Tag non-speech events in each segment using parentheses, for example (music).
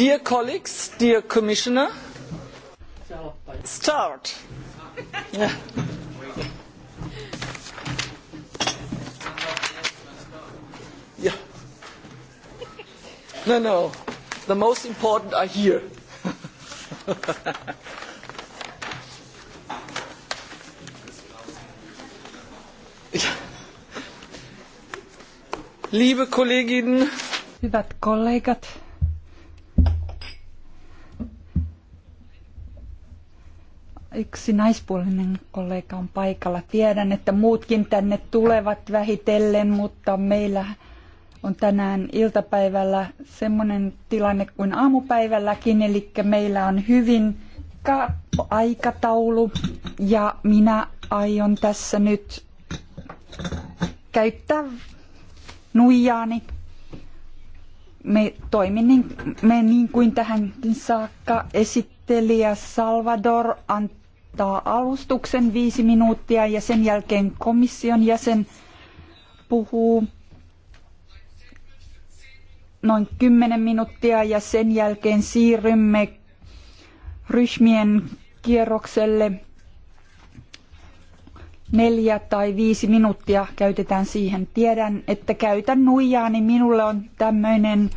Dear colleagues, dear commissioner, start. yeah. No, no. The most important are here. Liebe Kolleginnen, hyvät kollegat, Yksi naispuolinen kollega on paikalla. Tiedän, että muutkin tänne tulevat vähitellen, mutta meillä on tänään iltapäivällä semmoinen tilanne kuin aamupäivälläkin, eli meillä on hyvin aikataulu ja minä aion tässä nyt käyttää nuijaani. Me toimimme niin, niin, kuin tähänkin saakka. Esittelijä Salvador Ant ottaa alustuksen viisi minuuttia ja sen jälkeen komission jäsen puhuu noin kymmenen minuuttia ja sen jälkeen siirrymme ryhmien kierrokselle. Neljä tai viisi minuuttia käytetään siihen. Tiedän, että käytän nuijaa, niin minulle on tämmöinen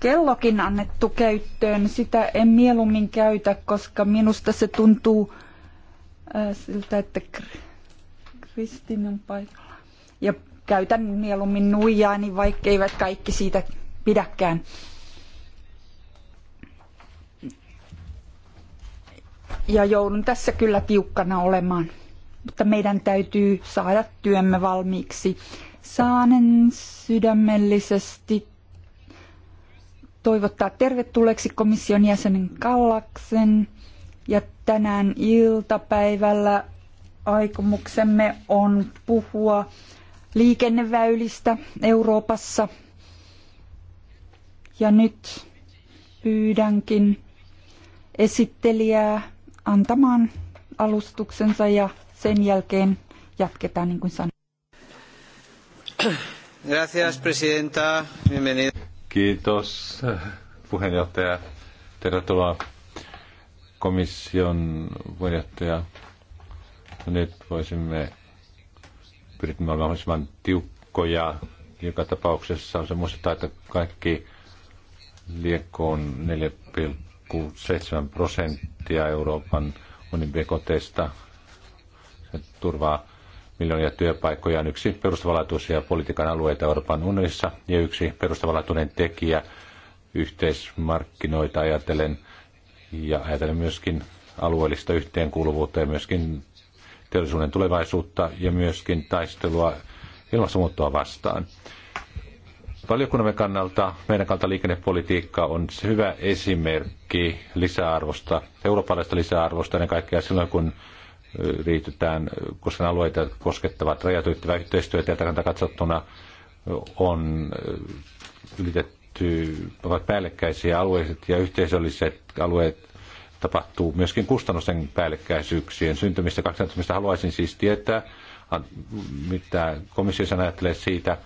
kellokin annettu käyttöön. Sitä en mieluummin käytä, koska minusta se tuntuu äh, siltä, että Kristin on paikalla. Ja käytän mieluummin nuijaani, niin eivät kaikki siitä pidäkään. Ja joudun tässä kyllä tiukkana olemaan. Mutta meidän täytyy saada työmme valmiiksi. Saanen sydämellisesti toivottaa tervetulleeksi komission jäsenen Kallaksen. Ja tänään iltapäivällä aikomuksemme on puhua liikenneväylistä Euroopassa. Ja nyt pyydänkin esittelijää antamaan alustuksensa ja sen jälkeen jatketaan niin kuin sanoin. Gracias, presidenta. Kiitos puheenjohtaja. Tervetuloa komission puheenjohtaja. No nyt voisimme pyrkiä olla mahdollisimman tiukkoja. Joka tapauksessa on se muistaa, että kaikki liekkoon 4,7 prosenttia Euroopan unionin BKTstä. Se turvaa Miljoonia työpaikkoja on yksi perustavanlaatuisia politiikan alueita Euroopan unionissa ja yksi perustavanlaatuinen tekijä yhteismarkkinoita ajatellen ja ajatellen myöskin alueellista yhteenkuuluvuutta ja myöskin teollisuuden tulevaisuutta ja myöskin taistelua ilmastonmuuttoa vastaan. Valiokunnamme kannalta, meidän kannalta liikennepolitiikka on hyvä esimerkki lisäarvosta, eurooppalaista lisäarvosta ennen kaikkea silloin, kun liitytään, koska alueita jotka koskettavat ylittävää yhteistyötä ja tätä katsottuna on ylitetty, ovat päällekkäisiä alueiset ja yhteisölliset alueet tapahtuu myöskin kustannusten päällekkäisyyksien syntymistä. Mistä haluaisin siis tietää, mitä komissio ajattelee siitä,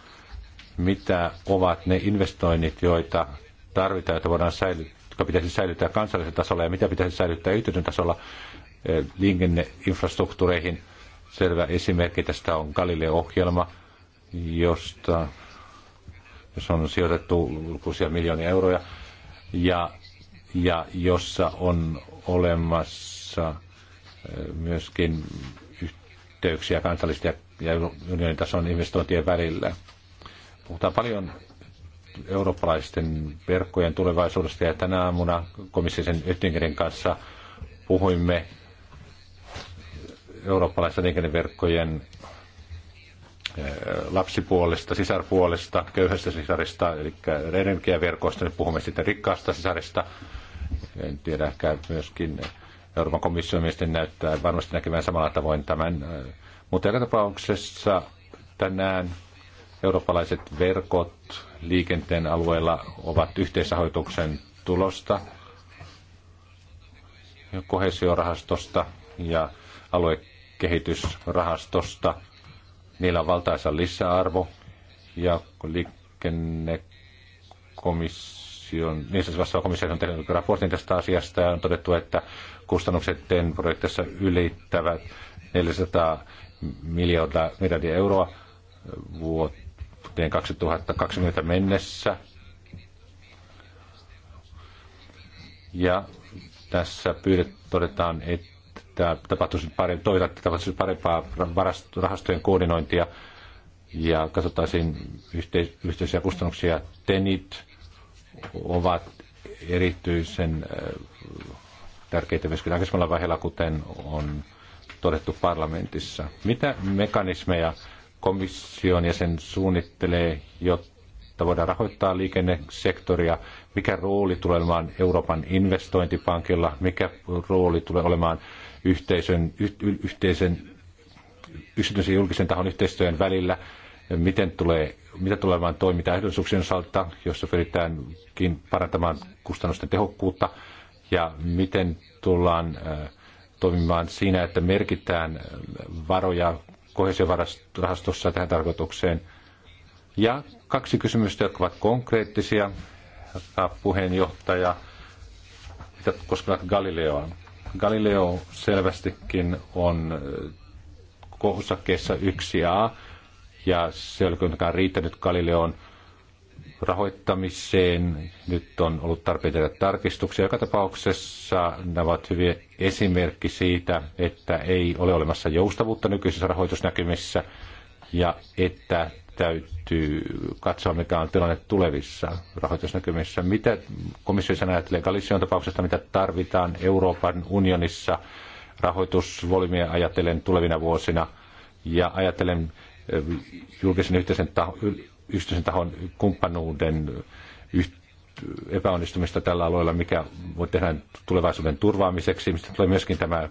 mitä ovat ne investoinnit, joita tarvitaan, joita voidaan säilyttää, jotka pitäisi säilyttää kansallisella tasolla ja mitä pitäisi säilyttää yhteisön tasolla Eh, liikenneinfrastruktuureihin. Selvä esimerkki tästä on Galileo-ohjelma, josta jos on sijoitettu lukuisia miljoonia euroja, ja, ja jossa on olemassa eh, myöskin yhteyksiä kansallisten ja unionin tason investointien välillä. Puhutaan paljon eurooppalaisten verkkojen tulevaisuudesta ja tänä aamuna komissiosen Oettingerin kanssa puhuimme eurooppalaisten liikenneverkkojen eh, lapsipuolesta, sisarpuolesta, köyhästä sisarista, eli energiaverkoista, nyt puhumme sitten rikkaasta sisarista. En tiedä, ehkä myöskin Euroopan komission mielestä näyttää varmasti näkevän samalla tavoin tämän. Mutta joka tapauksessa tänään eurooppalaiset verkot liikenteen alueella ovat yhteisrahoituksen tulosta, kohesiorahastosta ja alue kehitysrahastosta. Niillä on valtaisa lisäarvo ja liikennekomission, niin siis vastaava komissio on tehnyt raportin tästä asiasta ja on todettu, että kustannukset TEN projektissa ylittävät 400 miljoonaa miljardia euroa vuoteen 2020 mennessä. Ja tässä pyydet, todetaan, että että tapahtuisi, parempi, tapahtuisi parempaa rahastojen koordinointia ja katsottaisiin yhteis- yhteisiä kustannuksia. Tenit ovat erityisen äh, tärkeitä myöskin aikaisemmalla vaiheella, kuten on todettu parlamentissa. Mitä mekanismeja komission ja sen suunnittelee, jotta voidaan rahoittaa liikennesektoria? Mikä rooli tulee olemaan Euroopan investointipankilla? Mikä rooli tulee olemaan yhteisön, y, y, yhteisen, yksityisen julkisen tahon yhteistyön välillä, miten tulee, mitä tulee vain toiminta ehdollisuuksien osalta, jossa pyritäänkin parantamaan kustannusten tehokkuutta, ja miten tullaan toimimaan siinä, että merkitään varoja kohesiovarastossa tähän tarkoitukseen. Ja kaksi kysymystä, jotka ovat konkreettisia, puheenjohtaja, mitä koskevat Galileoa. Galileo selvästikin on äh, osakkeessa 1A, ja se oli kuitenkaan riittänyt Galileon rahoittamiseen. Nyt on ollut tarpeen tehdä tarkistuksia. Joka tapauksessa nämä ovat hyviä esimerkki siitä, että ei ole olemassa joustavuutta nykyisissä rahoitusnäkymissä ja että täytyy katsoa, mikä on tilanne tulevissa rahoitusnäkymissä. Mitä komissiossa ajattelee Galician tapauksesta, mitä tarvitaan Euroopan unionissa rahoitusvolymia ajatellen tulevina vuosina ja ajatellen eh, julkisen yhteisen taho, yhteisen tahon kumppanuuden yht, epäonnistumista tällä alueella, mikä voi tehdä tulevaisuuden turvaamiseksi. Mistä tulee myöskin tämä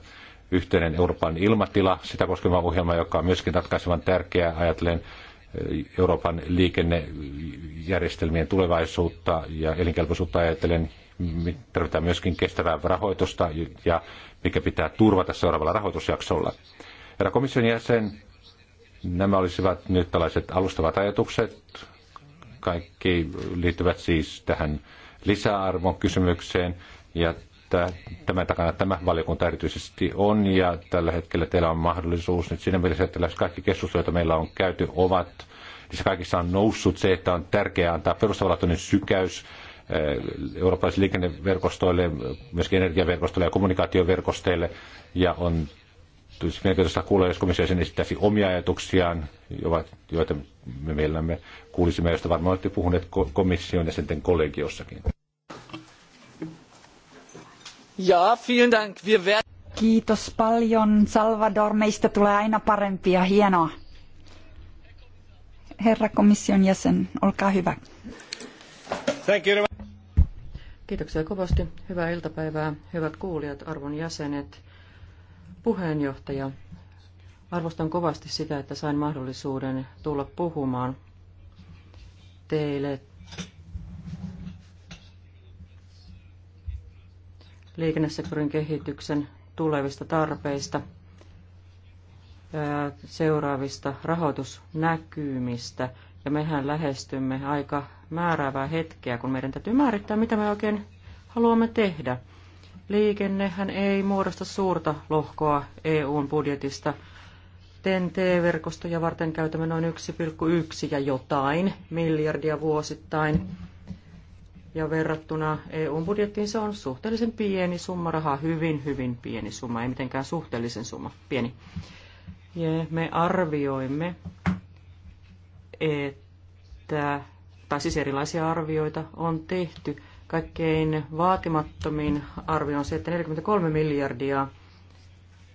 yhteinen Euroopan ilmatila, sitä koskeva ohjelma, joka on myöskin ratkaisevan tärkeää ajatellen Euroopan liikennejärjestelmien tulevaisuutta ja elinkelpoisuutta ajatellen. Tarvitaan myöskin kestävää rahoitusta ja mikä pitää turvata seuraavalla rahoitusjaksolla. Herra komission jäsen, nämä olisivat nyt tällaiset alustavat ajatukset. Kaikki liittyvät siis tähän lisäarvon kysymykseen ja että tämän takana tämä valiokunta erityisesti on ja tällä hetkellä teillä on mahdollisuus nyt siinä mielessä, että kaikki keskustelut, joita meillä on käyty, ovat, niissä kaikissa on noussut se, että on tärkeää antaa perustavanlaatuinen sykäys eh, eurooppalaisille liikenneverkostoille, myöskin energiaverkostoille ja kommunikaatioverkostoille ja on tietysti mielenkiintoista kuulla, jos komissio sen esittäisi omia ajatuksiaan, joita me mielellämme kuulisimme, joista varmaan olette puhuneet komission ja sitten kollegiossakin. Kiitos paljon. Salvador, meistä tulee aina parempia. Hienoa. Herra komission jäsen, olkaa hyvä. Thank you. Kiitoksia kovasti. Hyvää iltapäivää, hyvät kuulijat, arvon jäsenet, puheenjohtaja. Arvostan kovasti sitä, että sain mahdollisuuden tulla puhumaan teille liikennesektorin kehityksen tulevista tarpeista, seuraavista rahoitusnäkymistä. Ja mehän lähestymme aika määräävää hetkeä, kun meidän täytyy määrittää, mitä me oikein haluamme tehdä. Liikennehän ei muodosta suurta lohkoa EUn budjetista. tnt verkostoja varten käytämme noin 1,1 ja jotain miljardia vuosittain ja verrattuna eu budjettiin se on suhteellisen pieni summa rahaa, hyvin, hyvin pieni summa, ei mitenkään suhteellisen summa, pieni. Ja me arvioimme, että, tai siis erilaisia arvioita on tehty. Kaikkein vaatimattomin arvio on se, että 43 miljardia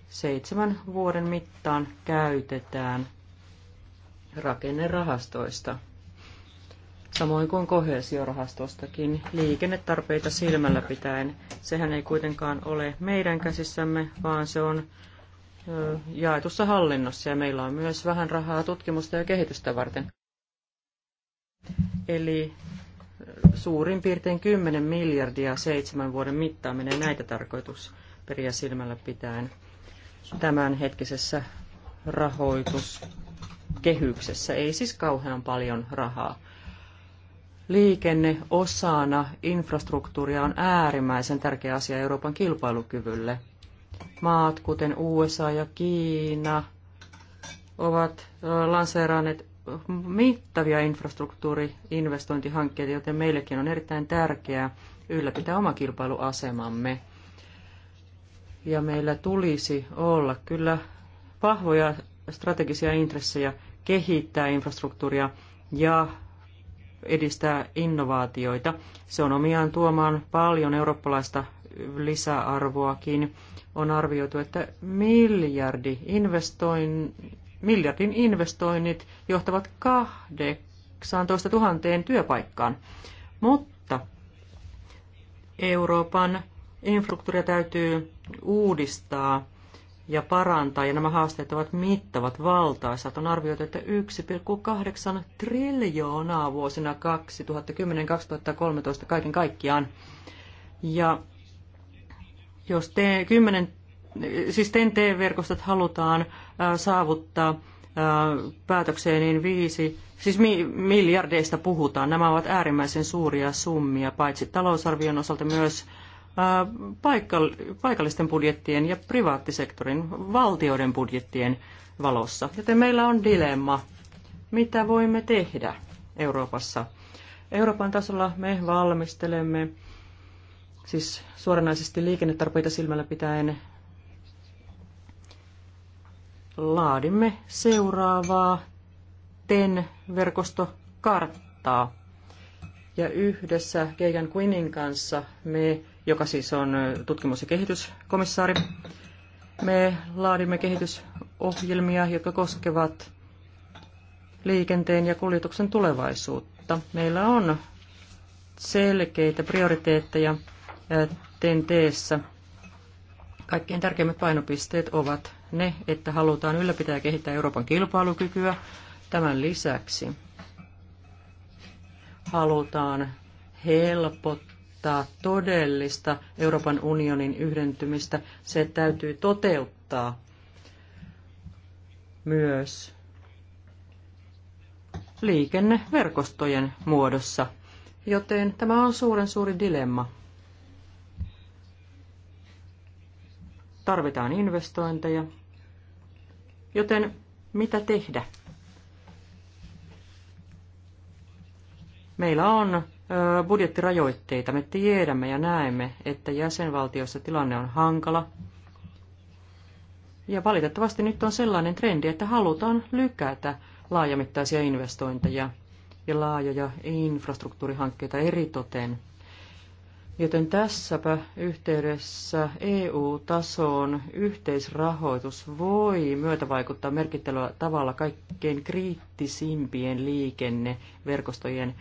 seitsemän vuoden mittaan käytetään rakennerahastoista – samoin kuin kohesiorahastostakin, liikennetarpeita silmällä pitäen. Sehän ei kuitenkaan ole meidän käsissämme, vaan se on jaetussa hallinnossa ja meillä on myös vähän rahaa tutkimusta ja kehitystä varten. Eli suurin piirtein 10 miljardia seitsemän vuoden mittaan menee näitä tarkoitusperiä silmällä pitäen tämänhetkisessä rahoituskehyksessä. Ei siis kauhean paljon rahaa liikenne osana infrastruktuuria on äärimmäisen tärkeä asia Euroopan kilpailukyvylle. Maat kuten USA ja Kiina ovat lanseeranneet mittavia infrastruktuuriinvestointihankkeita, joten meillekin on erittäin tärkeää ylläpitää oma kilpailuasemamme. Ja meillä tulisi olla kyllä vahvoja strategisia intressejä kehittää infrastruktuuria ja edistää innovaatioita. Se on omiaan tuomaan paljon eurooppalaista lisäarvoakin. On arvioitu, että miljardi investoin, miljardin investoinnit johtavat 18 000 työpaikkaan. Mutta Euroopan infrastruktuuria täytyy uudistaa ja parantaa, ja nämä haasteet ovat mittavat, valtaisat. On arvioitu, että 1,8 triljoonaa vuosina 2010-2013 kaiken kaikkiaan. Ja jos te, 10, siis tnt verkostot halutaan ää, äh, saavuttaa ää, äh, päätökseen, niin viisi, siis mi, miljardeista puhutaan. Nämä ovat äärimmäisen suuria summia, paitsi talousarvion osalta myös paikallisten budjettien ja privaattisektorin valtioiden budjettien valossa. Joten meillä on dilemma, mitä voimme tehdä Euroopassa. Euroopan tasolla me valmistelemme siis suoranaisesti liikennetarpeita silmällä pitäen laadimme seuraavaa TEN-verkostokarttaa. Ja yhdessä Kegan Quinnin kanssa me joka siis on tutkimus- ja kehityskomissaari. Me laadimme kehitysohjelmia, jotka koskevat liikenteen ja kuljetuksen tulevaisuutta. Meillä on selkeitä prioriteetteja TEN-teessä. Kaikkein tärkeimmät painopisteet ovat ne, että halutaan ylläpitää ja kehittää Euroopan kilpailukykyä. Tämän lisäksi halutaan helpottaa tarkoittaa todellista Euroopan unionin yhdentymistä. Se täytyy toteuttaa myös liikenneverkostojen muodossa, joten tämä on suuren suuri dilemma. Tarvitaan investointeja, joten mitä tehdä? Meillä on budjettirajoitteita. Me tiedämme ja näemme, että jäsenvaltioissa tilanne on hankala. Ja valitettavasti nyt on sellainen trendi, että halutaan lykätä laajamittaisia investointeja ja laajoja infrastruktuurihankkeita eritoten. Joten tässäpä yhteydessä EU-tason yhteisrahoitus voi myötävaikuttaa merkittävällä tavalla kaikkein kriittisimpien liikenneverkostojen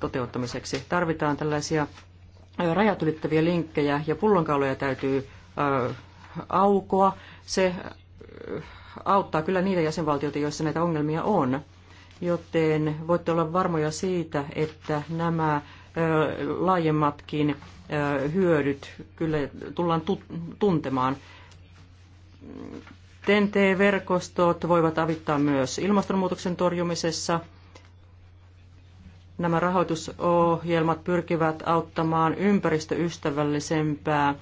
toteuttamiseksi. Tarvitaan tällaisia rajat ylittäviä linkkejä ja pullonkauloja täytyy aukoa. Se auttaa kyllä niitä jäsenvaltioita, joissa näitä ongelmia on. Joten voitte olla varmoja siitä, että nämä laajemmatkin hyödyt kyllä tullaan tuntemaan. TNT-verkostot voivat avittaa myös ilmastonmuutoksen torjumisessa – Nämä rahoitusohjelmat pyrkivät auttamaan ympäristöystävällisempää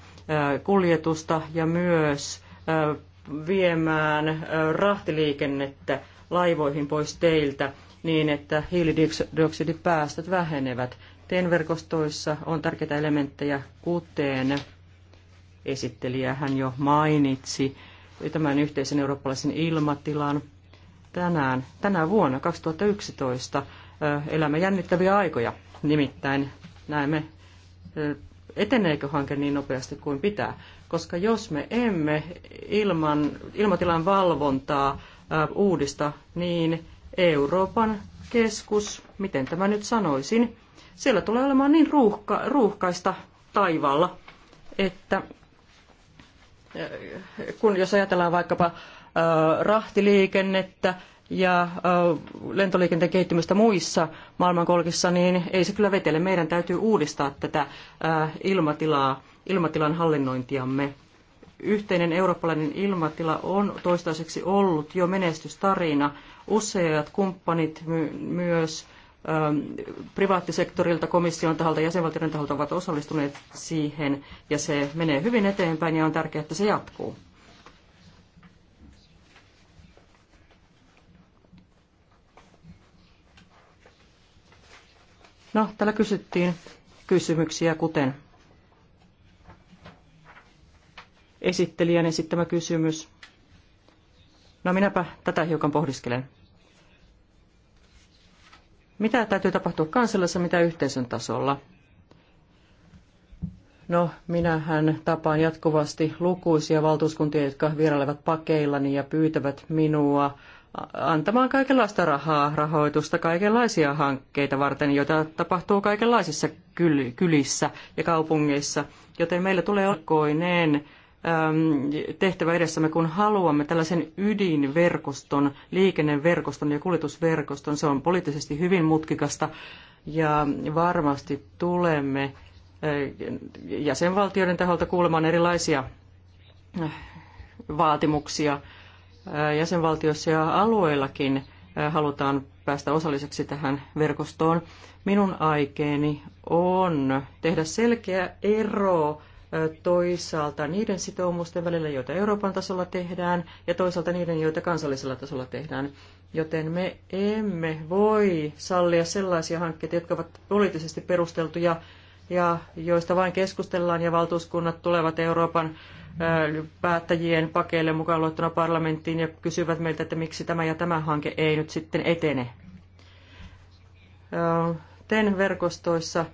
kuljetusta ja myös viemään rahtiliikennettä laivoihin pois teiltä niin, että hiilidioksidipäästöt vähenevät. TEN-verkostoissa on tärkeitä elementtejä, kuten esittelijä hän jo mainitsi, tämän yhteisen eurooppalaisen ilmatilan tänään, tänä vuonna 2011 elämme jännittäviä aikoja. Nimittäin näemme, eteneekö hanke niin nopeasti kuin pitää. Koska jos me emme ilman, ilmatilan valvontaa uudista, niin Euroopan keskus, miten tämä nyt sanoisin, siellä tulee olemaan niin ruuhka, ruuhkaista taivaalla, että kun jos ajatellaan vaikkapa rahtiliikennettä, ja lentoliikenteen kehittymistä muissa maailmankolkissa, niin ei se kyllä vetele. Meidän täytyy uudistaa tätä ilmatilaa, ilmatilan hallinnointiamme. Yhteinen eurooppalainen ilmatila on toistaiseksi ollut jo menestystarina. Useat kumppanit myös privaattisektorilta, komission taholta, jäsenvaltioiden taholta ovat osallistuneet siihen ja se menee hyvin eteenpäin ja on tärkeää, että se jatkuu. No, täällä kysyttiin kysymyksiä, kuten esittelijän esittämä kysymys. No minäpä tätä hiukan pohdiskelen. Mitä täytyy tapahtua kansalassa, mitä yhteisön tasolla? No, minähän tapaan jatkuvasti lukuisia valtuuskuntia, jotka vierailevat pakeillani ja pyytävät minua antamaan kaikenlaista rahaa, rahoitusta, kaikenlaisia hankkeita varten, joita tapahtuu kaikenlaisissa kylissä ja kaupungeissa. Joten meillä tulee koineen ähm, tehtävä edessämme, kun haluamme tällaisen ydinverkoston, liikenneverkoston ja kuljetusverkoston. Se on poliittisesti hyvin mutkikasta ja varmasti tulemme äh, jäsenvaltioiden taholta kuulemaan erilaisia äh, vaatimuksia jäsenvaltioissa ja alueillakin halutaan päästä osalliseksi tähän verkostoon. Minun aikeeni on tehdä selkeä ero toisaalta niiden sitoumusten välillä, joita Euroopan tasolla tehdään, ja toisaalta niiden, joita kansallisella tasolla tehdään. Joten me emme voi sallia sellaisia hankkeita, jotka ovat poliittisesti perusteltuja ja joista vain keskustellaan ja valtuuskunnat tulevat Euroopan päättäjien pakeille mukaan luettuna parlamenttiin ja kysyvät meiltä, että miksi tämä ja tämä hanke ei nyt sitten etene. TEN-verkostoissa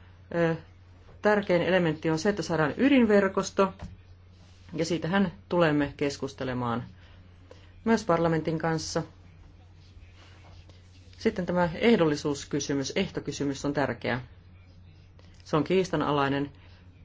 tärkein elementti on se, että saadaan ydinverkosto, ja siitähän tulemme keskustelemaan myös parlamentin kanssa. Sitten tämä ehdollisuuskysymys, ehtokysymys on tärkeä. Se on kiistanalainen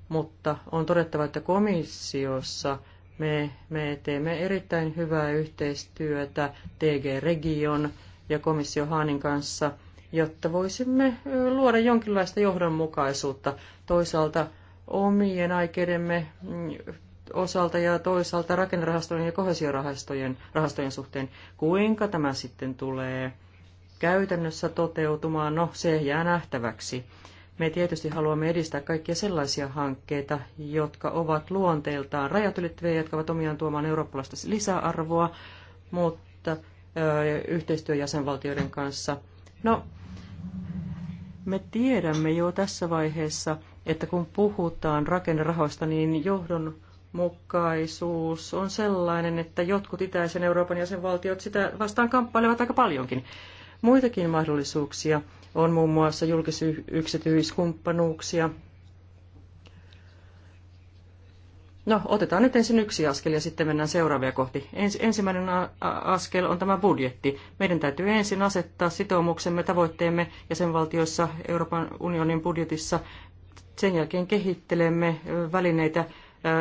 mutta on todettava, että komissiossa me, me teemme erittäin hyvää yhteistyötä TG-region ja komissio Haanin kanssa, jotta voisimme luoda jonkinlaista johdonmukaisuutta toisaalta omien aikeidemme mm, osalta ja toisaalta rakennerahastojen ja kohesiorahastojen rahastojen suhteen. Kuinka tämä sitten tulee käytännössä toteutumaan, no se jää nähtäväksi. Me tietysti haluamme edistää kaikkia sellaisia hankkeita, jotka ovat luonteeltaan rajat ylittäviä, jotka ovat omiaan tuomaan eurooppalaista lisäarvoa, mutta ö, yhteistyö jäsenvaltioiden kanssa. No, me tiedämme jo tässä vaiheessa, että kun puhutaan rakennerahoista, niin johdonmukaisuus on sellainen, että jotkut itäisen Euroopan jäsenvaltiot sitä vastaan kamppailevat aika paljonkin. Muitakin mahdollisuuksia on muun muassa julkisyksityiskumppanuuksia. No, otetaan nyt ensin yksi askel ja sitten mennään seuraavia kohti. Ens, ensimmäinen askel on tämä budjetti. Meidän täytyy ensin asettaa sitoumuksemme, tavoitteemme jäsenvaltioissa, Euroopan unionin budjetissa. Sen jälkeen kehittelemme välineitä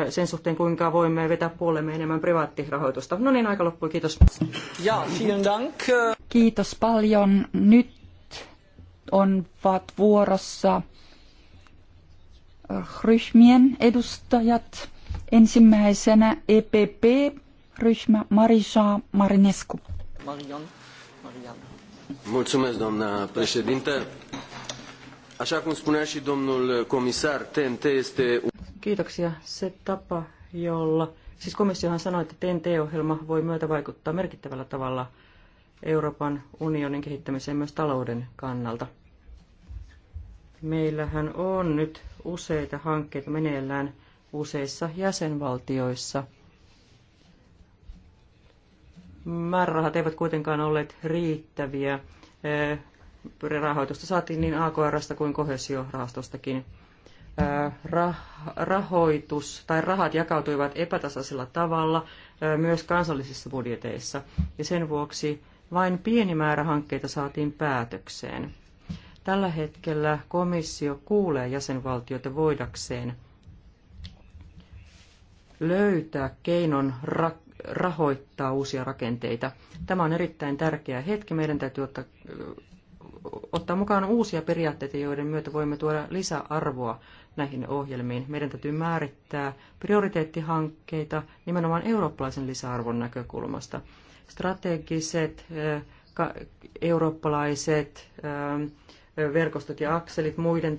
sen suhteen, kuinka voimme vetää puolemme enemmän privaattirahoitusta. No niin, aika loppui, kiitos. Ja, vielen dank. Kiitos paljon. Nyt ovat vuorossa äh, ryhmien edustajat. Ensimmäisenä EPP-ryhmä Marisa Marinescu. Marion. Marian. Mulțumesc, doamna Așa cum spunea și domnul comisar, TNT este... Kiitoksia. Se tapa, jolla... Siis komissiohan sanoi, että TNT-ohjelma voi myötä vaikuttaa merkittävällä tavalla Euroopan unionin kehittämiseen myös talouden kannalta. Meillähän on nyt useita hankkeita meneillään useissa jäsenvaltioissa. Määrärahat eivät kuitenkaan olleet riittäviä. Rahoitusta saatiin niin AKRsta kuin kohesiorahastostakin. Rahoitus tai rahat jakautuivat epätasaisella tavalla myös kansallisissa budjeteissa ja sen vuoksi vain pieni määrä hankkeita saatiin päätökseen. Tällä hetkellä komissio kuulee jäsenvaltioita voidakseen löytää keinon ra- rahoittaa uusia rakenteita. Tämä on erittäin tärkeä hetki. Meidän täytyy ottaa, ottaa mukaan uusia periaatteita, joiden myötä voimme tuoda lisäarvoa näihin ohjelmiin. Meidän täytyy määrittää prioriteettihankkeita nimenomaan eurooppalaisen lisäarvon näkökulmasta. Strategiset, eurooppalaiset verkostot ja akselit muiden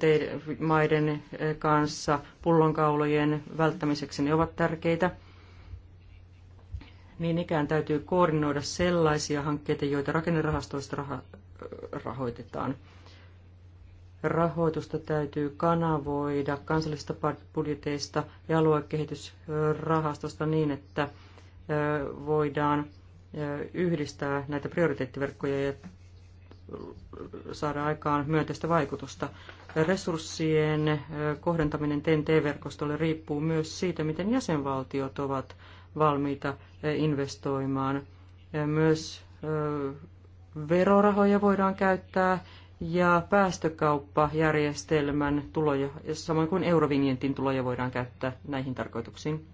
maiden eh, kanssa pullonkaulojen välttämiseksi, ne ovat tärkeitä. Niin ikään täytyy koordinoida sellaisia hankkeita, joita rakennerahastoista raha- rahoitetaan. Rahoitusta täytyy kanavoida kansallisista budjeteista ja aluekehitysrahastosta niin, että eh, voidaan eh, yhdistää näitä prioriteettiverkkoja ja saada aikaan myönteistä vaikutusta. Resurssien kohdentaminen TNT-verkostolle riippuu myös siitä, miten jäsenvaltiot ovat valmiita investoimaan. Myös verorahoja voidaan käyttää ja päästökauppajärjestelmän tuloja, samoin kuin Eurovinjentin tuloja voidaan käyttää näihin tarkoituksiin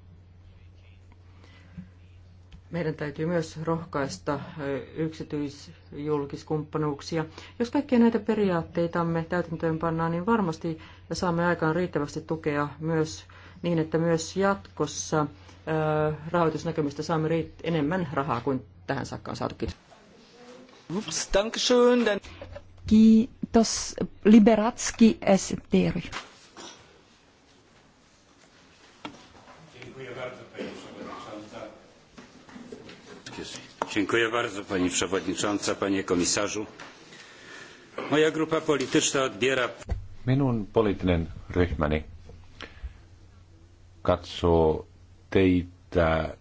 meidän täytyy myös rohkaista yksityisjulkiskumppanuuksia. Jos kaikkia näitä periaatteitamme täytäntöön pannaan, niin varmasti saamme aikaan riittävästi tukea myös niin, että myös jatkossa rahoitusnäkymistä saamme enemmän rahaa kuin tähän saakka on saatu. Kiitos. Kiitos. Liberatski S. Dziękuję bardzo pani przewodnicząca, panie komisarzu. Moja grupa polityczna odbiera... Minun poliittinen ryhmäni katsoo teitä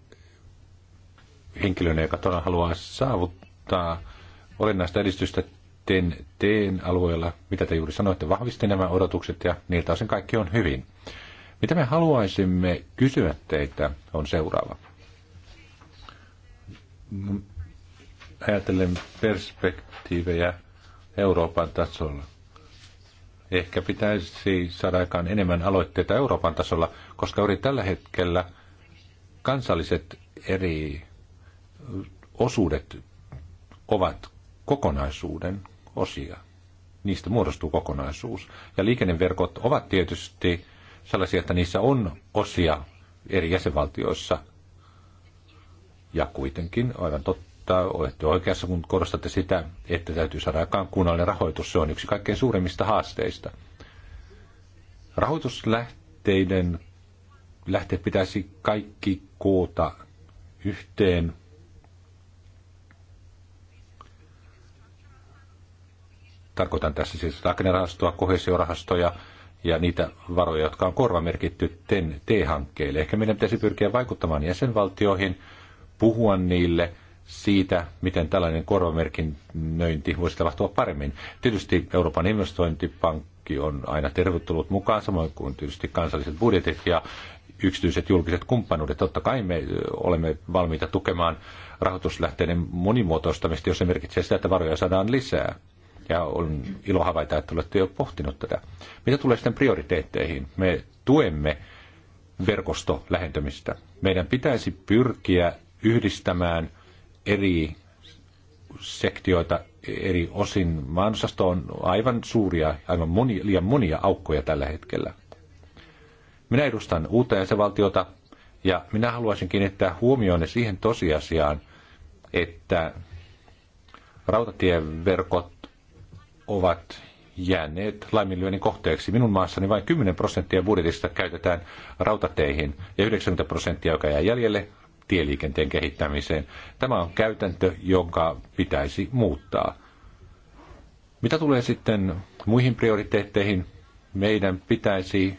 henkilönä, joka todella haluaa saavuttaa olennaista edistystä teen, teen alueella, mitä te juuri sanoitte, vahvisti nämä odotukset ja niiltä osin kaikki on hyvin. Mitä me haluaisimme kysyä teiltä on seuraava ajatellen perspektiivejä Euroopan tasolla. Ehkä pitäisi saada aikaan enemmän aloitteita Euroopan tasolla, koska juuri tällä hetkellä kansalliset eri osuudet ovat kokonaisuuden osia. Niistä muodostuu kokonaisuus. Ja liikenneverkot ovat tietysti sellaisia, että niissä on osia eri jäsenvaltioissa, ja kuitenkin, aivan totta, olette oikeassa, kun korostatte sitä, että täytyy saada aikaan kunnallinen rahoitus. Se on yksi kaikkein suurimmista haasteista. Rahoituslähteiden lähteet pitäisi kaikki koota yhteen. Tarkoitan tässä siis rakennerahastoa, kohesiorahastoja ja niitä varoja, jotka on korvamerkitty TEN-T-hankkeille. Ehkä meidän pitäisi pyrkiä vaikuttamaan jäsenvaltioihin puhua niille siitä, miten tällainen korvamerkinnöinti voisi tapahtua paremmin. Tietysti Euroopan investointipankki on aina tervetullut mukaan, samoin kuin tietysti kansalliset budjetit ja yksityiset julkiset kumppanuudet. Totta kai me olemme valmiita tukemaan rahoituslähteiden monimuotoistamista, jos se merkitsee sitä, että varoja saadaan lisää. Ja on ilo havaita, että olette jo pohtinut tätä. Mitä tulee sitten prioriteetteihin? Me tuemme verkostolähentämistä. Meidän pitäisi pyrkiä yhdistämään eri sektioita eri osin. Maanosasto on aivan suuria, aivan moni, liian monia aukkoja tällä hetkellä. Minä edustan uutta jäsenvaltiota ja minä haluaisin kiinnittää huomioon siihen tosiasiaan, että rautatieverkot ovat jääneet laiminlyönnin kohteeksi. Minun maassani vain 10 prosenttia budjetista käytetään rautateihin ja 90 prosenttia, joka jää jäljelle, tieliikenteen kehittämiseen. Tämä on käytäntö, jonka pitäisi muuttaa. Mitä tulee sitten muihin prioriteetteihin, meidän pitäisi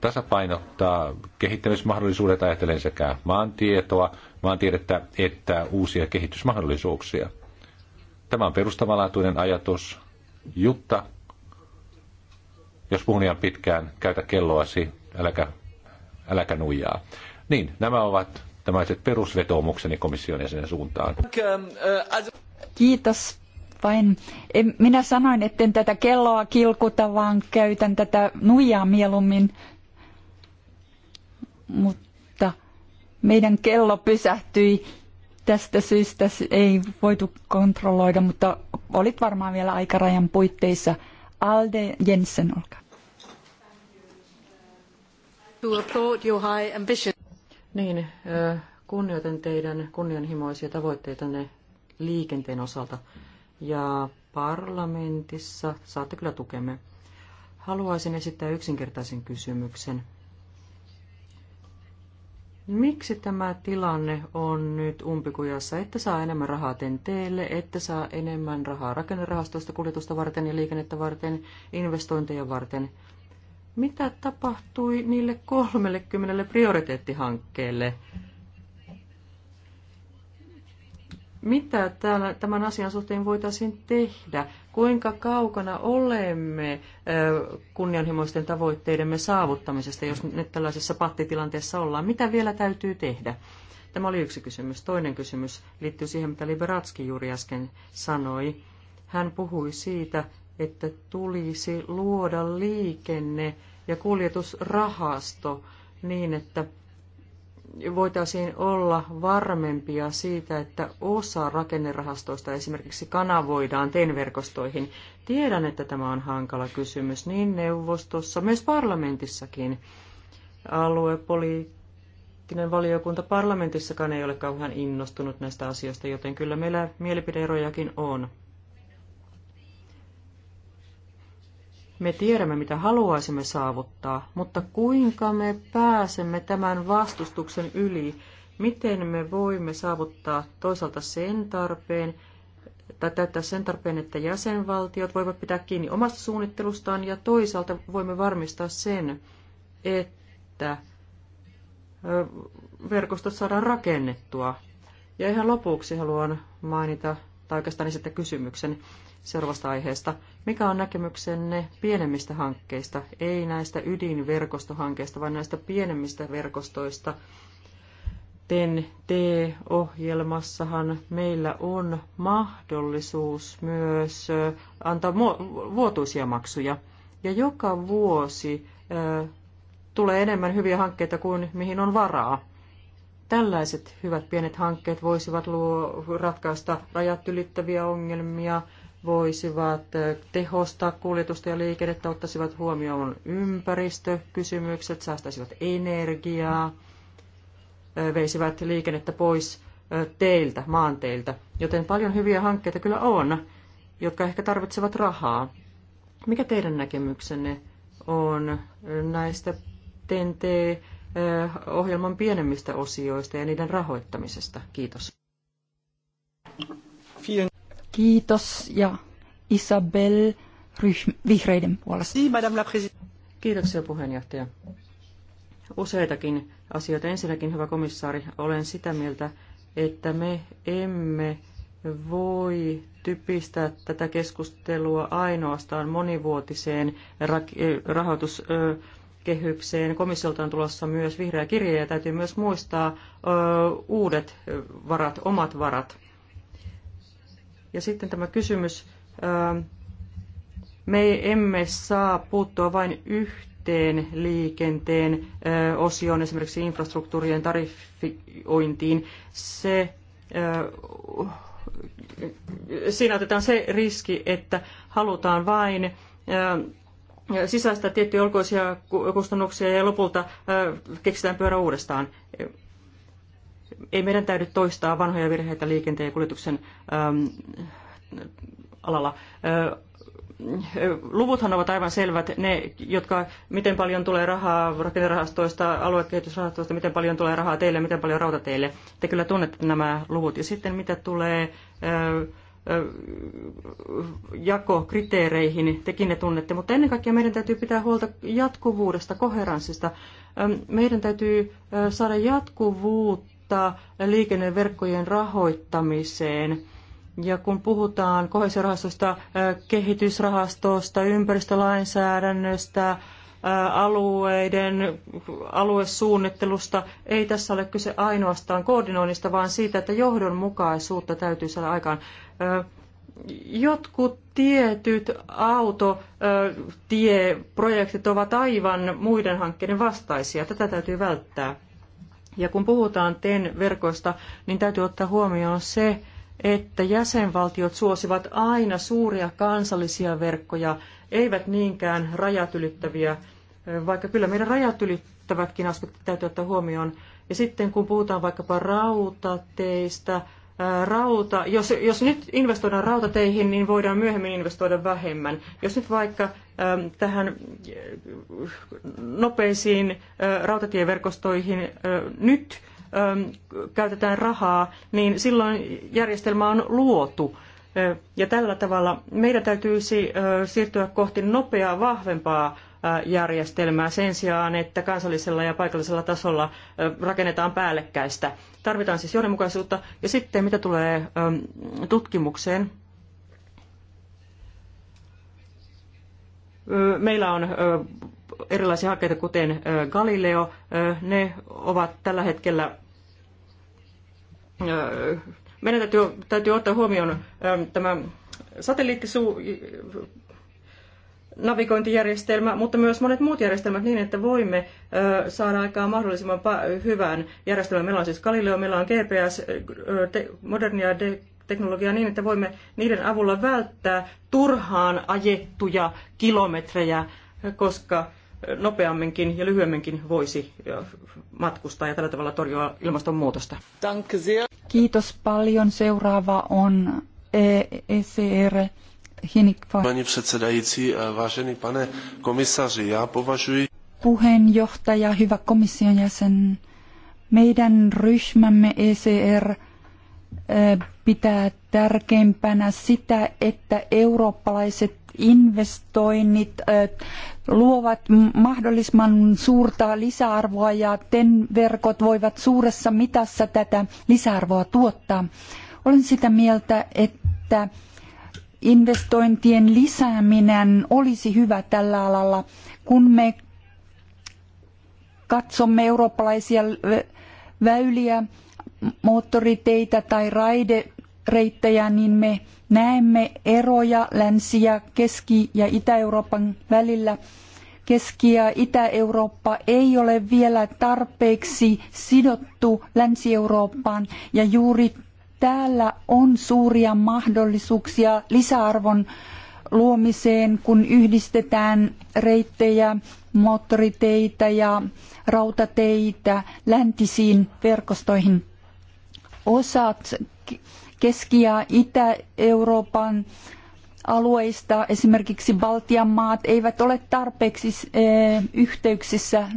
tasapainottaa kehittämismahdollisuudet ajatellen sekä maantietoa, maantiedettä että uusia kehitysmahdollisuuksia. Tämä on perustavanlaatuinen ajatus, Jutta. Jos puhun ihan pitkään, käytä kelloasi, äläkä, äläkä nuijaa. Niin, nämä ovat Tämä perusvetoomukseni komission jäsenen suuntaan. Kiitos vain. Minä sanoin, etten tätä kelloa kilkuta, vaan käytän tätä nuijaa mieluummin. Mutta meidän kello pysähtyi tästä syystä, ei voitu kontrolloida, mutta olit varmaan vielä aikarajan puitteissa. Alde Jensen, olkaa. Niin, kunnioitan teidän kunnianhimoisia tavoitteitanne liikenteen osalta. Ja parlamentissa saatte kyllä tukemme. Haluaisin esittää yksinkertaisen kysymyksen. Miksi tämä tilanne on nyt umpikujassa, että saa enemmän rahaa tenteelle, että saa enemmän rahaa rakennerahastoista kuljetusta varten ja liikennettä varten, investointeja varten – mitä tapahtui niille 30 prioriteettihankkeelle? Mitä tämän asian suhteen voitaisiin tehdä? Kuinka kaukana olemme kunnianhimoisten tavoitteidemme saavuttamisesta, jos nyt tällaisessa pattitilanteessa ollaan? Mitä vielä täytyy tehdä? Tämä oli yksi kysymys. Toinen kysymys liittyy siihen, mitä Liberatski juuri äsken sanoi. Hän puhui siitä, että tulisi luoda liikenne- ja kuljetusrahasto niin, että voitaisiin olla varmempia siitä, että osa rakennerahastoista esimerkiksi kanavoidaan TEN-verkostoihin. Tiedän, että tämä on hankala kysymys niin neuvostossa, myös parlamentissakin. Aluepoliittinen valiokunta parlamentissakaan ei ole kauhean innostunut näistä asioista, joten kyllä meillä mielipideerojakin on. Me tiedämme, mitä haluaisimme saavuttaa, mutta kuinka me pääsemme tämän vastustuksen yli? Miten me voimme saavuttaa toisaalta sen tarpeen, tai täyttää sen tarpeen, että jäsenvaltiot voivat pitää kiinni omasta suunnittelustaan ja toisaalta voimme varmistaa sen, että verkostot saadaan rakennettua. Ja ihan lopuksi haluan mainita, tai oikeastaan sitten kysymyksen seuraavasta aiheesta. Mikä on näkemyksenne pienemmistä hankkeista, ei näistä ydinverkostohankkeista, vaan näistä pienemmistä verkostoista? TEN-T-ohjelmassahan meillä on mahdollisuus myös antaa vuotuisia maksuja. Ja joka vuosi tulee enemmän hyviä hankkeita kuin mihin on varaa. Tällaiset hyvät pienet hankkeet voisivat luo, ratkaista rajat ylittäviä ongelmia, voisivat tehostaa kuljetusta ja liikennettä, ottaisivat huomioon ympäristökysymykset, säästäisivät energiaa, veisivät liikennettä pois teiltä, maanteiltä. Joten paljon hyviä hankkeita kyllä on, jotka ehkä tarvitsevat rahaa. Mikä teidän näkemyksenne on näistä TNT-ohjelman pienemmistä osioista ja niiden rahoittamisesta? Kiitos. Kiitos ja Isabel ryhm, vihreiden puolesta. Niin, Kiitoksia puheenjohtaja. Useitakin asioita. Ensinnäkin, hyvä komissaari, olen sitä mieltä, että me emme voi typistää tätä keskustelua ainoastaan monivuotiseen eh, rahoituskehykseen. Komissiolta on tulossa myös vihreä kirja ja täytyy myös muistaa uudet varat, omat varat. Ja sitten tämä kysymys, ähm, me emme saa puuttua vain yhteen liikenteen äh, osioon, esimerkiksi infrastruktuurien tariffiointiin. Se äh, siinä otetaan se riski, että halutaan vain äh, sisäistä tiettyjä ulkoisia kustannuksia ja lopulta keksitään pyörä uudestaan ei meidän täydy toistaa vanhoja virheitä liikenteen ja kuljetuksen äm, alalla. Ä, luvuthan ovat aivan selvät, ne, jotka, miten paljon tulee rahaa rakennerahastoista, aluekehitysrahastoista, miten paljon tulee rahaa teille, miten paljon rautateille. Te kyllä tunnette nämä luvut. Ja sitten mitä tulee jako jakokriteereihin, tekin ne tunnette, mutta ennen kaikkea meidän täytyy pitää huolta jatkuvuudesta, koheranssista. Meidän täytyy saada jatkuvuutta vaikuttaa liikenneverkkojen rahoittamiseen. Ja kun puhutaan kohesiorahastosta, kehitysrahastosta, ympäristölainsäädännöstä, alueiden aluesuunnittelusta. Ei tässä ole kyse ainoastaan koordinoinnista, vaan siitä, että johdonmukaisuutta täytyy saada aikaan. Jotkut tietyt autotieprojektit ovat aivan muiden hankkeiden vastaisia. Tätä täytyy välttää. Ja kun puhutaan ten verkoista niin täytyy ottaa huomioon se, että jäsenvaltiot suosivat aina suuria kansallisia verkkoja, eivät niinkään rajat ylittäviä, vaikka kyllä meidän rajat ylittävätkin aspektit täytyy ottaa huomioon. Ja sitten kun puhutaan vaikkapa rautateistä, rauta, jos, jos nyt investoidaan rautateihin, niin voidaan myöhemmin investoida vähemmän. Jos nyt vaikka ähm, tähän äh, nopeisiin äh, rautatieverkostoihin äh, nyt ähm, käytetään rahaa, niin silloin järjestelmä on luotu. Ja tällä tavalla meidän täytyisi siirtyä kohti nopeaa, vahvempaa järjestelmää sen sijaan, että kansallisella ja paikallisella tasolla rakennetaan päällekkäistä. Tarvitaan siis johdonmukaisuutta. Ja sitten mitä tulee tutkimukseen, meillä on erilaisia hankkeita, kuten Galileo. Ne ovat tällä hetkellä meidän täytyy, täytyy ottaa huomioon tämä satelliittisuus navigointijärjestelmä, mutta myös monet muut järjestelmät niin, että voimme saada aikaan mahdollisimman hyvän järjestelmän. Meillä on siis Galileo, meillä on GPS, modernia teknologiaa niin, että voimme niiden avulla välttää turhaan ajettuja kilometrejä, koska nopeamminkin ja lyhyemminkin voisi matkustaa ja tällä tavalla torjua ilmastonmuutosta. Kiitos paljon. Seuraava on ECR e Pani předsedající, eh, vážený pane komisaři, já považuji... Puheenjohtaja, hyvä komission jäsen. Meidän ryhmämme ECR eh, pitää tärkeimpänä sitä, että eurooppalaiset investoinnit eh, luovat mahdollisimman suurta lisäarvoa ja TEN-verkot voivat suuressa mitassa tätä lisäarvoa tuottaa. Olen sitä mieltä, että investointien lisääminen olisi hyvä tällä alalla, kun me katsomme eurooppalaisia väyliä, moottoriteitä tai raidereittejä, niin me näemme eroja Länsi- ja Keski- ja Itä-Euroopan välillä. Keski- ja Itä-Eurooppa ei ole vielä tarpeeksi sidottu Länsi-Eurooppaan ja juuri täällä on suuria mahdollisuuksia lisäarvon luomiseen, kun yhdistetään reittejä, moottoriteitä ja rautateitä läntisiin verkostoihin. Osat Keski- ja Itä-Euroopan alueista, esimerkiksi Baltian maat, eivät ole tarpeeksi eh, yhteyksissä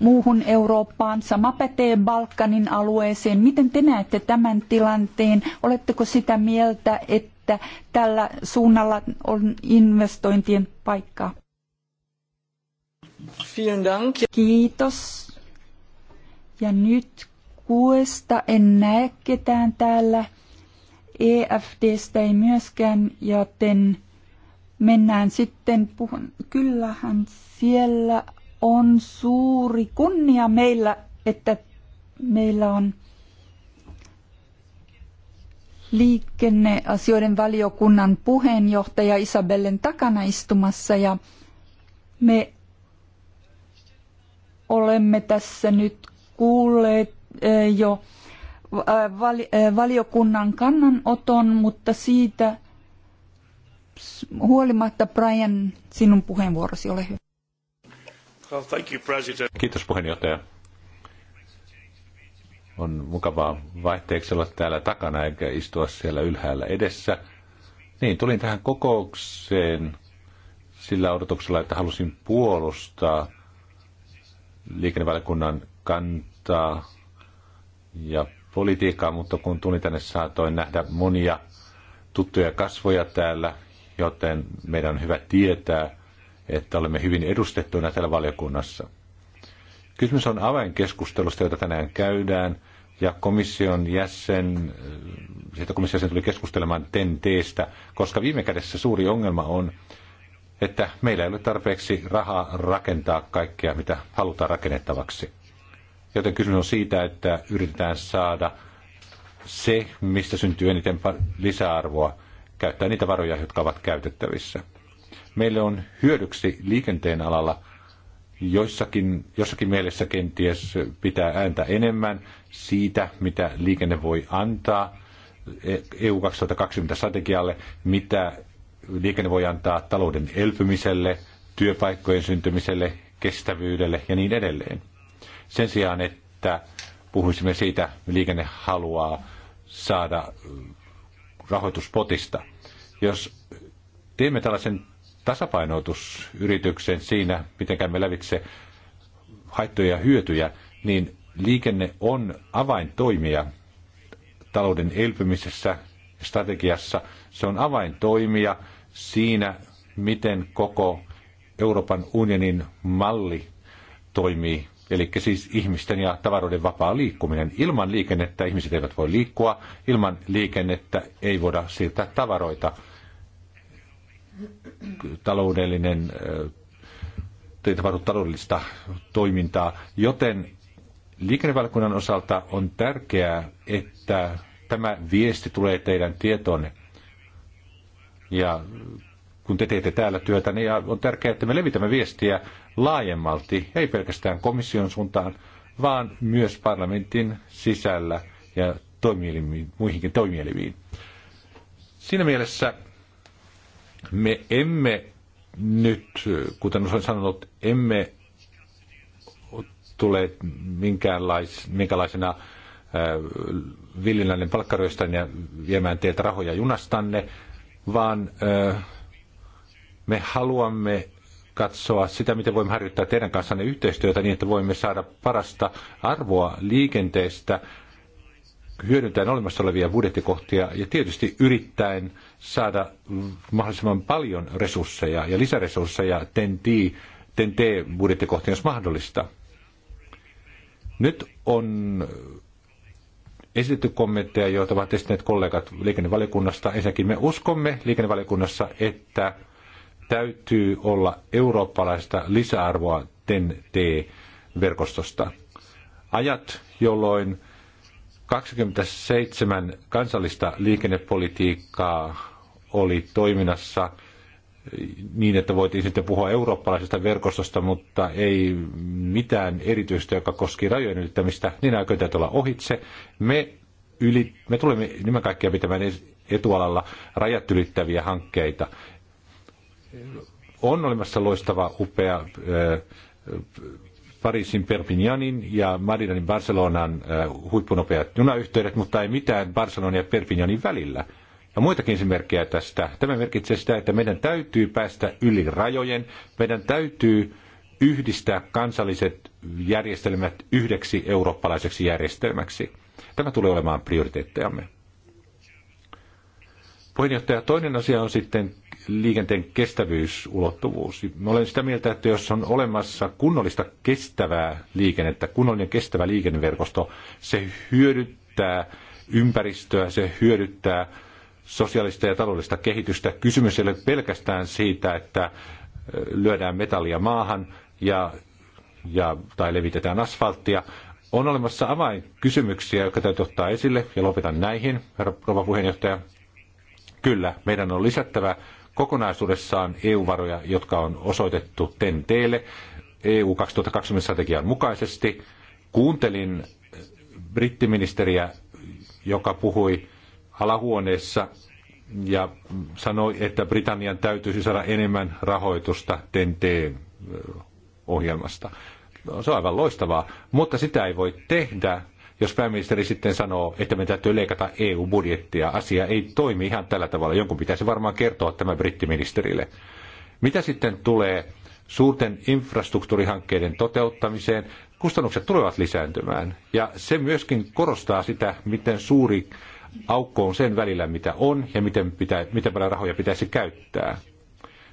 muuhun Eurooppaan. Sama pätee Balkanin alueeseen. Miten te näette tämän tilanteen? Oletteko sitä mieltä, että tällä suunnalla on investointien paikka? Kiitos. Ja nyt kuesta en näe ketään täällä. EFDstä ei myöskään, joten mennään sitten puhun. Kyllähän siellä on suuri kunnia meillä, että meillä on liikenneasioiden valiokunnan puheenjohtaja Isabellen takana istumassa ja me olemme tässä nyt kuulleet eh, jo eh, eh, valiokunnan kannanoton, mutta siitä huolimatta Brian, sinun puheenvuorosi, ole hyvä. Kiitos puheenjohtaja. On mukavaa vaihteeksi olla täällä takana eikä istua siellä ylhäällä edessä. Niin, tulin tähän kokoukseen sillä odotuksella, että halusin puolustaa liikennevaliokunnan kantaa ja politiikkaa, mutta kun tulin tänne saatoin nähdä monia tuttuja kasvoja täällä, joten meidän on hyvä tietää, että olemme hyvin edustettuina täällä valiokunnassa. Kysymys on avainkeskustelusta, jota tänään käydään, ja komission jäsen, äh, siitä komission jäsen tuli keskustelemaan TEN-teestä, koska viime kädessä suuri ongelma on, että meillä ei ole tarpeeksi rahaa rakentaa kaikkea, mitä halutaan rakennettavaksi. Joten kysymys on siitä, että yritetään saada se, mistä syntyy eniten lisäarvoa, käyttää niitä varoja, jotka ovat käytettävissä meille on hyödyksi liikenteen alalla. Joissakin, jossakin mielessä kenties pitää ääntä enemmän siitä, mitä liikenne voi antaa EU 2020 strategialle, mitä liikenne voi antaa talouden elpymiselle, työpaikkojen syntymiselle, kestävyydelle ja niin edelleen. Sen sijaan, että puhuisimme siitä, liikenne haluaa saada rahoituspotista. Jos teemme tällaisen tasapainotusyrityksen siinä, miten käymme lävitse haittoja ja hyötyjä, niin liikenne on avaintoimija talouden elpymisessä strategiassa. Se on avaintoimija siinä, miten koko Euroopan unionin malli toimii. Eli siis ihmisten ja tavaroiden vapaa liikkuminen. Ilman liikennettä ihmiset eivät voi liikkua, ilman liikennettä ei voida siirtää tavaroita taloudellinen, ei tapahdu taloudellista toimintaa, joten liikennevalkunnan osalta on tärkeää, että tämä viesti tulee teidän tietoonne. Ja kun te teette täällä työtä, niin on tärkeää, että me levitämme viestiä laajemmalti, ei pelkästään komission suuntaan, vaan myös parlamentin sisällä ja toimielimiin, muihinkin toimielimiin. Siinä mielessä me emme nyt, kuten olen sanonut, emme tule minkäänlais, minkälaisena äh, villinäinen palkkaryöstän ja viemään teiltä rahoja junastanne, vaan äh, me haluamme katsoa sitä, miten voimme harjoittaa teidän kanssanne yhteistyötä niin, että voimme saada parasta arvoa liikenteestä hyödyntäen olemassa olevia budjettikohtia ja tietysti yrittäen saada mahdollisimman paljon resursseja ja lisäresursseja TEN-T-budjettikohtiin, jos mahdollista. Nyt on esitetty kommentteja, joita ovat esittäneet kollegat liikennevaliokunnasta. Ensinnäkin me uskomme liikennevaliokunnassa, että täytyy olla eurooppalaista lisäarvoa TEN-T-verkostosta. Ajat, jolloin 27 kansallista liikennepolitiikkaa oli toiminnassa niin, että voitiin sitten puhua eurooppalaisesta verkostosta, mutta ei mitään erityistä, joka koski rajojen ylittämistä. Niin aikoja täytyy olla ohitse. Me, yli, me tulemme nimen kaikkia pitämään etualalla rajat ylittäviä hankkeita. On olemassa loistava, upea Pariisin Perpignanin ja Madridin Barcelonan äh, huippunopeat junayhteydet, mutta ei mitään Barcelonan ja Perpignanin välillä. Ja muitakin esimerkkejä tästä. Tämä merkitsee sitä, että meidän täytyy päästä yli rajojen, meidän täytyy yhdistää kansalliset järjestelmät yhdeksi eurooppalaiseksi järjestelmäksi. Tämä tulee olemaan prioriteettejamme. Puheenjohtaja, toinen asia on sitten liikenteen kestävyysulottuvuus. Mä olen sitä mieltä, että jos on olemassa kunnollista kestävää liikennettä, kunnollinen kestävä liikenneverkosto, se hyödyttää ympäristöä, se hyödyttää sosiaalista ja taloudellista kehitystä. Kysymys ei ole pelkästään siitä, että lyödään metallia maahan ja, ja, tai levitetään asfalttia. On olemassa avainkysymyksiä, jotka täytyy ottaa esille, ja lopetan näihin, herra rouva puheenjohtaja. Kyllä, meidän on lisättävä kokonaisuudessaan EU-varoja, jotka on osoitettu TEN-teelle EU 2020 strategian mukaisesti. Kuuntelin brittiministeriä, joka puhui alahuoneessa ja sanoi, että Britannian täytyisi saada enemmän rahoitusta TEN-T-ohjelmasta. No, se on aivan loistavaa, mutta sitä ei voi tehdä jos pääministeri sitten sanoo, että me täytyy leikata EU-budjettia, asia ei toimi ihan tällä tavalla. Jonkun pitäisi varmaan kertoa tämä brittiministerille. Mitä sitten tulee suurten infrastruktuurihankkeiden toteuttamiseen, kustannukset tulevat lisääntymään. Ja se myöskin korostaa sitä, miten suuri aukko on sen välillä, mitä on ja miten, pitä, miten paljon rahoja pitäisi käyttää.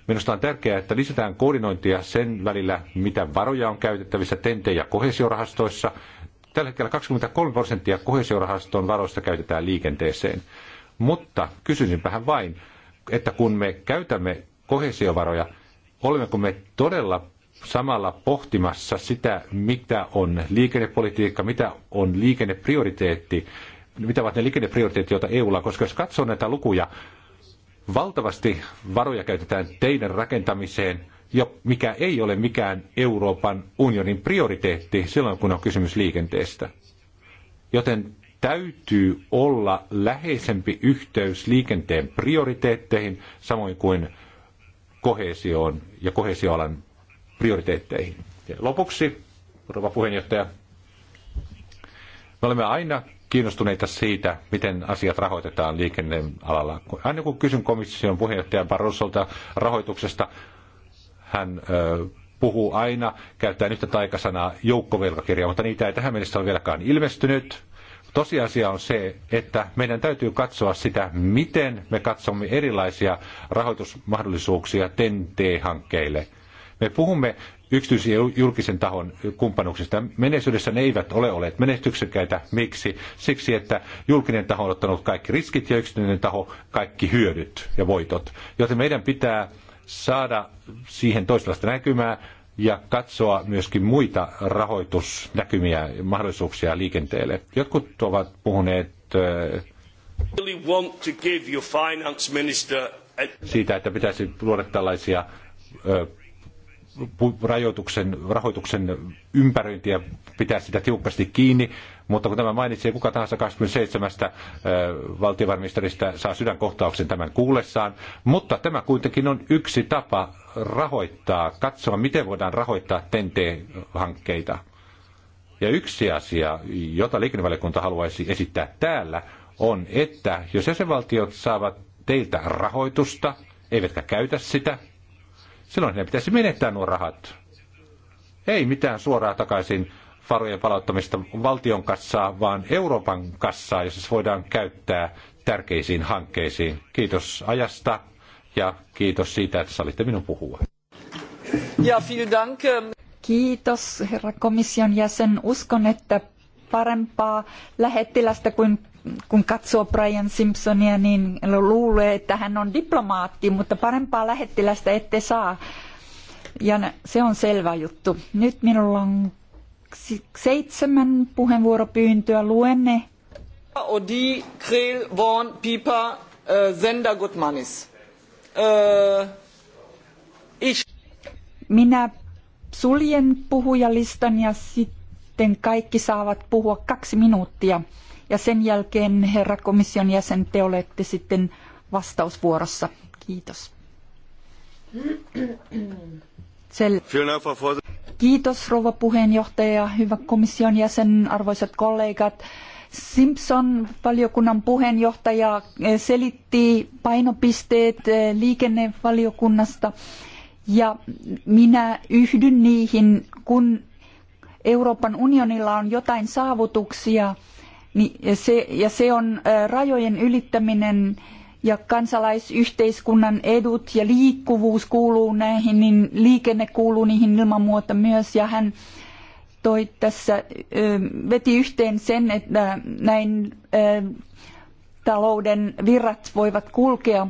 Minusta on tärkeää, että lisätään koordinointia sen välillä, mitä varoja on käytettävissä TENTE- ja kohesiorahastoissa, Tällä hetkellä 23 prosenttia kohesiorahaston varoista käytetään liikenteeseen. Mutta kysyisinpähän vain, että kun me käytämme kohesiovaroja, olemmeko me todella samalla pohtimassa sitä, mitä on liikennepolitiikka, mitä on liikenneprioriteetti, mitä ovat ne liikenneprioriteetit, joita EUlla Koska jos katsoo näitä lukuja, valtavasti varoja käytetään teidän rakentamiseen, jo, mikä ei ole mikään Euroopan unionin prioriteetti silloin, kun on kysymys liikenteestä. Joten täytyy olla läheisempi yhteys liikenteen prioriteetteihin, samoin kuin kohesioon ja kohesioalan prioriteetteihin. Ja lopuksi, rouva puheenjohtaja, me olemme aina kiinnostuneita siitä, miten asiat rahoitetaan liikennealalla. Aina kun kysyn komission puheenjohtajan Barrosolta rahoituksesta, hän puhuu aina, käyttää yhtä taikasanaa joukkovelkakirja, mutta niitä ei tähän mennessä ole vieläkään ilmestynyt. Tosiasia on se, että meidän täytyy katsoa sitä, miten me katsomme erilaisia rahoitusmahdollisuuksia TEN-T-hankkeille. Me puhumme yksityisen ja julkisen tahon kumppanuuksista. Menneisyydessä ne eivät ole olleet menestyksekkäitä. Miksi? Siksi, että julkinen taho on ottanut kaikki riskit ja yksityinen taho kaikki hyödyt ja voitot. Joten meidän pitää saada siihen toisenlaista näkymää ja katsoa myöskin muita rahoitusnäkymiä ja mahdollisuuksia liikenteelle. Jotkut ovat puhuneet äh, siitä, että pitäisi luoda tällaisia äh, rajoituksen, rahoituksen ympäröintiä pitää sitä tiukasti kiinni, mutta kun tämä mainitsee kuka tahansa 27 valtiovarainministeristä saa sydänkohtauksen tämän kuullessaan, mutta tämä kuitenkin on yksi tapa rahoittaa, katsoa miten voidaan rahoittaa TENTE-hankkeita. Ja yksi asia, jota liikennevaliokunta haluaisi esittää täällä, on, että jos jäsenvaltiot saavat teiltä rahoitusta, eivätkä käytä sitä, silloin ne pitäisi menettää nuo rahat. Ei mitään suoraa takaisin varojen palauttamista valtion kassaa, vaan Euroopan kassaa, jossa se voidaan käyttää tärkeisiin hankkeisiin. Kiitos ajasta ja kiitos siitä, että salitte minun puhua. Ja, vielen dank. Kiitos, herra komission jäsen. Uskon, että parempaa lähettilästä kuin kun katsoo Brian Simpsonia, niin luulee, että hän on diplomaatti, mutta parempaa lähettilästä ette saa. Ja se on selvä juttu. Nyt minulla on seitsemän puheenvuoropyyntöä. Luen ne. Odi, Krell, Vaughan, Pipa, äh, Zenda, Gutmanis. Äh, Minä suljen puhujalistan ja sitten kaikki saavat puhua kaksi minuuttia. Ja sen jälkeen herra komission jäsen, te olette sitten vastausvuorossa. Kiitos. Sel- Kiitos rouva puheenjohtaja, hyvä komission jäsen, arvoisat kollegat. Simpson, valiokunnan puheenjohtaja, eh, selitti painopisteet eh, liikennevaliokunnasta ja minä yhdyn niihin, kun Euroopan unionilla on jotain saavutuksia – niin se, ja se on rajojen ylittäminen ja kansalaisyhteiskunnan edut ja liikkuvuus kuuluu näihin, niin liikenne kuuluu niihin ilman muuta myös. Ja hän toi tässä, veti yhteen sen, että näin talouden virrat voivat kulkea.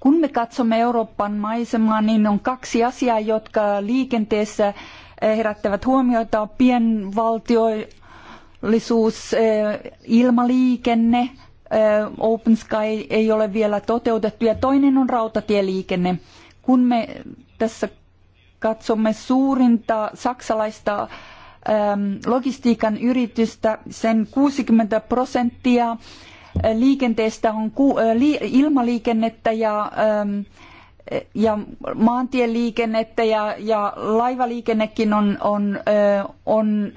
Kun me katsomme Euroopan maisemaa, niin on kaksi asiaa, jotka liikenteessä herättävät huomiota. Pienvaltio, teollisuus, ilmaliikenne, Open Sky ei ole vielä toteutettu ja toinen on rautatieliikenne. Kun me tässä katsomme suurinta saksalaista logistiikan yritystä, sen 60 prosenttia liikenteestä on ilmaliikennettä ja ja maantieliikennettä ja, ja laivaliikennekin on, on, on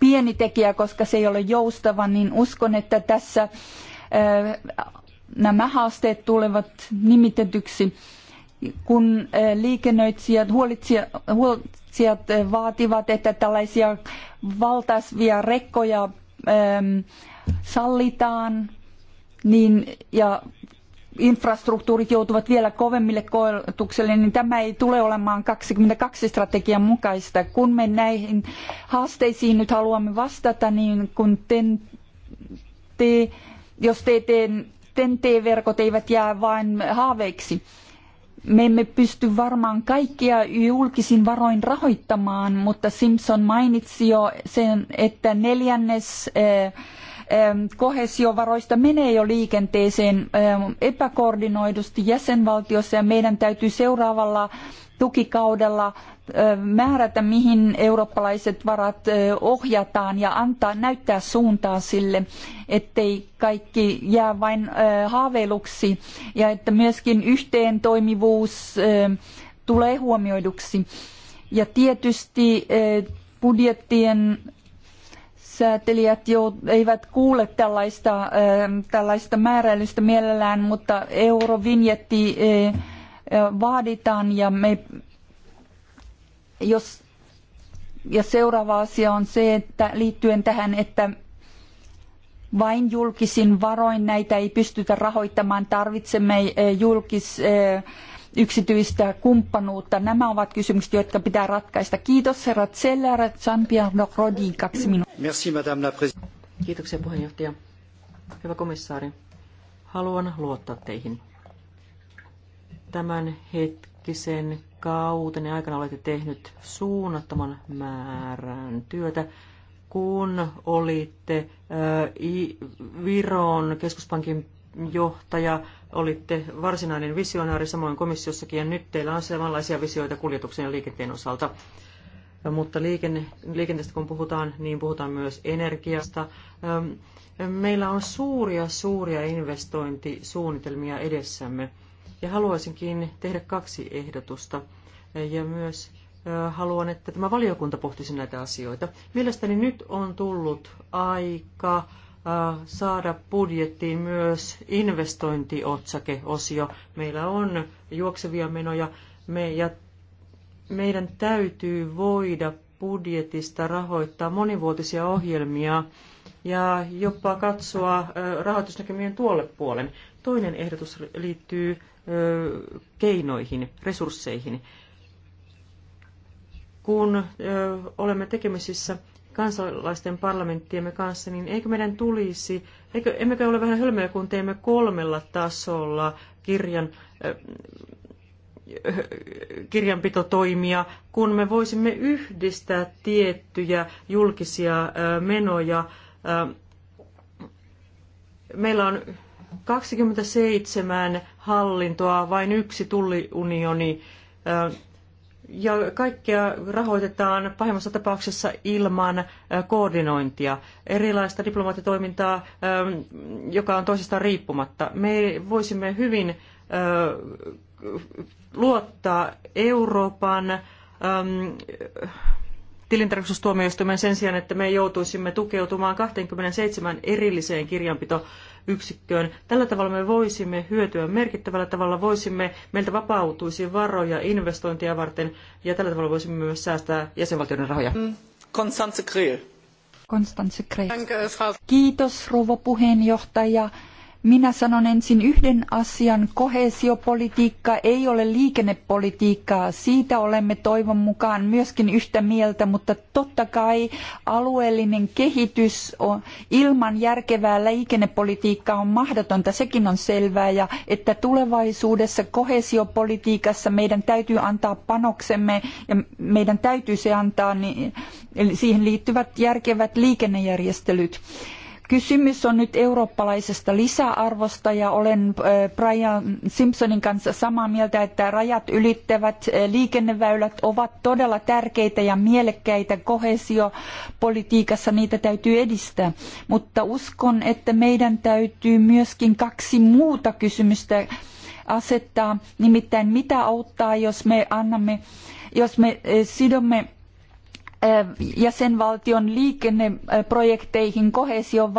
pieni tekijä, koska se ei ole joustava, niin uskon, että tässä nämä haasteet tulevat nimitetyksi, kun liikennöitsijät, huolitsijat, huolitsijat vaativat, että tällaisia valtaisvia rekkoja sallitaan, niin, ja infrastruktuurit joutuvat vielä kovemmille koetukselle, niin tämä ei tule olemaan 22 strategian mukaista. Kun me näihin haasteisiin nyt haluamme vastata, niin kun ten, te, jos te, TEN-T-verkot eivät jää vain haaveiksi, me emme pysty varmaan kaikkia julkisin varoin rahoittamaan, mutta Simpson mainitsi jo sen, että neljännes eh, Ähm, kohesiovaroista menee jo liikenteeseen ähm, epäkoordinoidusti jäsenvaltiossa ja meidän täytyy seuraavalla tukikaudella ähm, määrätä, mihin eurooppalaiset varat äh, ohjataan ja antaa näyttää suuntaa sille, ettei kaikki jää vain äh, haaveiluksi ja että myöskin yhteen toimivuus tulee huomioiduksi. Ja tietysti äh, budjettien säätelijät eivät kuule tällaista, ähm, tällaista määräilystä mielellään, mutta eurovinjetti äh, äh, vaaditaan ja me, jos, ja seuraava asia on se, että liittyen tähän, että vain julkisin varoin näitä ei pystytä rahoittamaan, tarvitsemme äh, julkis yksityistä kumppanuutta. Nämä ovat kysymykset, jotka pitää ratkaista. Kiitos herra Zeller, Jean-Pierre Rodi, kaksi minuuttia. Kiitoksia puheenjohtaja. Hyvä komissaari, haluan luottaa teihin. Tämän hetkisen kautenne aikana olette tehnyt suunnattoman määrän työtä kun olitte Viron keskuspankin johtaja, olitte varsinainen visionaari samoin komissiossakin ja nyt teillä on samanlaisia visioita kuljetuksen ja liikenteen osalta. Mutta liikenne, liikenteestä kun puhutaan, niin puhutaan myös energiasta. Meillä on suuria, suuria investointisuunnitelmia edessämme ja haluaisinkin tehdä kaksi ehdotusta ja myös haluan, että tämä valiokunta pohtisi näitä asioita. Mielestäni nyt on tullut aika saada budjettiin myös investointiotsakeosio. Meillä on juoksevia menoja me, ja meidän täytyy voida budjetista rahoittaa monivuotisia ohjelmia ja jopa katsoa rahoitusnäkemien tuolle puolen. Toinen ehdotus liittyy keinoihin, resursseihin. Kun olemme tekemisissä kansalaisten parlamenttiemme kanssa, niin eikö meidän tulisi, eikö, emmekö ole vähän hölmöjä, kun teemme kolmella tasolla kirjan, äh, kirjanpitotoimia, kun me voisimme yhdistää tiettyjä julkisia äh, menoja. Äh, meillä on 27 hallintoa, vain yksi tulliunioni. Äh, ja kaikkea rahoitetaan pahimmassa tapauksessa ilman koordinointia, erilaista diplomaattitoimintaa, joka on toisistaan riippumatta. Me voisimme hyvin luottaa Euroopan tilintarkastustuomioistuimen sen sijaan, että me joutuisimme tukeutumaan 27 erilliseen kirjanpitoyksikköön. Tällä tavalla me voisimme hyötyä merkittävällä tavalla, voisimme, meiltä vapautuisi varoja investointia varten ja tällä tavalla voisimme myös säästää jäsenvaltioiden rahoja. Konstantse mm, Konstantse Kiitos rouva puheenjohtaja. Minä sanon ensin yhden asian. Koheesiopolitiikka ei ole liikennepolitiikkaa. Siitä olemme toivon mukaan myöskin yhtä mieltä, mutta totta kai alueellinen kehitys on, ilman järkevää liikennepolitiikkaa on mahdotonta. Sekin on selvää ja että tulevaisuudessa koheesiopolitiikassa meidän täytyy antaa panoksemme ja meidän täytyy se antaa, niin siihen liittyvät järkevät liikennejärjestelyt. Kysymys on nyt eurooppalaisesta lisäarvosta ja olen äh, Brian Simpsonin kanssa samaa mieltä, että rajat ylittävät äh, liikenneväylät ovat todella tärkeitä ja mielekkäitä koheesiopolitiikassa niitä täytyy edistää. Mutta uskon, että meidän täytyy myöskin kaksi muuta kysymystä asettaa, nimittäin mitä auttaa, jos me annamme, jos me äh, sidomme jäsenvaltion liikenneprojekteihin kohesion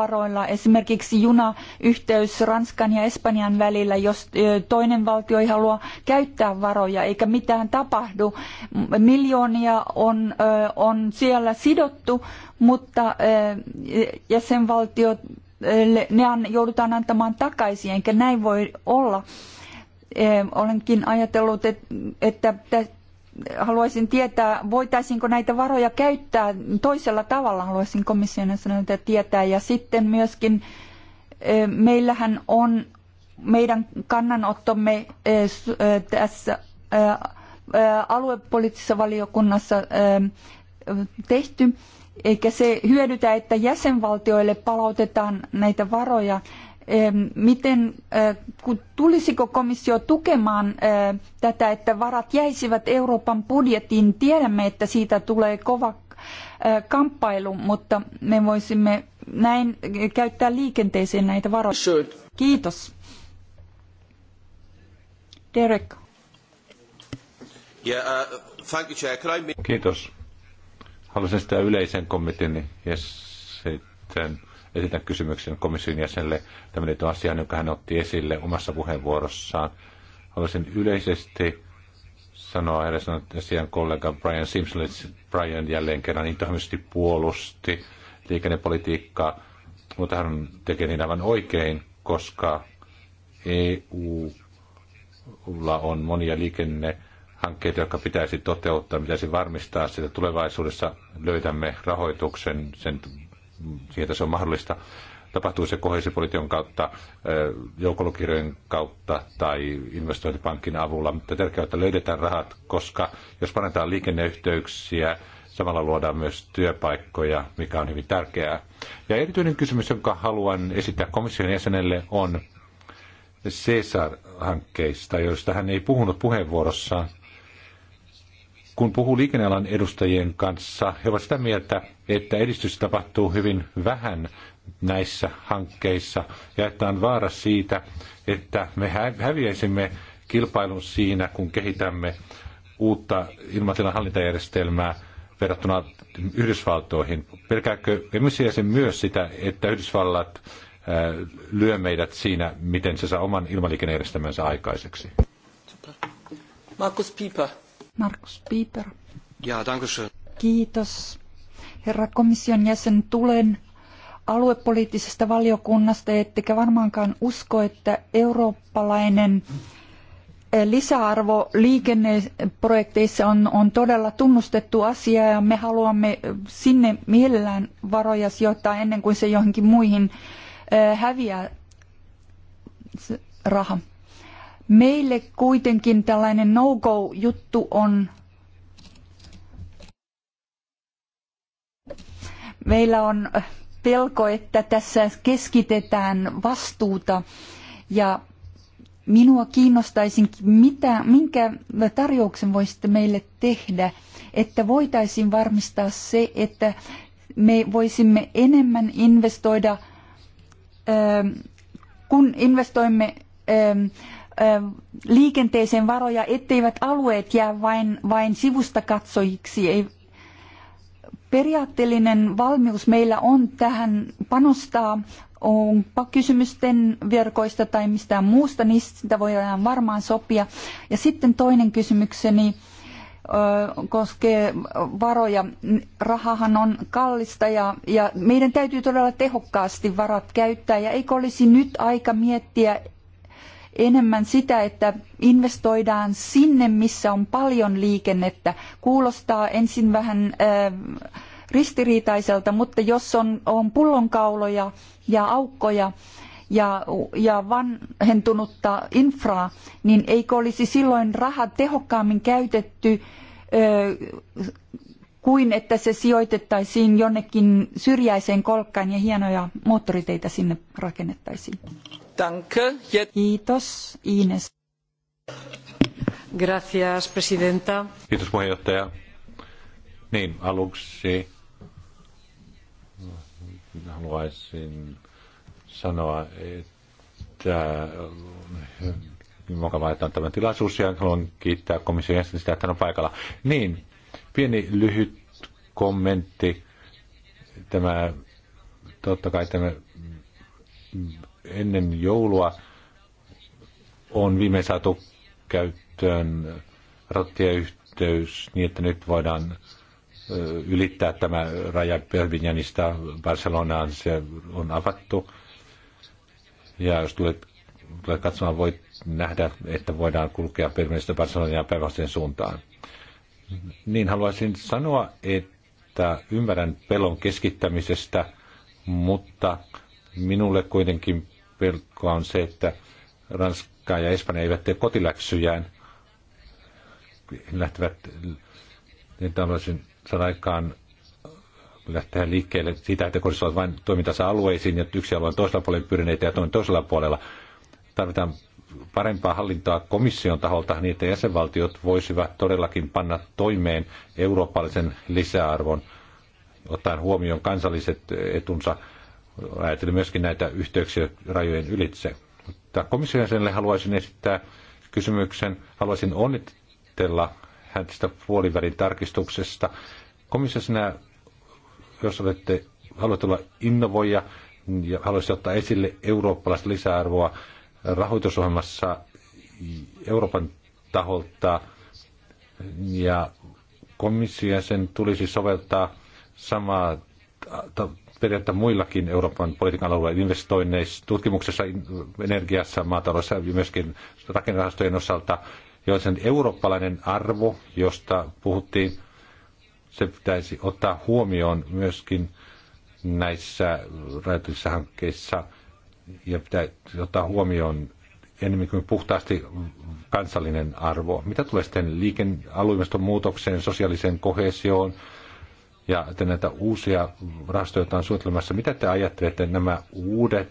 esimerkiksi junayhteys Ranskan ja Espanjan välillä, jos toinen valtio ei halua käyttää varoja eikä mitään tapahdu. Miljoonia on, on siellä sidottu, mutta jäsenvaltiot ne joudutaan antamaan takaisin, enkä näin voi olla. Olenkin ajatellut, että haluaisin tietää, voitaisiinko näitä varoja käyttää toisella tavalla, haluaisin komission sanonta tietää. Ja sitten myöskin meillähän on meidän kannanottomme tässä aluepoliittisessa valiokunnassa tehty, eikä se hyödytä, että jäsenvaltioille palautetaan näitä varoja miten, tulisiko komissio tukemaan tätä, että varat jäisivät Euroopan budjettiin. Tiedämme, että siitä tulee kova kamppailu, mutta me voisimme näin käyttää liikenteeseen näitä varoja. Kiitos. Derek. Uh, Kiitos. Haluaisin sitä yleisen kommentin ja sitten esitän kysymyksen komission jäsenelle. Tämä liittyy asiaan, jonka hän otti esille omassa puheenvuorossaan. Haluaisin yleisesti sanoa edes asian kollega Brian Simpson, Brian jälleen kerran intohimoisesti puolusti liikennepolitiikkaa, mutta hän tekee niin aivan oikein, koska EUlla on monia liikenne hankkeita, jotka pitäisi toteuttaa, pitäisi varmistaa, että tulevaisuudessa löytämme rahoituksen sen sieltä se on mahdollista. Tapahtuu se kohesipolition kautta, joukkolukirjojen kautta tai investointipankin avulla, mutta tärkeää, että löydetään rahat, koska jos parantaa liikenneyhteyksiä, samalla luodaan myös työpaikkoja, mikä on hyvin tärkeää. Ja erityinen kysymys, jonka haluan esittää komission jäsenelle, on Cesar-hankkeista, joista hän ei puhunut puheenvuorossaan. Kun puhuu liikennealan edustajien kanssa, he ovat sitä mieltä, että edistys tapahtuu hyvin vähän näissä hankkeissa ja että on vaara siitä, että me häviäisimme kilpailun siinä, kun kehitämme uutta ilmatilan hallintajärjestelmää verrattuna Yhdysvaltoihin. Pelkääkö emissiäisen myös sitä, että Yhdysvallat lyö meidät siinä, miten se saa oman ilmaliikennejärjestelmänsä aikaiseksi? Markus Pieper. Markus Pieper. Ja, Kiitos. Herra komission jäsen, tulen aluepoliittisesta valiokunnasta, ettekä varmaankaan usko, että eurooppalainen eh, lisäarvo liikenneprojekteissa on, on, todella tunnustettu asia ja me haluamme eh, sinne mielellään varoja sijoittaa ennen kuin se johonkin muihin eh, häviää raha. Meille kuitenkin tällainen no-go-juttu on... Meillä on äh, pelko, että tässä keskitetään vastuuta ja minua kiinnostaisin, mitä, minkä tarjouksen voisitte meille tehdä, että voitaisiin varmistaa se, että me voisimme enemmän investoida, ähm, kun investoimme ähm, liikenteeseen varoja, etteivät alueet jää vain, vain sivusta katsojiksi. Ei, periaatteellinen valmius meillä on tähän panostaa, onpa kysymysten verkoista tai mistään muusta, niistä voidaan varmaan sopia. Ja sitten toinen kysymykseni koskee varoja. Rahahan on kallista ja, ja meidän täytyy todella tehokkaasti varat käyttää ja eikö olisi nyt aika miettiä enemmän sitä, että investoidaan sinne, missä on paljon liikennettä. Kuulostaa ensin vähän ristiriitaiselta, mutta jos on, on pullonkauloja ja aukkoja, ja, ja vanhentunutta infraa, niin eikö olisi silloin raha tehokkaammin käytetty kuin että se sijoitettaisiin jonnekin syrjäiseen kolkkaan ja hienoja moottoriteitä sinne rakennettaisiin? arvoisa Kiitos, Ines. Kiitos, puheenjohtaja. Niin, aluksi haluaisin sanoa, että äh, mukavaa, että on tämä tilaisuus ja haluan kiittää komission jäsenistä, että hän on paikalla. Niin, pieni lyhyt kommentti. Tämä, totta kai tämä ennen joulua on viime saatu käyttöön rattiayhteys niin, että nyt voidaan ylittää tämä raja Pervignanista Barcelonaan. Se on avattu. Ja jos tulet, tulet katsomaan, voit nähdä, että voidaan kulkea Pervignanista Barcelonaan päinvastaisen suuntaan. Niin haluaisin sanoa, että ymmärrän pelon keskittämisestä, mutta minulle kuitenkin pelkoa on se, että Ranska ja Espanja eivät tee kotiläksyjään. lähtevät niin tämmöisen aikaan lähteä liikkeelle siitä, että kohdistuvat vain toimintansa alueisiin ja yksi alue on toisella puolella pyrineitä ja toinen toisella puolella. Tarvitaan parempaa hallintaa komission taholta niin, että jäsenvaltiot voisivat todellakin panna toimeen eurooppalaisen lisäarvon, ottaen huomioon kansalliset etunsa ajatellen myöskin näitä yhteyksiä rajojen ylitse. Mutta komission jäsenelle haluaisin esittää kysymyksen. Haluaisin onnitella häntä puolivälin tarkistuksesta. Komissiossa jos olette, haluatte olla innovoija ja haluaisitte ottaa esille eurooppalaista lisäarvoa rahoitusohjelmassa Euroopan taholta ja komission sen tulisi soveltaa samaa periaatteessa muillakin Euroopan politiikan alueilla, investoinneissa, tutkimuksessa, energiassa, maataloudessa ja myöskin rakennerahastojen osalta, joiden eurooppalainen arvo, josta puhuttiin, se pitäisi ottaa huomioon myöskin näissä rajoituissa hankkeissa ja pitäisi ottaa huomioon enemmän kuin puhtaasti kansallinen arvo. Mitä tulee sitten muutokseen, sosiaaliseen kohesioon, ja te näitä uusia rahastoja, joita on suunnittelemassa. mitä te ajattelette, nämä uudet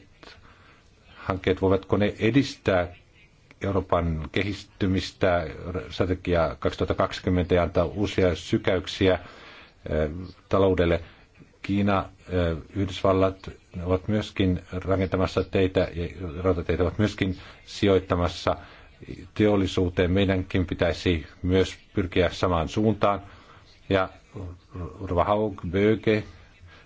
hankkeet, voivatko ne edistää Euroopan kehittymistä strategia 2020 ja antaa uusia sykäyksiä eh, taloudelle. Kiina, eh, Yhdysvallat ovat myöskin rakentamassa teitä ja rautateitä ovat myöskin sijoittamassa teollisuuteen. Meidänkin pitäisi myös pyrkiä samaan suuntaan. Ja Rova Haug, Böke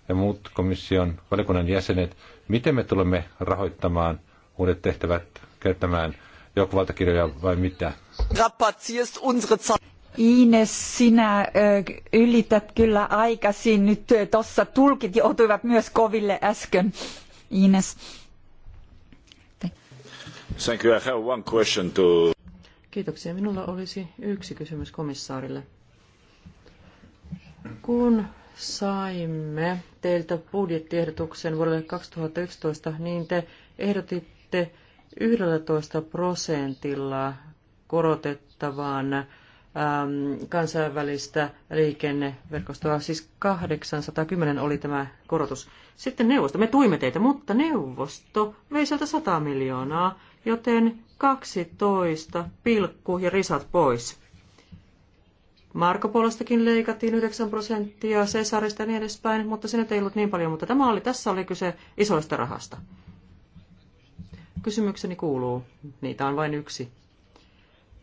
ja muut komission valikunnan jäsenet, miten me tulemme rahoittamaan uudet tehtävät käyttämään joukkovaltakirjoja vai mitä? Ines, sinä ylität kyllä aikasi nyt. Tuossa tulkit joutuivat myös koville äsken. Ines. Thank you. I have one question to... Kiitoksia. Minulla olisi yksi kysymys komissaarille. Kun saimme teiltä budjettiehdotuksen vuodelle 2011, niin te ehdotitte 11 prosentilla korotettavan äm, kansainvälistä liikenneverkostoa, siis 810 oli tämä korotus. Sitten neuvosto, me tuimme teitä, mutta neuvosto vei sieltä 100 miljoonaa, joten 12 pilkku ja risat pois. Marko Polostakin leikattiin 9 prosenttia, Cesarista ja niin edespäin, mutta se nyt ei ollut niin paljon, mutta tämä oli, tässä oli kyse isoista rahasta. Kysymykseni kuuluu, niitä on vain yksi.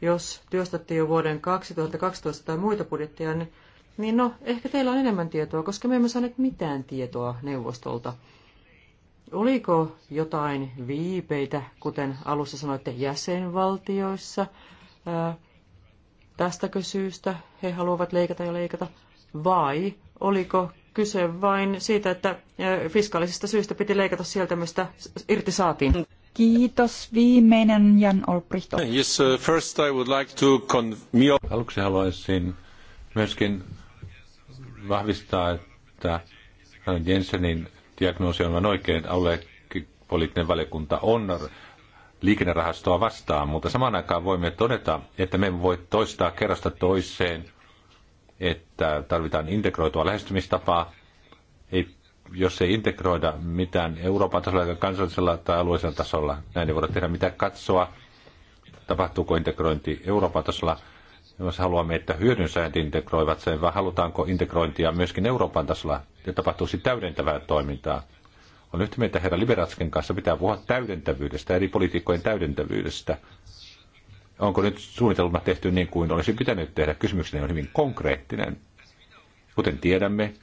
Jos työstätte jo vuoden 2012 tai muita budjetteja, niin, niin no, ehkä teillä on enemmän tietoa, koska me emme saaneet mitään tietoa neuvostolta. Oliko jotain viipeitä, kuten alussa sanoitte, jäsenvaltioissa? Tästäkö syystä he haluavat leikata ja leikata? Vai oliko kyse vain siitä, että fiskaalisista syistä piti leikata sieltä, mistä irti saatiin? Kiitos. Viimeinen Jan Olbricht. Yes, uh, first I would like to con... Aluksi haluaisin myöskin vahvistaa, että Jensenin diagnoosi on oikein. poliittinen valiokunta on liikennerahastoa vastaan, mutta samaan aikaan voimme todeta, että me voi toistaa kerrasta toiseen, että tarvitaan integroitua lähestymistapaa. Ei, jos ei integroida mitään Euroopan tasolla, kansallisella tai alueellisella tasolla, näin ei voida tehdä mitä katsoa, tapahtuuko integrointi Euroopan tasolla. Jos haluamme, että hyödynsäät integroivat sen, vai halutaanko integrointia myöskin Euroopan tasolla, ja tapahtuisi täydentävää toimintaa. On yhtä mieltä herra Liberatsken kanssa, pitää puhua täydentävyydestä, eri poliitikkojen täydentävyydestä. Onko nyt suunnitelma tehty niin kuin olisi pitänyt tehdä? Kysymykseni on hyvin konkreettinen. Kuten tiedämme,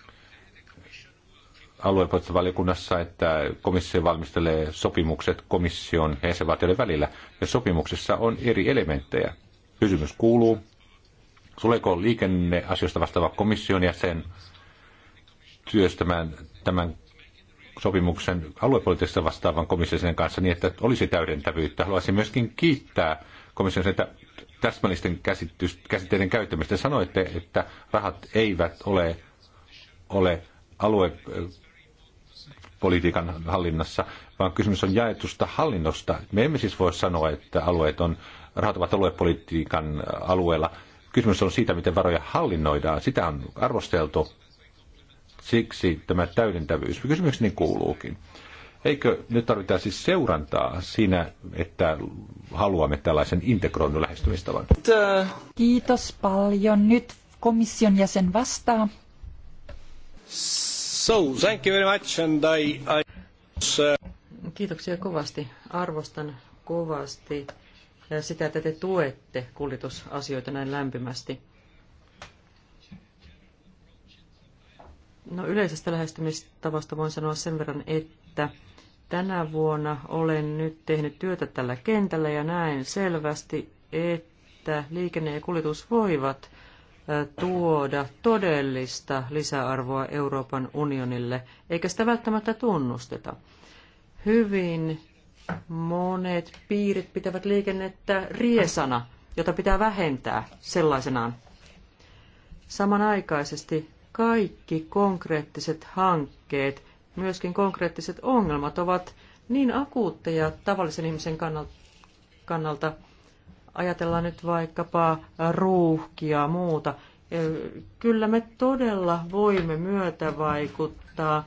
aluepoliittisessa että komissio valmistelee sopimukset komission ja jäsenvaltioiden välillä, ja sopimuksessa on eri elementtejä. Kysymys kuuluu, tuleeko liikenneasioista vastaava komission jäsen työstämään tämän sopimuksen aluepolitiikasta vastaavan komission kanssa niin, että olisi täydentävyyttä. Haluaisin myöskin kiittää komission että täsmällisten käsitteiden käyttämistä. Sanoitte, että rahat eivät ole, ole aluepolitiikan hallinnassa, vaan kysymys on jaetusta hallinnosta. Me emme siis voi sanoa, että alueet on, rahat ovat aluepolitiikan alueella. Kysymys on siitä, miten varoja hallinnoidaan. Sitä on arvosteltu Siksi tämä täydentävyys. Kysymykseni kuuluukin. Eikö nyt tarvita siis seurantaa siinä, että haluamme tällaisen integroinnin lähestymistavan? Kiitos paljon. Nyt komission jäsen vastaa. So, thank you very much and I, I... Uh, Kiitoksia kovasti. Arvostan kovasti uh, sitä, että te tuette kuljetusasioita näin lämpimästi. No yleisestä lähestymistavasta voin sanoa sen verran, että tänä vuonna olen nyt tehnyt työtä tällä kentällä ja näen selvästi, että liikenne ja kuljetus voivat tuoda todellista lisäarvoa Euroopan unionille, eikä sitä välttämättä tunnusteta. Hyvin monet piirit pitävät liikennettä riesana, jota pitää vähentää sellaisenaan. Samanaikaisesti kaikki konkreettiset hankkeet, myöskin konkreettiset ongelmat ovat niin akuutteja tavallisen ihmisen kannalta. Ajatellaan nyt vaikkapa ruuhkia muuta. Kyllä me todella voimme myötävaikuttaa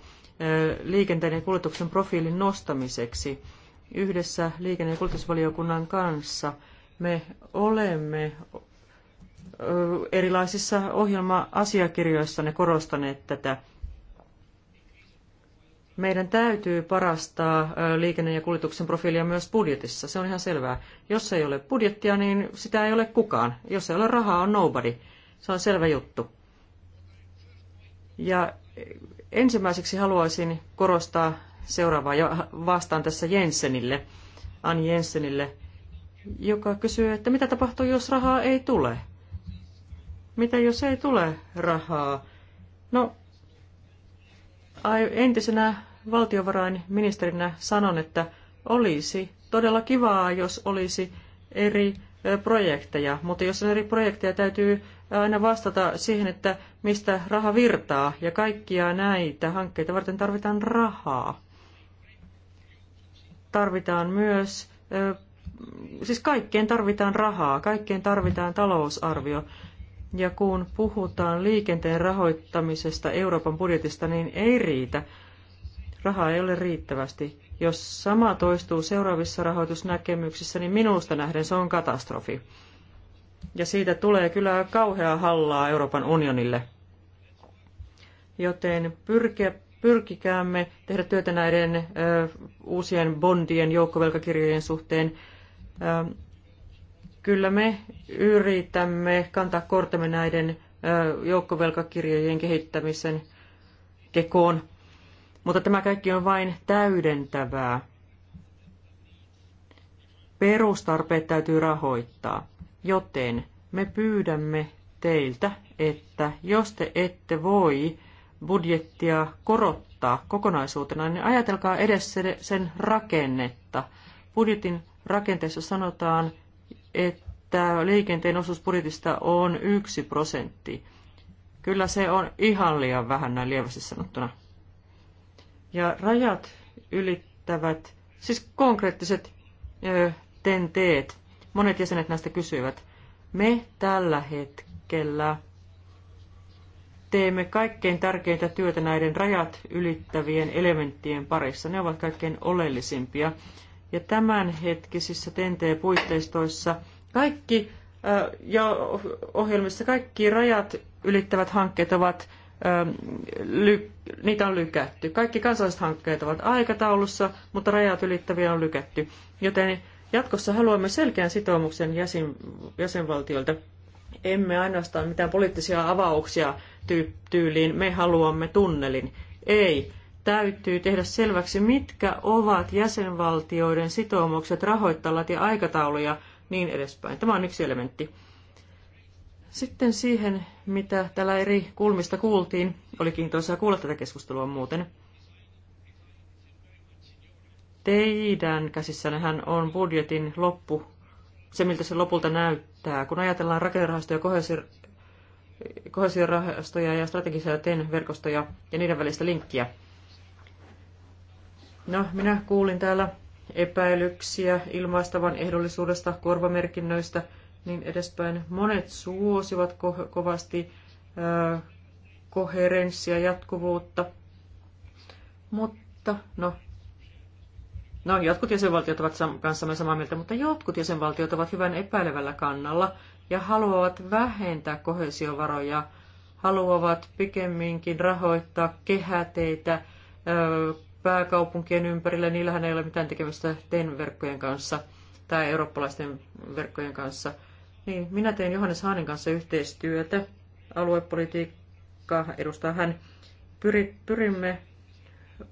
liikenteen ja kuljetuksen profiilin nostamiseksi. Yhdessä liikenne- ja kuljetusvaliokunnan kanssa me olemme erilaisissa ohjelma-asiakirjoissanne korostaneet tätä. Meidän täytyy parastaa liikenne- ja kuljetuksen profiilia myös budjetissa, se on ihan selvää. Jos ei ole budjettia, niin sitä ei ole kukaan. Jos ei ole rahaa, on nobody. Se on selvä juttu. Ja ensimmäiseksi haluaisin korostaa seuraavaa, ja vastaan tässä Jensenille, Anni Jensenille, joka kysyy, että mitä tapahtuu, jos rahaa ei tule. Mitä jos ei tule rahaa? No, entisenä valtiovarainministerinä sanon, että olisi todella kivaa, jos olisi eri projekteja, mutta jos on eri projekteja, täytyy aina vastata siihen, että mistä raha virtaa, ja kaikkia näitä hankkeita varten tarvitaan rahaa. Tarvitaan myös, siis kaikkeen tarvitaan rahaa, kaikkeen tarvitaan talousarvio. Ja kun puhutaan liikenteen rahoittamisesta Euroopan budjetista, niin ei riitä. Rahaa ei ole riittävästi. Jos sama toistuu seuraavissa rahoitusnäkemyksissä, niin minusta nähden se on katastrofi. Ja siitä tulee kyllä kauhea hallaa Euroopan unionille. Joten pyrkiä, pyrkikäämme tehdä työtä näiden ö, uusien bondien joukkovelkakirjojen suhteen. Ö, Kyllä me yritämme kantaa kortemme näiden joukkovelkakirjojen kehittämisen kekoon, mutta tämä kaikki on vain täydentävää. Perustarpeet täytyy rahoittaa, joten me pyydämme teiltä, että jos te ette voi budjettia korottaa kokonaisuutena, niin ajatelkaa edes sen rakennetta. Budjetin rakenteessa sanotaan että liikenteen osuus budjetista on yksi prosentti. Kyllä se on ihan liian vähän näin lievästi sanottuna. Ja rajat ylittävät, siis konkreettiset ö, tenteet. Monet jäsenet näistä kysyivät. Me tällä hetkellä teemme kaikkein tärkeintä työtä näiden rajat ylittävien elementtien parissa. Ne ovat kaikkein oleellisimpia ja tämänhetkisissä TNT-puitteistoissa kaikki ja ohjelmissa kaikki rajat ylittävät hankkeet ovat, niitä on lykätty. Kaikki kansalliset hankkeet ovat aikataulussa, mutta rajat ylittäviä on lykätty. Joten jatkossa haluamme selkeän sitoumuksen jäsen, jäsenvaltiolta. Emme ainoastaan mitään poliittisia avauksia tyy- tyyliin, me haluamme tunnelin. Ei, täytyy tehdä selväksi, mitkä ovat jäsenvaltioiden sitoumukset rahoittaa ja aikatauluja niin edespäin. Tämä on yksi elementti. Sitten siihen, mitä täällä eri kulmista kuultiin, oli kiintoisaa kuulla tätä keskustelua muuten. Teidän käsissännehän on budjetin loppu, se miltä se lopulta näyttää. Kun ajatellaan rakennerahastoja, kohesiorahastoja ja strategisia TEN-verkostoja ja niiden välistä linkkiä, No, minä kuulin täällä epäilyksiä ilmaistavan ehdollisuudesta, korvamerkinnöistä, niin edespäin. Monet suosivat ko- kovasti ö, koherenssia, jatkuvuutta. Mutta, no, no jotkut jäsenvaltiot ovat sam- kanssamme samaa mieltä, mutta jotkut jäsenvaltiot ovat hyvän epäilevällä kannalla ja haluavat vähentää kohesiovaroja, haluavat pikemminkin rahoittaa kehäteitä, ö, pääkaupunkien ympärillä, niillähän ei ole mitään tekemistä TEN-verkkojen kanssa tai eurooppalaisten verkkojen kanssa. Niin, minä teen Johannes Haanin kanssa yhteistyötä. Aluepolitiikkaa edustaa hän. Pyri, pyrimme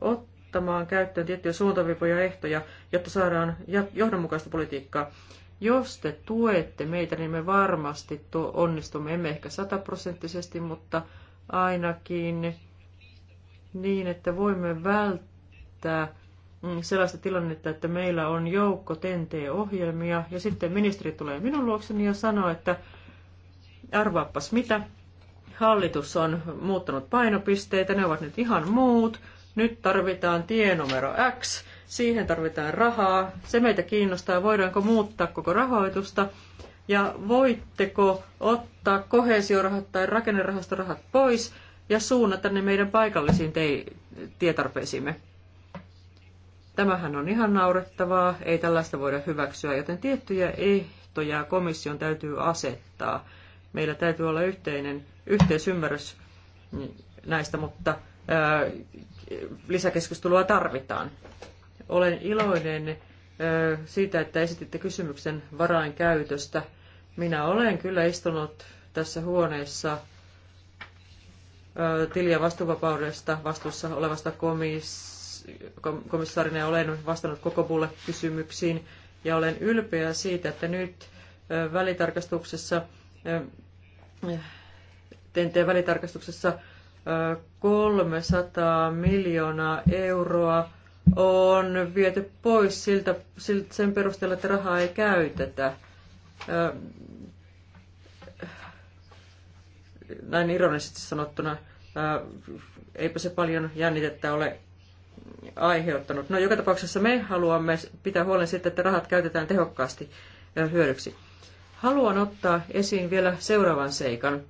ottamaan käyttöön tiettyjä suuntaviivoja ehtoja, jotta saadaan johdonmukaista politiikkaa. Jos te tuette meitä, niin me varmasti tuo onnistumme, emme ehkä sataprosenttisesti, mutta ainakin niin, että voimme välttää että mm, sellaista tilannetta, että meillä on joukko TNT-ohjelmia ja sitten ministeri tulee minun luokseni ja sanoo, että arvaappas mitä, hallitus on muuttanut painopisteitä, ne ovat nyt ihan muut, nyt tarvitaan numero X, siihen tarvitaan rahaa, se meitä kiinnostaa, voidaanko muuttaa koko rahoitusta ja voitteko ottaa kohesiorahat tai rakennerahastorahat pois ja suunnata ne meidän paikallisiin te- tietarpeisiimme. Tämähän on ihan naurettavaa, ei tällaista voida hyväksyä, joten tiettyjä ehtoja komission täytyy asettaa. Meillä täytyy olla yhteinen yhteisymmärrys näistä, mutta ää, lisäkeskustelua tarvitaan. Olen iloinen ää, siitä, että esititte kysymyksen varainkäytöstä. Minä olen kyllä istunut tässä huoneessa tilia vastuuvapaudesta vastuussa olevasta komissio komissaarina olen vastannut koko pulle kysymyksiin ja olen ylpeä siitä, että nyt välitarkastuksessa, TNT-välitarkastuksessa 300 miljoonaa euroa on viety pois siltä, sen perusteella, että rahaa ei käytetä. Näin ironisesti sanottuna, eipä se paljon jännitettä ole aiheuttanut. No joka tapauksessa me haluamme pitää huolen siitä, että rahat käytetään tehokkaasti hyödyksi. Haluan ottaa esiin vielä seuraavan seikan,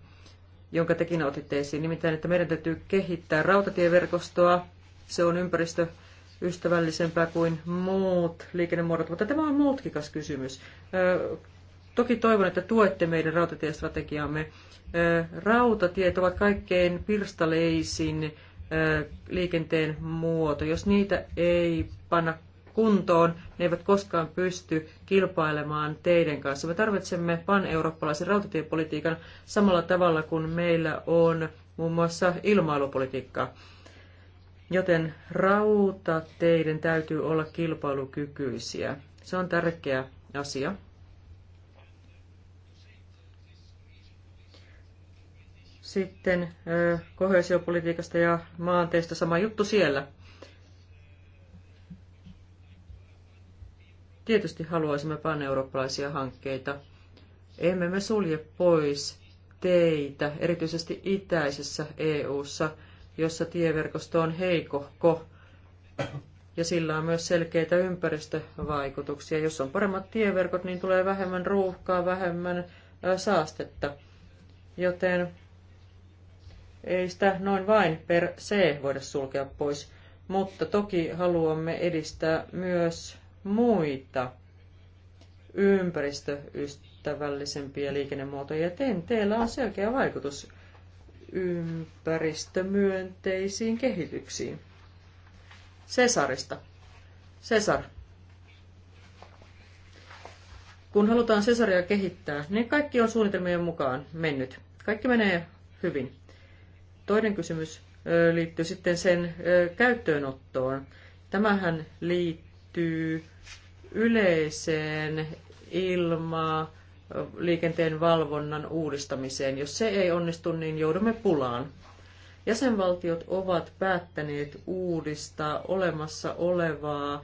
jonka tekin otitte esiin, nimittäin, että meidän täytyy kehittää rautatieverkostoa. Se on ympäristö ystävällisempää kuin muut liikennemuodot, mutta tämä on muutkikas kysymys. Toki toivon, että tuette meidän Ö, Rautatiet ovat kaikkein pirstaleisin liikenteen muoto. Jos niitä ei panna kuntoon, ne eivät koskaan pysty kilpailemaan teidän kanssa. Me tarvitsemme pan-eurooppalaisen rautatiepolitiikan samalla tavalla kuin meillä on muun muassa ilmailupolitiikkaa. Joten rautateiden täytyy olla kilpailukykyisiä. Se on tärkeä asia. Sitten kohesiopolitiikasta ja maanteista sama juttu siellä. Tietysti haluaisimme pan-eurooppalaisia hankkeita. Emme me sulje pois teitä, erityisesti itäisessä EU:ssa, jossa tieverkosto on heikohko ja sillä on myös selkeitä ympäristövaikutuksia. Jos on paremmat tieverkot, niin tulee vähemmän ruuhkaa, vähemmän saastetta. Joten ei sitä noin vain per se voida sulkea pois, mutta toki haluamme edistää myös muita ympäristöystävällisempiä liikennemuotoja. Ja on selkeä vaikutus ympäristömyönteisiin kehityksiin. Cesarista. Cesar. Kun halutaan Cesaria kehittää, niin kaikki on suunnitelmien mukaan mennyt. Kaikki menee hyvin. Toinen kysymys liittyy sitten sen käyttöönottoon. Tämähän liittyy yleiseen ilmaa liikenteen valvonnan uudistamiseen. Jos se ei onnistu, niin joudumme pulaan. Jäsenvaltiot ovat päättäneet uudistaa olemassa olevaa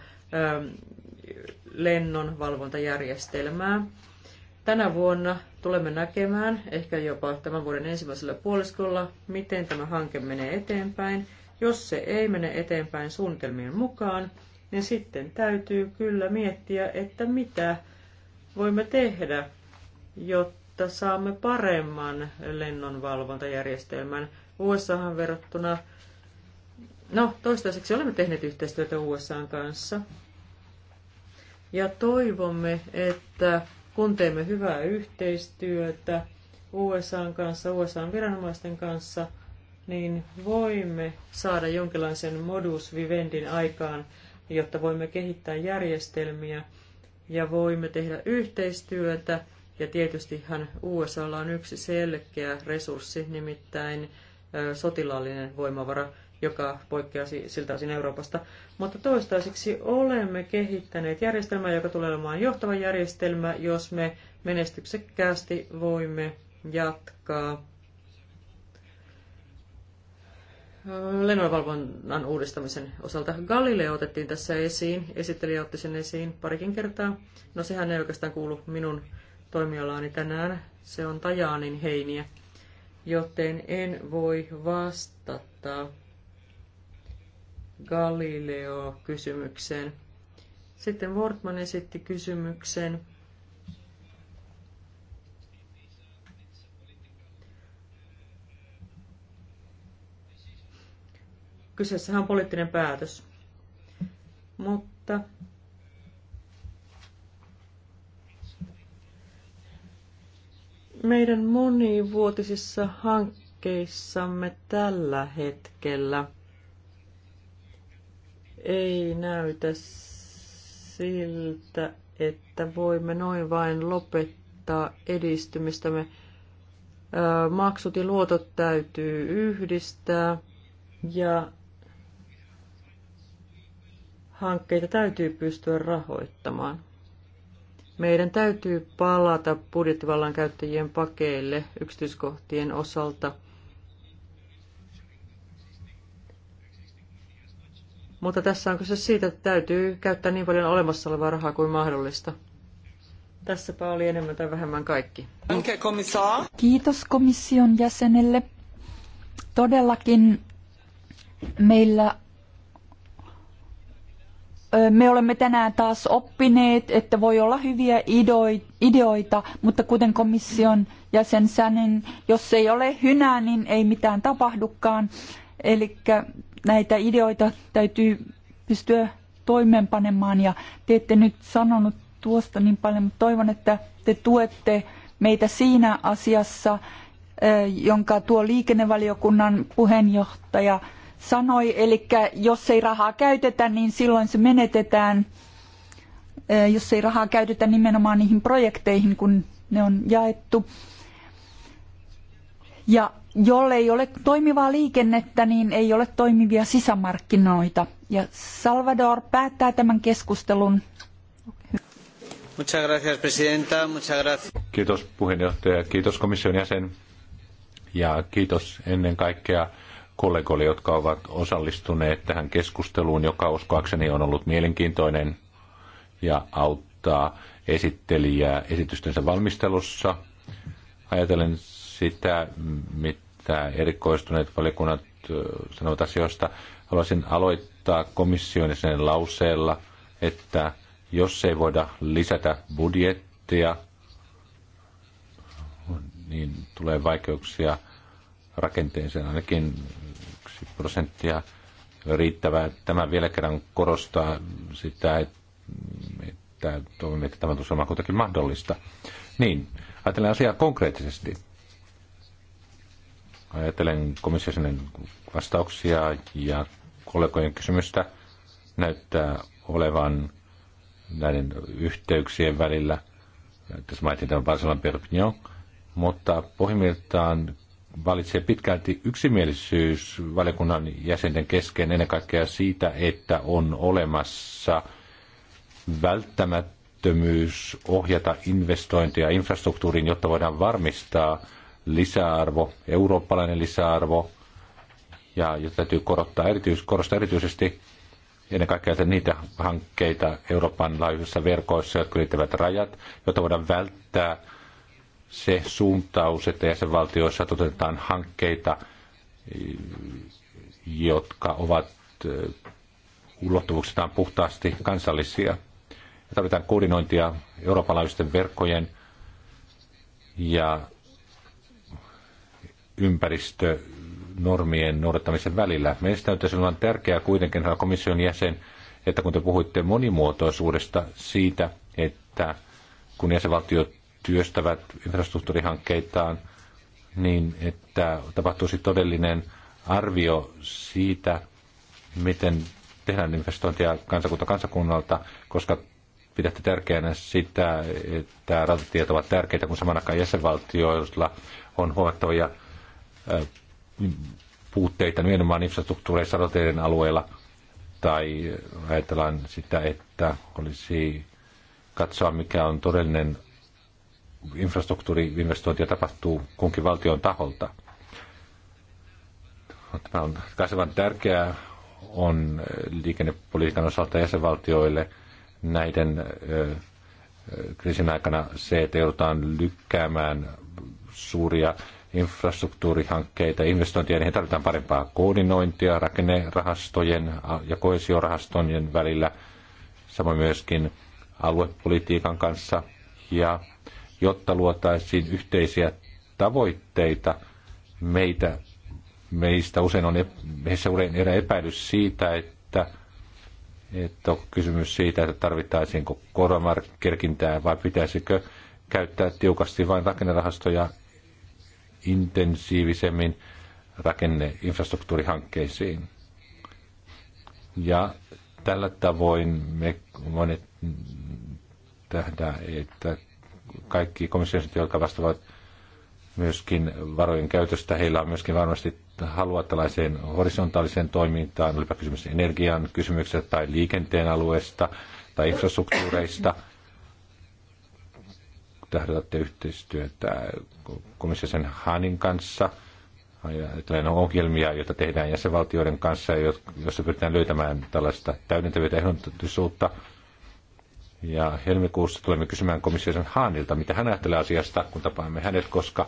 lennon valvontajärjestelmää. Tänä vuonna tulemme näkemään, ehkä jopa tämän vuoden ensimmäisellä puoliskolla, miten tämä hanke menee eteenpäin. Jos se ei mene eteenpäin suunnitelmien mukaan, niin sitten täytyy kyllä miettiä, että mitä voimme tehdä, jotta saamme paremman lennonvalvontajärjestelmän. USAhan verrattuna, no toistaiseksi olemme tehneet yhteistyötä USAn kanssa. Ja toivomme, että kun teemme hyvää yhteistyötä USAn kanssa, USAn viranomaisten kanssa, niin voimme saada jonkinlaisen modus vivendin aikaan, jotta voimme kehittää järjestelmiä ja voimme tehdä yhteistyötä. Ja tietystihan USAlla on yksi selkeä resurssi, nimittäin sotilaallinen voimavara – joka poikkeaa siltä osin Euroopasta. Mutta toistaiseksi olemme kehittäneet järjestelmää, joka tulee olemaan johtava järjestelmä, jos me menestyksekkäästi voimme jatkaa lennonvalvonnan uudistamisen osalta. Galileo otettiin tässä esiin, esittelijä otti sen esiin parikin kertaa. No sehän ei oikeastaan kuulu minun toimialaani tänään, se on Tajaanin heiniä, joten en voi vastata Galileo-kysymykseen. Sitten Wortman esitti kysymyksen. Kyseessähän on poliittinen päätös. Mutta meidän monivuotisissa hankkeissamme tällä hetkellä ei näytä siltä, että voimme noin vain lopettaa edistymistämme. Maksut ja luotot täytyy yhdistää ja hankkeita täytyy pystyä rahoittamaan. Meidän täytyy palata budjettivallan käyttäjien pakeille yksityiskohtien osalta – Mutta tässä on kyse siitä, että täytyy käyttää niin paljon olemassa olevaa rahaa kuin mahdollista. Tässäpä oli enemmän tai vähemmän kaikki. Kiitos komission jäsenelle. Todellakin meillä me olemme tänään taas oppineet, että voi olla hyviä ideoita, mutta kuten komission jäsen sanen, jos ei ole hynää, niin ei mitään tapahdukaan. Eli näitä ideoita täytyy pystyä toimeenpanemaan ja te ette nyt sanonut tuosta niin paljon, mutta toivon, että te tuette meitä siinä asiassa, jonka tuo liikennevaliokunnan puheenjohtaja sanoi. Eli jos ei rahaa käytetä, niin silloin se menetetään. Jos ei rahaa käytetä nimenomaan niihin projekteihin, kun ne on jaettu. Ja jollei ole toimivaa liikennettä, niin ei ole toimivia sisämarkkinoita. Ja Salvador päättää tämän keskustelun. Kiitos puheenjohtaja, kiitos komission jäsen ja kiitos ennen kaikkea kollegoille, jotka ovat osallistuneet tähän keskusteluun, joka uskoakseni on ollut mielenkiintoinen ja auttaa esittelijää esitystensä valmistelussa. Ajatellen sitä, mitä että erikoistuneet valiokunnat sanovat asioista. Haluaisin aloittaa komission ja sen lauseella, että jos ei voida lisätä budjettia, niin tulee vaikeuksia rakenteeseen ainakin yksi prosenttia riittävää. Tämä vielä kerran korostaa sitä, että toivomme, että tämä on kuitenkin mahdollista. Niin, ajatellaan asiaa konkreettisesti. Ajattelen komissiosinen vastauksia ja kollegojen kysymystä näyttää olevan näiden yhteyksien välillä. Tässä mainitsin tämän Barcelona Perpignan, mutta pohjimmiltaan valitsee pitkälti yksimielisyys valiokunnan jäsenten kesken ennen kaikkea siitä, että on olemassa välttämättömyys ohjata investointeja infrastruktuuriin, jotta voidaan varmistaa lisäarvo, eurooppalainen lisäarvo, ja jota täytyy korottaa erityis, korostaa erityisesti ennen kaikkea että niitä hankkeita Euroopan laajuisissa verkoissa, jotka liittyvät rajat, jotta voidaan välttää se suuntaus, että jäsenvaltioissa toteutetaan hankkeita, jotka ovat ulottuvuuksiltaan puhtaasti kansallisia. Ja tarvitaan koordinointia eurooppalaisten verkkojen ja ympäristönormien noudattamisen välillä. Meistä on tässä on tärkeää kuitenkin, herra komission jäsen, että kun te puhuitte monimuotoisuudesta siitä, että kun jäsenvaltiot työstävät infrastruktuurihankkeitaan, niin että tapahtuisi todellinen arvio siitä, miten tehdään investointia kansakunta kansakunnalta, koska pidätte tärkeänä sitä, että rautatiet ovat tärkeitä, kun samanaikaisesti jäsenvaltioilla on huomattavia puutteita nimenomaan infrastruktuureissa roteiden alueella, tai ajatellaan sitä, että olisi katsoa, mikä on todellinen infrastruktuuriinvestointi ja tapahtuu kunkin valtion taholta. Tämä on kasvavan tärkeää on liikennepolitiikan osalta jäsenvaltioille näiden kriisin aikana se, että joudutaan lykkäämään suuria infrastruktuurihankkeita, investointia, niihin tarvitaan parempaa koordinointia rakennerahastojen ja koesiorahastojen välillä, samoin myöskin aluepolitiikan kanssa, ja jotta luotaisiin yhteisiä tavoitteita, meitä, meistä usein on, meissä usein erä epäilys siitä, että, että on kysymys siitä, että tarvittaisiinko koronamerkintää vai pitäisikö käyttää tiukasti vain rakennerahastoja intensiivisemmin rakenneinfrastruktuurihankkeisiin. Ja tällä tavoin me monet tähdä, että kaikki komission jotka vastaavat myöskin varojen käytöstä, heillä on myöskin varmasti halua tällaiseen horisontaaliseen toimintaan, olipa kysymys energian kysymyksestä tai liikenteen alueesta tai infrastruktuureista – tähdätte yhteistyötä komissiosen Hanin kanssa – tällainen ohjelmia, joita tehdään jäsenvaltioiden kanssa, joissa pyritään löytämään tällaista täydentäviä ehdotusuutta. Ja helmikuussa tulemme kysymään komission Hanilta, mitä hän ajattelee asiasta, kun tapaamme hänet, koska,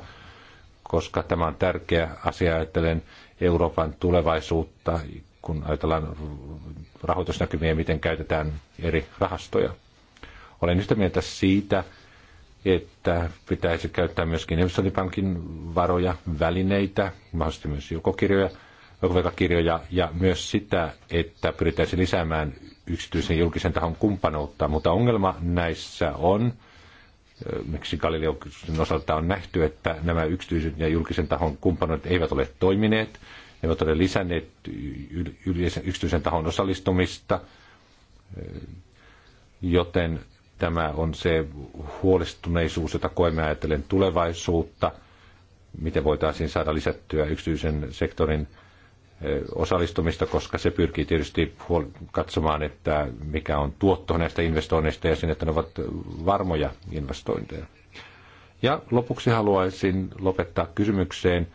koska tämä on tärkeä asia, ajattelen Euroopan tulevaisuutta, kun ajatellaan rahoitusnäkymiä, miten käytetään eri rahastoja. Olen yhtä mieltä siitä, että pitäisi käyttää myöskin investointipankin varoja, välineitä, mahdollisesti myös jokokirjoja, jokovelkakirjoja ja myös sitä, että pyritäisiin lisäämään yksityisen ja julkisen tahon kumppanuutta. Mutta ongelma näissä on, miksi Galileon osalta on nähty, että nämä yksityisen ja julkisen tahon kumppanuudet eivät ole toimineet, ne eivät ole lisänneet yksityisen tahon osallistumista, joten Tämä on se huolestuneisuus, jota koemme ajatellen tulevaisuutta, miten voitaisiin saada lisättyä yksityisen sektorin osallistumista, koska se pyrkii tietysti katsomaan, että mikä on tuotto näistä investoinneista ja sen, että ne ovat varmoja investointeja. Ja lopuksi haluaisin lopettaa kysymykseen,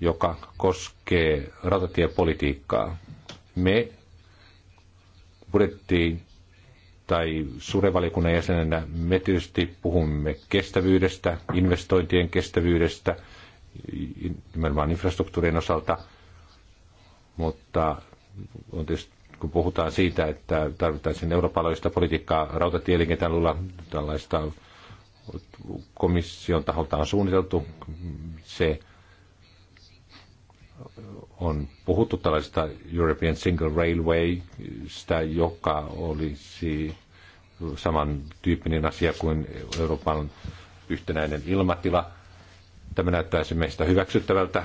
joka koskee rautatiepolitiikkaa. Me budjettiin tai suurevaliokunnan jäsenenä me tietysti puhumme kestävyydestä, investointien kestävyydestä, nimenomaan infrastruktuurin osalta, mutta on tietysti, kun puhutaan siitä, että tarvittaisiin eurooppalaista politiikkaa rautatieliikenteen alueella, tällaista komission taholta on suunniteltu, se on puhuttu tällaisesta European Single Railwaysta, joka olisi samantyyppinen asia kuin Euroopan yhtenäinen ilmatila. Tämä näyttäisi meistä hyväksyttävältä.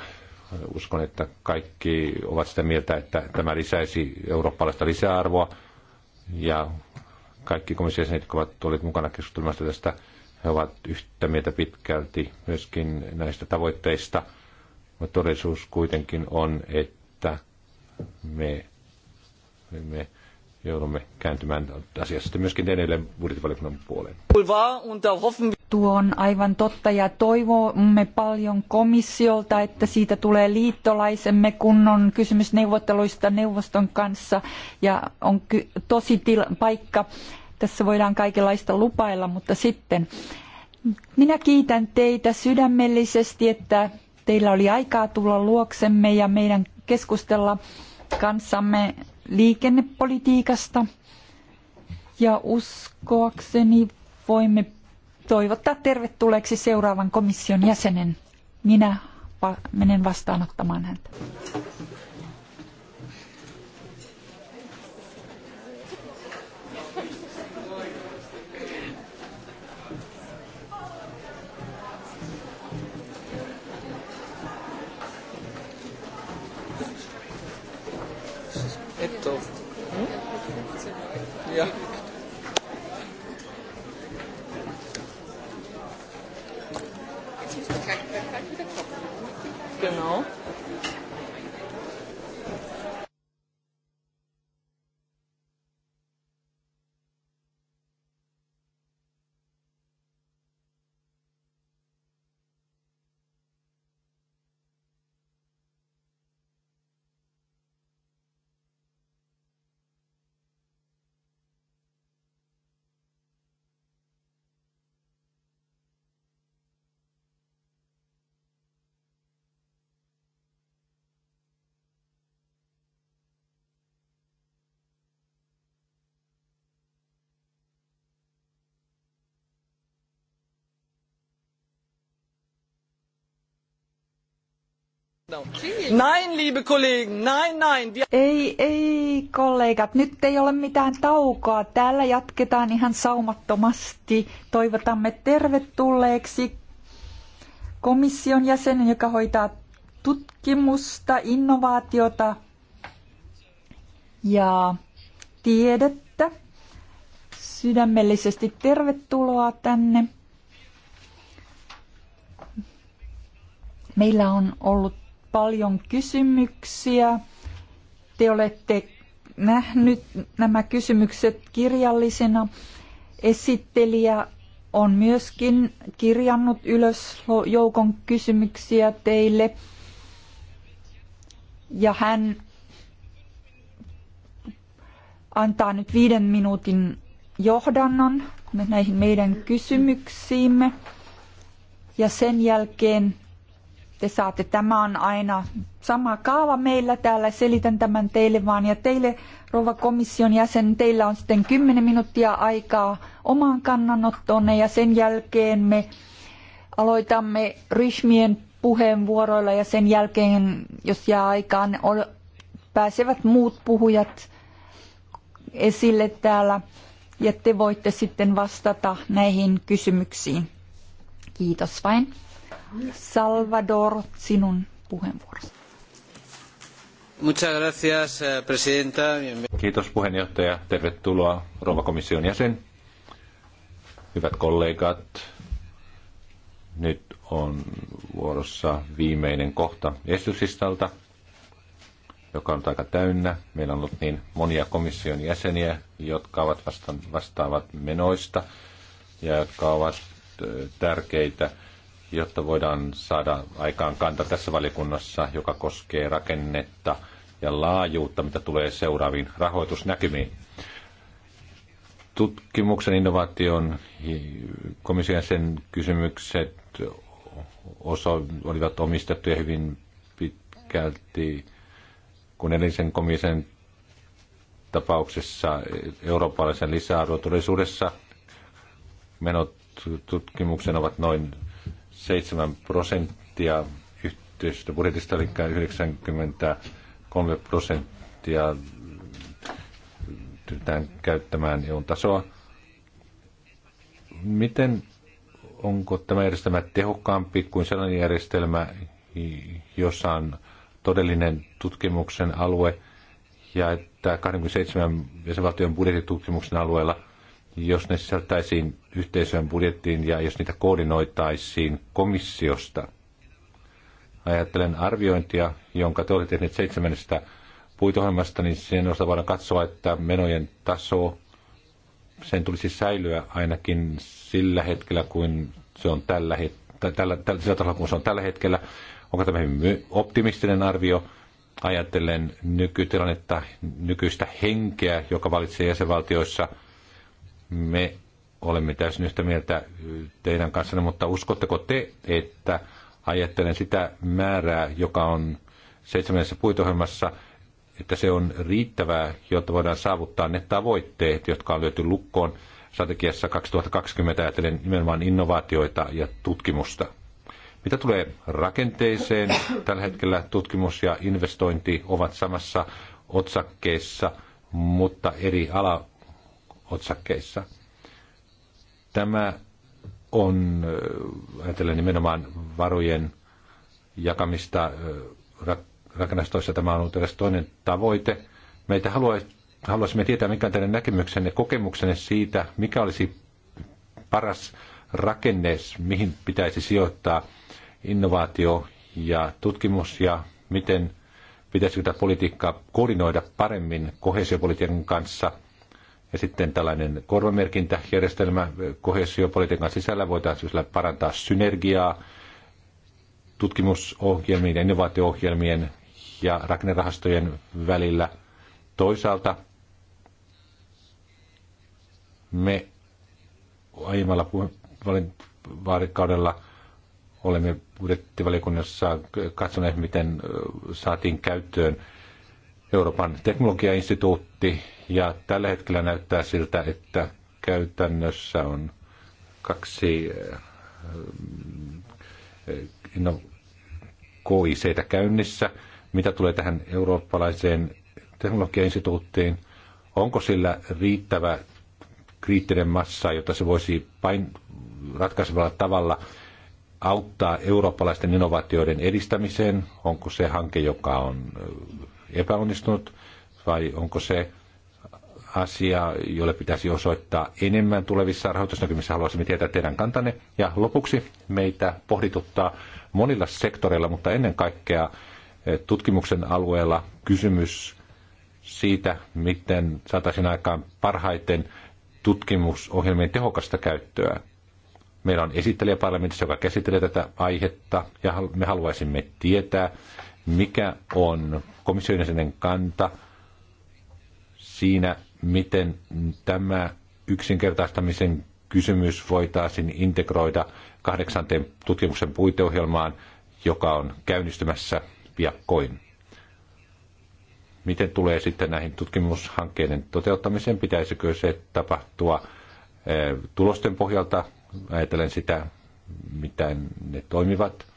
Uskon, että kaikki ovat sitä mieltä, että tämä lisäisi eurooppalaista lisäarvoa. Ja kaikki komission jäsenet, jotka ovat olleet mukana keskustelemassa tästä, he ovat yhtä mieltä pitkälti myöskin näistä tavoitteista – mutta todellisuus kuitenkin on, että me, me, me joudumme kääntymään asiassa sitten myöskin edelleen budjettivaliokunnan puoleen. Tuo on aivan totta ja toivomme paljon komissiolta, että siitä tulee liittolaisemme, kun on kysymys neuvotteluista neuvoston kanssa ja on tosi paikka. Tässä voidaan kaikenlaista lupailla, mutta sitten minä kiitän teitä sydämellisesti, että teillä oli aikaa tulla luoksemme ja meidän keskustella kanssamme liikennepolitiikasta. Ja uskoakseni voimme toivottaa tervetulleeksi seuraavan komission jäsenen. Minä menen vastaanottamaan häntä. Nein, liebe Kollegen, nein. näin. Ei, ei, kollegat, nyt ei ole mitään taukoa. Täällä jatketaan ihan saumattomasti. Toivotamme tervetulleeksi komission jäsenen, joka hoitaa tutkimusta, innovaatiota ja tiedettä. Sydämellisesti tervetuloa tänne. Meillä on ollut paljon kysymyksiä. Te olette nähnyt nämä kysymykset kirjallisena. Esittelijä on myöskin kirjannut ylös joukon kysymyksiä teille. Ja hän antaa nyt viiden minuutin johdannon näihin meidän kysymyksiimme. Ja sen jälkeen te saatte. Tämä on aina sama kaava meillä täällä. Selitän tämän teille vaan. Ja teille, rouva komission jäsen, teillä on sitten 10 minuuttia aikaa omaan kannanottoonne ja sen jälkeen me aloitamme ryhmien puheenvuoroilla ja sen jälkeen, jos jää aikaan, pääsevät muut puhujat esille täällä ja te voitte sitten vastata näihin kysymyksiin. Kiitos vain. Salvador, sinun puheenvuorosi. Muchas gracias, eh, presidenta. Kiitos puheenjohtaja. Tervetuloa Rouva komission jäsen. Hyvät kollegat, nyt on vuorossa viimeinen kohta esityslistalta, joka on aika täynnä. Meillä on ollut niin monia komission jäseniä, jotka ovat vasta- vastaavat menoista ja jotka ovat eh, tärkeitä jotta voidaan saada aikaan kanta tässä valiokunnassa, joka koskee rakennetta ja laajuutta, mitä tulee seuraaviin rahoitusnäkymiin. Tutkimuksen, innovaation, komission sen kysymykset osa olivat omistettuja hyvin pitkälti, kun edellisen komission tapauksessa eurooppalaisen lisäarvotulisuudessa menot tutkimuksen ovat noin 7 prosenttia yhteistyöstä budjetista, eli 93 prosenttia pyritään käyttämään EUn tasoa. Miten onko tämä järjestelmä tehokkaampi kuin sellainen järjestelmä, jossa on todellinen tutkimuksen alue ja että 27 jäsenvaltion budjettitutkimuksen alueella – jos ne sisältäisiin yhteisön budjettiin ja jos niitä koordinoitaisiin komissiosta. Ajattelen arviointia, jonka te olette tehneet seitsemännestä puitohjelmasta, niin sen osalta voidaan katsoa, että menojen taso, sen tulisi säilyä ainakin sillä hetkellä, kuin se on tällä hetkellä, tällä, tällä, tällä, kun se on tällä hetkellä. Onko tämä optimistinen arvio? Ajattelen nykytilannetta, nykyistä henkeä, joka valitsee jäsenvaltioissa – me olemme täysin yhtä mieltä teidän kanssanne, mutta uskotteko te, että ajattelen sitä määrää, joka on seitsemännessä puitohjelmassa, että se on riittävää, jotta voidaan saavuttaa ne tavoitteet, jotka on löyty lukkoon strategiassa 2020 ajatellen nimenomaan innovaatioita ja tutkimusta. Mitä tulee rakenteeseen, tällä hetkellä tutkimus ja investointi ovat samassa otsakkeessa, mutta eri ala, otsakkeissa. Tämä on, äh, ajatellen nimenomaan varojen jakamista äh, rakennastoissa, tämä on ollut toinen tavoite. Meitä haluaisimme tietää, mikä on teidän näkemyksenne, kokemuksenne siitä, mikä olisi paras rakenne, mihin pitäisi sijoittaa innovaatio ja tutkimus ja miten pitäisikö tätä politiikkaa koordinoida paremmin kohesiopolitiikan kanssa – ja sitten tällainen korvamerkintäjärjestelmä kohesiopolitiikan sisällä voitaisiin sillä parantaa synergiaa tutkimusohjelmien, innovaatio ja rakennerahastojen välillä. Toisaalta me aiemmalla vaalikaudella olemme budjettivaliokunnassa katsoneet, miten saatiin käyttöön Euroopan teknologiainstituutti, ja tällä hetkellä näyttää siltä, että käytännössä on kaksi eh, no, KICtä käynnissä. Mitä tulee tähän eurooppalaiseen teknologiainstituuttiin, onko sillä riittävä kriittinen massa, jotta se voisi pain ratkaisevalla tavalla auttaa eurooppalaisten innovaatioiden edistämiseen? Onko se hanke, joka on eh, epäonnistunut vai onko se asia, jolle pitäisi osoittaa enemmän tulevissa rahoitusnäkymissä. Haluaisimme tietää teidän kantanne. Ja lopuksi meitä pohdituttaa monilla sektoreilla, mutta ennen kaikkea eh, tutkimuksen alueella kysymys siitä, miten saataisiin aikaan parhaiten tutkimusohjelmien tehokasta käyttöä. Meillä on esittelijä parlamentissa, joka käsittelee tätä aihetta, ja me haluaisimme tietää, mikä on komission jäsenen kanta siinä, miten tämä yksinkertaistamisen kysymys voitaisiin integroida kahdeksanteen tutkimuksen puiteohjelmaan, joka on käynnistymässä piakkoin. Miten tulee sitten näihin tutkimushankkeiden toteuttamiseen? Pitäisikö se tapahtua eh, tulosten pohjalta? Ajatellen sitä, miten ne toimivat.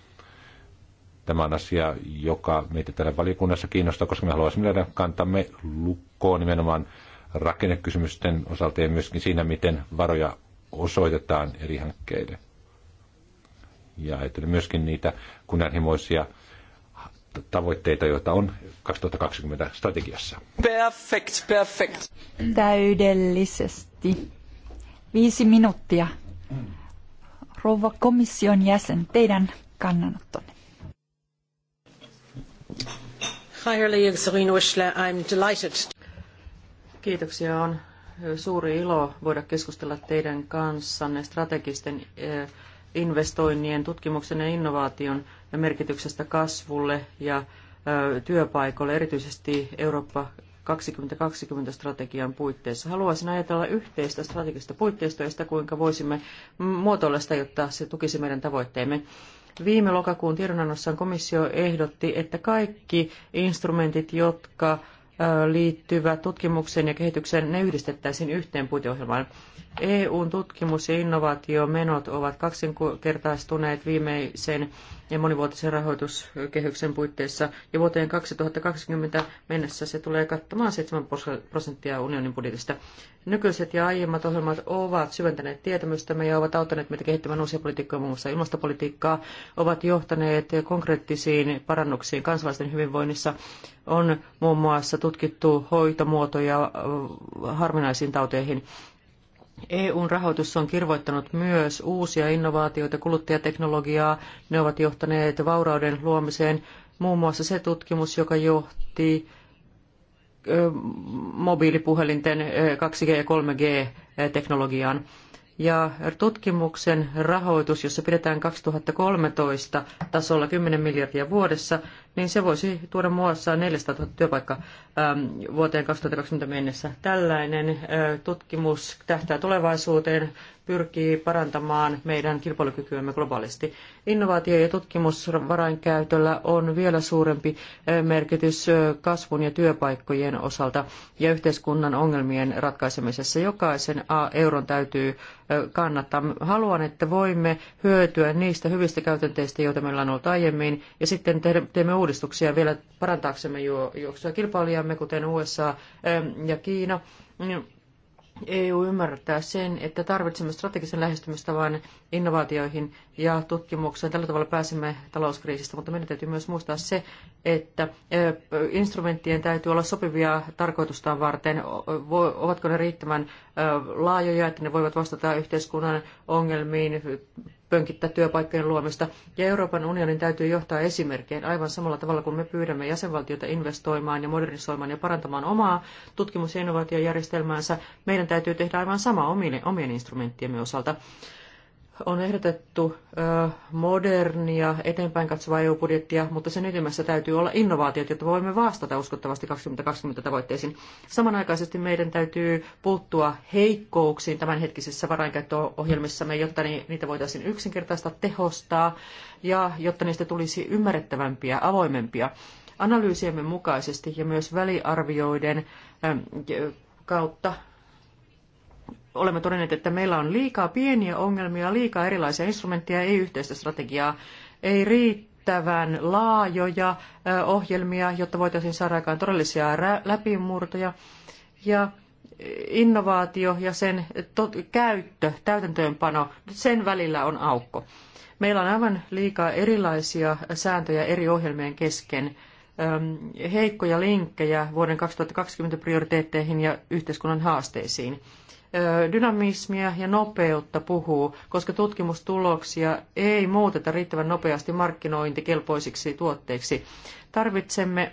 Tämä on asia, joka meitä täällä valiokunnassa kiinnostaa, koska me haluaisimme löydä kantamme lukkoon nimenomaan rakennekysymysten osalta ja myöskin siinä, miten varoja osoitetaan eri hankkeille. Ja ajattelen myöskin niitä kunnianhimoisia tavoitteita, joita on 2020 strategiassa. Perfect, perfect. Täydellisesti. Viisi minuuttia. Rouva komission jäsen, teidän kannanottonne. Kiitoksia. On suuri ilo voida keskustella teidän kanssanne strategisten investoinnien, tutkimuksen ja innovaation ja merkityksestä kasvulle ja työpaikoille, erityisesti Eurooppa 2020-strategian puitteissa. Haluaisin ajatella yhteistä strategista puitteistoa ja sitä, kuinka voisimme muotoilla sitä, jotta se tukisi meidän tavoitteemme. Viime lokakuun tiedonannossaan komissio ehdotti, että kaikki instrumentit, jotka liittyvät tutkimukseen ja kehitykseen, ne yhdistettäisiin yhteen puiteohjelmaan. EUn tutkimus- ja innovaatiomenot ovat kaksinkertaistuneet viimeisen ja monivuotisen rahoituskehyksen puitteissa, ja vuoteen 2020 mennessä se tulee kattamaan 7 prosenttia unionin budjetista. Nykyiset ja aiemmat ohjelmat ovat syventäneet tietämystämme ja ovat auttaneet meitä kehittämään uusia politiikkoja, muun muassa ilmastopolitiikkaa, ovat johtaneet konkreettisiin parannuksiin kansalaisten hyvinvoinnissa, on muun muassa tutkittu hoitomuotoja harvinaisiin tauteihin EUn rahoitus on kirvoittanut myös uusia innovaatioita, kuluttajateknologiaa. Ne ovat johtaneet vaurauden luomiseen. Muun muassa se tutkimus, joka johti mobiilipuhelinten 2G- ja 3G-teknologiaan. Ja tutkimuksen rahoitus, jossa pidetään 2013 tasolla 10 miljardia vuodessa, niin se voisi tuoda muassa 400 000 työpaikkaa ähm, vuoteen 2020 mennessä. Tällainen äh, tutkimus tähtää tulevaisuuteen, pyrkii parantamaan meidän kilpailukykyämme globaalisti. Innovaatio- ja tutkimusvarainkäytöllä on vielä suurempi äh, merkitys äh, kasvun ja työpaikkojen osalta ja yhteiskunnan ongelmien ratkaisemisessa. Jokaisen A euron täytyy kannattaa. Haluan, että voimme hyötyä niistä hyvistä käytänteistä, joita meillä on ollut aiemmin, ja sitten teemme uudistuksia vielä parantaaksemme juoksua kilpailijamme, kuten USA ja Kiina. Niin EU ymmärtää sen, että tarvitsemme strategisen lähestymistavan innovaatioihin ja tutkimukseen. Tällä tavalla pääsemme talouskriisistä, mutta meidän täytyy myös muistaa se, että instrumenttien täytyy olla sopivia tarkoitustaan varten. Ovatko ne riittävän laajoja, että ne voivat vastata yhteiskunnan ongelmiin, pönkittää työpaikkojen luomista. Ja Euroopan unionin täytyy johtaa esimerkkein aivan samalla tavalla kuin me pyydämme jäsenvaltioita investoimaan ja modernisoimaan ja parantamaan omaa tutkimus- ja innovaatiojärjestelmäänsä. Meidän täytyy tehdä aivan sama omien, omien instrumenttiemme osalta on ehdotettu modernia, eteenpäin katsovaa EU-budjettia, mutta sen ytimessä täytyy olla innovaatiot, jotta voimme vastata uskottavasti 2020 tavoitteisiin. Samanaikaisesti meidän täytyy puuttua heikkouksiin tämänhetkisissä varainkäyttöohjelmissamme, jotta niitä voitaisiin yksinkertaista, tehostaa ja jotta niistä tulisi ymmärrettävämpiä, avoimempia. Analyysiemme mukaisesti ja myös väliarvioiden kautta olemme todenneet, että meillä on liikaa pieniä ongelmia, liikaa erilaisia instrumentteja, ei yhteistä strategiaa, ei riittävän laajoja ohjelmia, jotta voitaisiin saada aikaan todellisia läpimurtoja. Ja innovaatio ja sen käyttö, täytäntöönpano, sen välillä on aukko. Meillä on aivan liikaa erilaisia sääntöjä eri ohjelmien kesken, heikkoja linkkejä vuoden 2020 prioriteetteihin ja yhteiskunnan haasteisiin dynamismia ja nopeutta puhuu, koska tutkimustuloksia ei muuteta riittävän nopeasti markkinointikelpoisiksi tuotteiksi. Tarvitsemme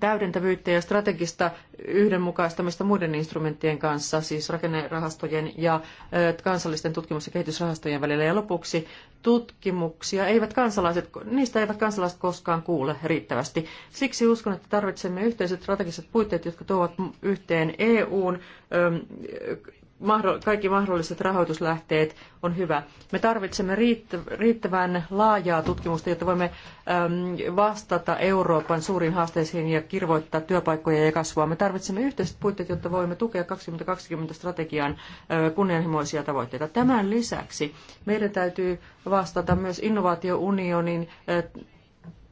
täydentävyyttä ja strategista yhdenmukaistamista muiden instrumenttien kanssa, siis rakennerahastojen ja kansallisten tutkimus- ja kehitysrahastojen välillä. Ja lopuksi tutkimuksia eivät kansalaiset, niistä eivät kansalaiset koskaan kuule riittävästi. Siksi uskon, että tarvitsemme yhteiset strategiset puitteet, jotka tuovat yhteen EUn kaikki mahdolliset rahoituslähteet on hyvä. Me tarvitsemme riittävän laajaa tutkimusta, jotta voimme vastata Euroopan suuriin haasteisiin ja kirvoittaa työpaikkoja ja kasvua. Me tarvitsemme yhteiset puitteet, jotta voimme tukea 2020-strategian kunnianhimoisia tavoitteita. Tämän lisäksi meidän täytyy vastata myös innovaatiounionin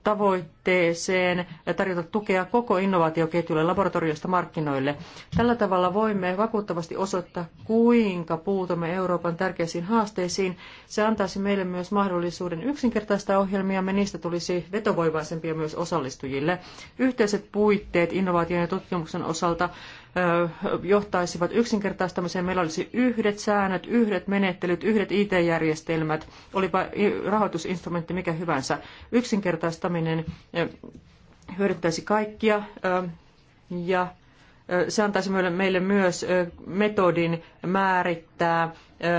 tavoitteeseen tarjota tukea koko innovaatioketjulle laboratoriosta markkinoille. Tällä tavalla voimme vakuuttavasti osoittaa, kuinka puutumme Euroopan tärkeisiin haasteisiin. Se antaisi meille myös mahdollisuuden yksinkertaistaa ohjelmiamme, niistä tulisi vetovoimaisempia myös osallistujille. Yhteiset puitteet innovaation ja tutkimuksen osalta johtaisivat yksinkertaistamiseen. Meillä olisi yhdet säännöt, yhdet menettelyt, yhdet IT-järjestelmät, olipa rahoitusinstrumentti mikä hyvänsä. Yksinkertaistaminen hyödyttäisi kaikkia ja se antaisi meille myös metodin määrittää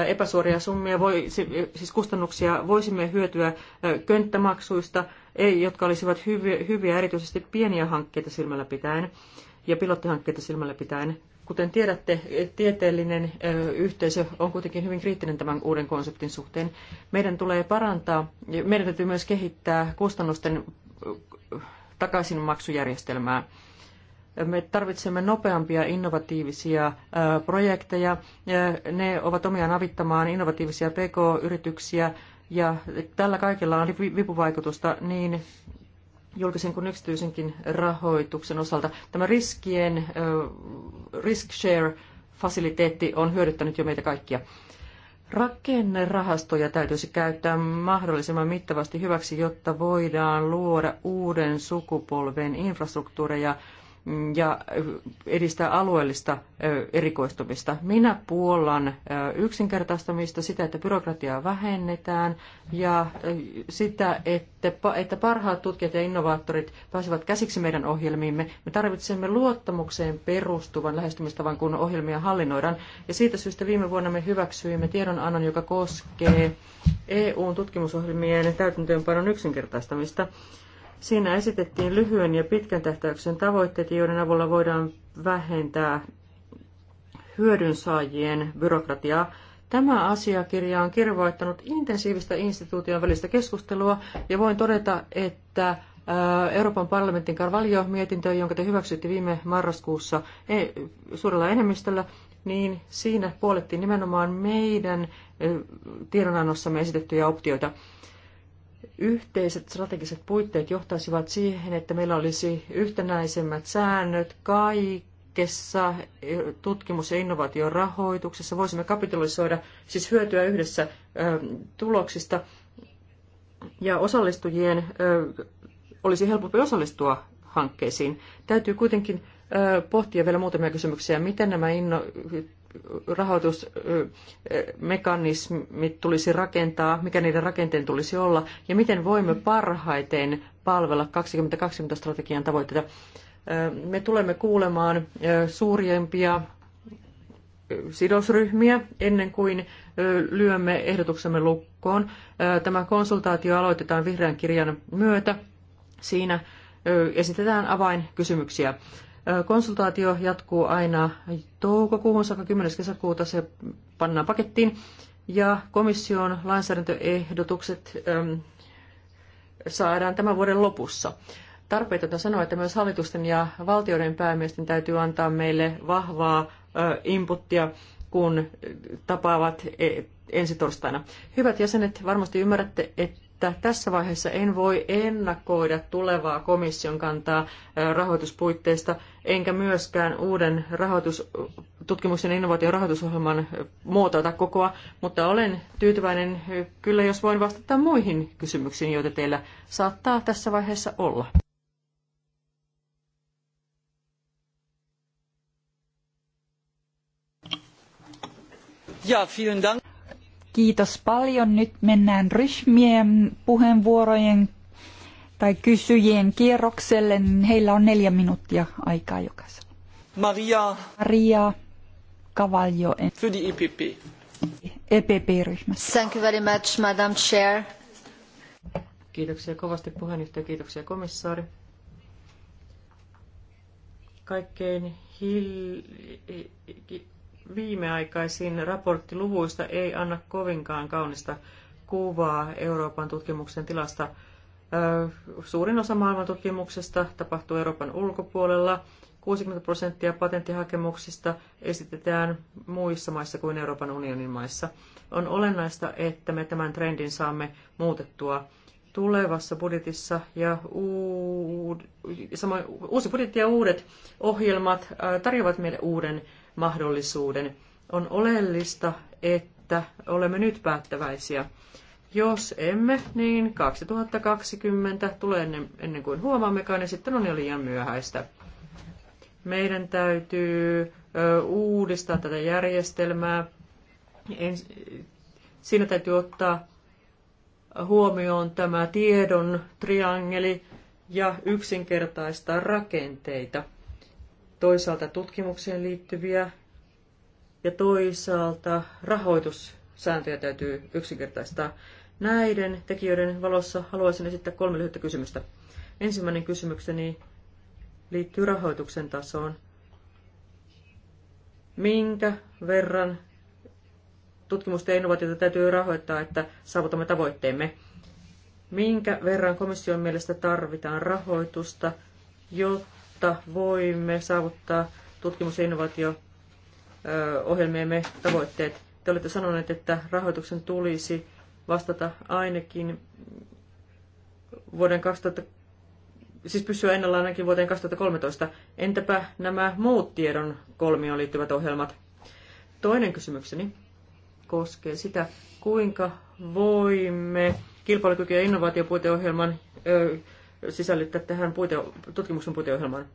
epäsuoria summia, voisi siis kustannuksia, voisimme hyötyä könttämaksuista, jotka olisivat hyviä, hyviä erityisesti pieniä hankkeita silmällä pitäen ja pilottihankkeita silmällä pitäen. Kuten tiedätte, tieteellinen yhteisö on kuitenkin hyvin kriittinen tämän uuden konseptin suhteen. Meidän tulee parantaa, meidän täytyy myös kehittää kustannusten takaisinmaksujärjestelmää. Me tarvitsemme nopeampia innovatiivisia projekteja. Ne ovat omiaan avittamaan innovatiivisia PK-yrityksiä ja tällä kaikella on vipuvaikutusta niin julkisen kuin yksityisenkin rahoituksen osalta. Tämä riskien, risk share-fasiliteetti on hyödyttänyt jo meitä kaikkia. Rakennerahastoja täytyisi käyttää mahdollisimman mittavasti hyväksi, jotta voidaan luoda uuden sukupolven infrastruktuureja ja edistää alueellista erikoistumista. Minä puollan yksinkertaistamista, sitä, että byrokratiaa vähennetään ja sitä, että, parhaat tutkijat ja innovaattorit pääsevät käsiksi meidän ohjelmiimme. Me tarvitsemme luottamukseen perustuvan lähestymistavan, kun ohjelmia hallinnoidaan. Ja siitä syystä viime vuonna me hyväksyimme tiedonannon, joka koskee EUn tutkimusohjelmien täytäntöönpanon yksinkertaistamista. Siinä esitettiin lyhyen ja pitkän tähtäyksen tavoitteet, joiden avulla voidaan vähentää hyödynsaajien byrokratiaa. Tämä asiakirja on kirvoittanut intensiivistä instituution välistä keskustelua ja voin todeta, että äh, Euroopan parlamentin Carvalho-mietintö, jonka te hyväksytte viime marraskuussa e, suurella enemmistöllä, niin siinä puolettiin nimenomaan meidän äh, tiedonannossamme esitettyjä optioita. Yhteiset strategiset puitteet johtaisivat siihen, että meillä olisi yhtenäisemmät säännöt kaikessa e, tutkimus- ja innovaatiorahoituksessa. Voisimme kapitalisoida, siis hyötyä yhdessä tuloksista ja osallistujien olisi helpompi osallistua hankkeisiin. Täytyy kuitenkin pohtia vielä muutamia kysymyksiä. Miten nämä inno- rahoitusmekanismit tulisi rakentaa, mikä niiden rakenteen tulisi olla ja miten voimme parhaiten palvella 2020-strategian tavoitteita. Me tulemme kuulemaan suurempia sidosryhmiä ennen kuin lyömme ehdotuksemme lukkoon. Tämä konsultaatio aloitetaan vihreän kirjan myötä. Siinä esitetään avainkysymyksiä. kysymyksiä Konsultaatio jatkuu aina toukokuuhun saakka 10. kesäkuuta se pannaan pakettiin. Ja komission lainsäädäntöehdotukset äm, saadaan tämän vuoden lopussa. Tarpeetonta sanoa, että myös hallitusten ja valtioiden päämiesten täytyy antaa meille vahvaa ö, inputtia, kun tapaavat e, ensi torstaina. Hyvät jäsenet, varmasti ymmärrätte, että että tässä vaiheessa en voi ennakoida tulevaa komission kantaa rahoituspuitteista, enkä myöskään uuden rahoitus, tutkimuksen innovaation rahoitusohjelman muotoa tai kokoa, mutta olen tyytyväinen kyllä, jos voin vastata muihin kysymyksiin, joita teillä saattaa tässä vaiheessa olla. Ja, vielen Dank. Kiitos paljon. Nyt mennään ryhmien puheenvuorojen tai kysyjien kierrokselle. Heillä on neljä minuuttia aikaa jokaisella. Maria. Maria Cavallo. Für die EPP. EPP-ryhmä. Thank you very much, Madam Chair. Kiitoksia kovasti puheenjohtaja, kiitoksia komissaari. Kaikkein hil- viimeaikaisin raportti luvuista ei anna kovinkaan kaunista kuvaa Euroopan tutkimuksen tilasta. Suurin osa maailman tutkimuksesta tapahtuu Euroopan ulkopuolella. 60 prosenttia patenttihakemuksista esitetään muissa maissa kuin Euroopan unionin maissa. On olennaista, että me tämän trendin saamme muutettua tulevassa budjetissa ja uud, samoin, uusi budjetti ja uudet ohjelmat tarjoavat meille uuden mahdollisuuden. On oleellista, että olemme nyt päättäväisiä. Jos emme, niin 2020 tulee ennen, ennen kuin huomaammekaan ja sitten on jo liian myöhäistä. Meidän täytyy ö, uudistaa tätä järjestelmää. En, siinä täytyy ottaa huomioon tämä tiedon triangeli ja yksinkertaistaa rakenteita – toisaalta tutkimukseen liittyviä ja toisaalta rahoitussääntöjä täytyy yksinkertaistaa. Näiden tekijöiden valossa haluaisin esittää kolme lyhyttä kysymystä. Ensimmäinen kysymykseni liittyy rahoituksen tasoon. Minkä verran tutkimusta ja innovaatiota täytyy rahoittaa, että saavutamme tavoitteemme? Minkä verran komission mielestä tarvitaan rahoitusta, jotta jotta voimme saavuttaa tutkimus- ja innovaatio-ohjelmiemme tavoitteet. Te olette sanoneet, että rahoituksen tulisi vastata ainakin vuoden 2000, siis pysyä ennallaan ainakin vuoteen 2013. Entäpä nämä muut tiedon kolmioon liittyvät ohjelmat? Toinen kysymykseni koskee sitä, kuinka voimme kilpailukyky- ja innovaatiopuiteohjelman sisällyttää tähän puite, tutkimuksen puiteohjelmaan.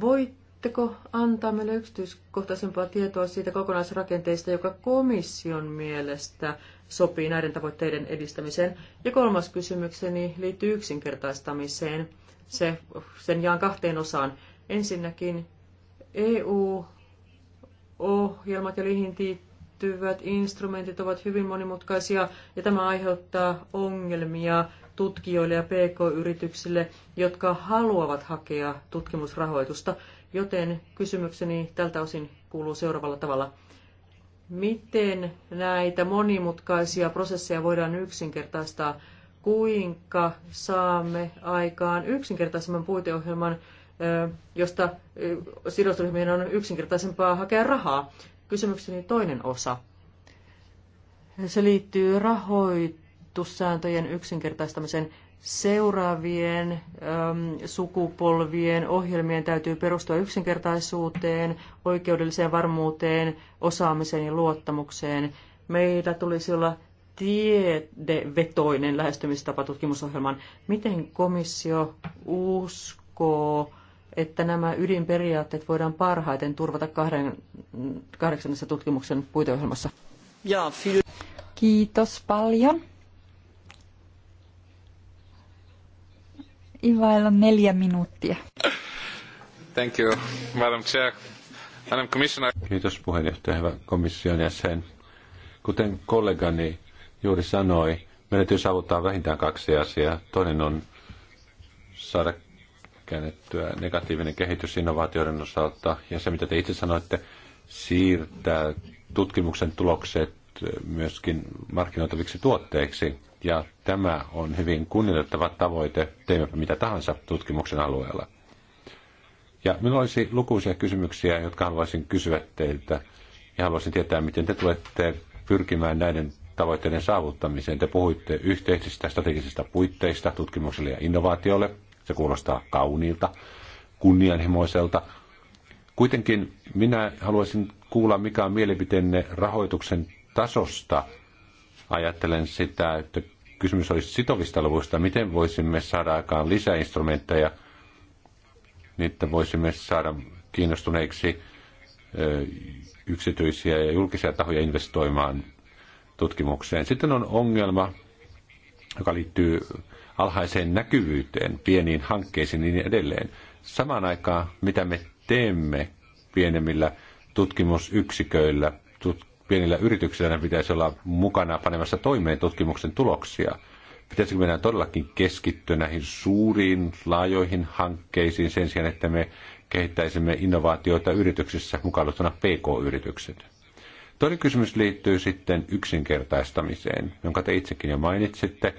Voitteko antaa meille yksityiskohtaisempaa tietoa siitä kokonaisrakenteesta, joka komission mielestä sopii näiden tavoitteiden edistämiseen? Ja kolmas kysymykseni liittyy yksinkertaistamiseen. Se, sen jaan kahteen osaan. Ensinnäkin EU-ohjelmat ja niihin liittyvät instrumentit ovat hyvin monimutkaisia ja tämä aiheuttaa ongelmia tutkijoille ja pk-yrityksille, jotka haluavat hakea tutkimusrahoitusta, joten kysymykseni tältä osin kuuluu seuraavalla tavalla. Miten näitä monimutkaisia prosesseja voidaan yksinkertaistaa? Kuinka saamme aikaan yksinkertaisemman puiteohjelman, josta sidosryhmien on yksinkertaisempaa hakea rahaa? Kysymykseni toinen osa. Se liittyy rahoit valittu sääntöjen yksinkertaistamisen seuraavien äm, sukupolvien ohjelmien täytyy perustua yksinkertaisuuteen, oikeudelliseen varmuuteen, osaamiseen ja luottamukseen. Meillä tulisi olla tiedevetoinen lähestymistapa tutkimusohjelman. Miten komissio uskoo, että nämä ydinperiaatteet voidaan parhaiten turvata kahden, kahdeksannessa tutkimuksen puiteohjelmassa? Kiitos paljon. Ivailla neljä minuuttia. Thank you, Madam Chair. Madam Commissioner. Kiitos puheenjohtaja, hyvä komission jäsen. Kuten kollegani juuri sanoi, meidän täytyy saavuttaa vähintään kaksi asiaa. Toinen on saada käännettyä negatiivinen kehitys innovaatioiden osalta ja se, mitä te itse sanoitte, siirtää tutkimuksen tulokset myöskin markkinoitaviksi tuotteiksi ja tämä on hyvin kunnioitettava tavoite, teemme mitä tahansa tutkimuksen alueella. Ja minulla olisi lukuisia kysymyksiä, jotka haluaisin kysyä teiltä, ja haluaisin tietää, miten te tulette pyrkimään näiden tavoitteiden saavuttamiseen. Te puhuitte yhteisistä strategisista puitteista tutkimukselle ja innovaatiolle. Se kuulostaa kauniilta, kunnianhimoiselta. Kuitenkin minä haluaisin kuulla, mikä on mielipiteenne rahoituksen tasosta. Ajattelen sitä, että kysymys olisi sitovista luvuista, miten voisimme saada aikaan lisäinstrumentteja, niin että voisimme saada kiinnostuneiksi yksityisiä ja julkisia tahoja investoimaan tutkimukseen. Sitten on ongelma, joka liittyy alhaiseen näkyvyyteen, pieniin hankkeisiin ja niin edelleen. Samaan aikaan, mitä me teemme pienemmillä tutkimusyksiköillä, tut- pienillä yrityksillä ne pitäisi olla mukana panemassa toimeen tutkimuksen tuloksia. Pitäisikö meidän todellakin keskittyä näihin suuriin, laajoihin hankkeisiin sen sijaan, että me kehittäisimme innovaatioita yrityksissä, mukaan PK-yritykset? Toinen kysymys liittyy sitten yksinkertaistamiseen, jonka te itsekin jo mainitsitte.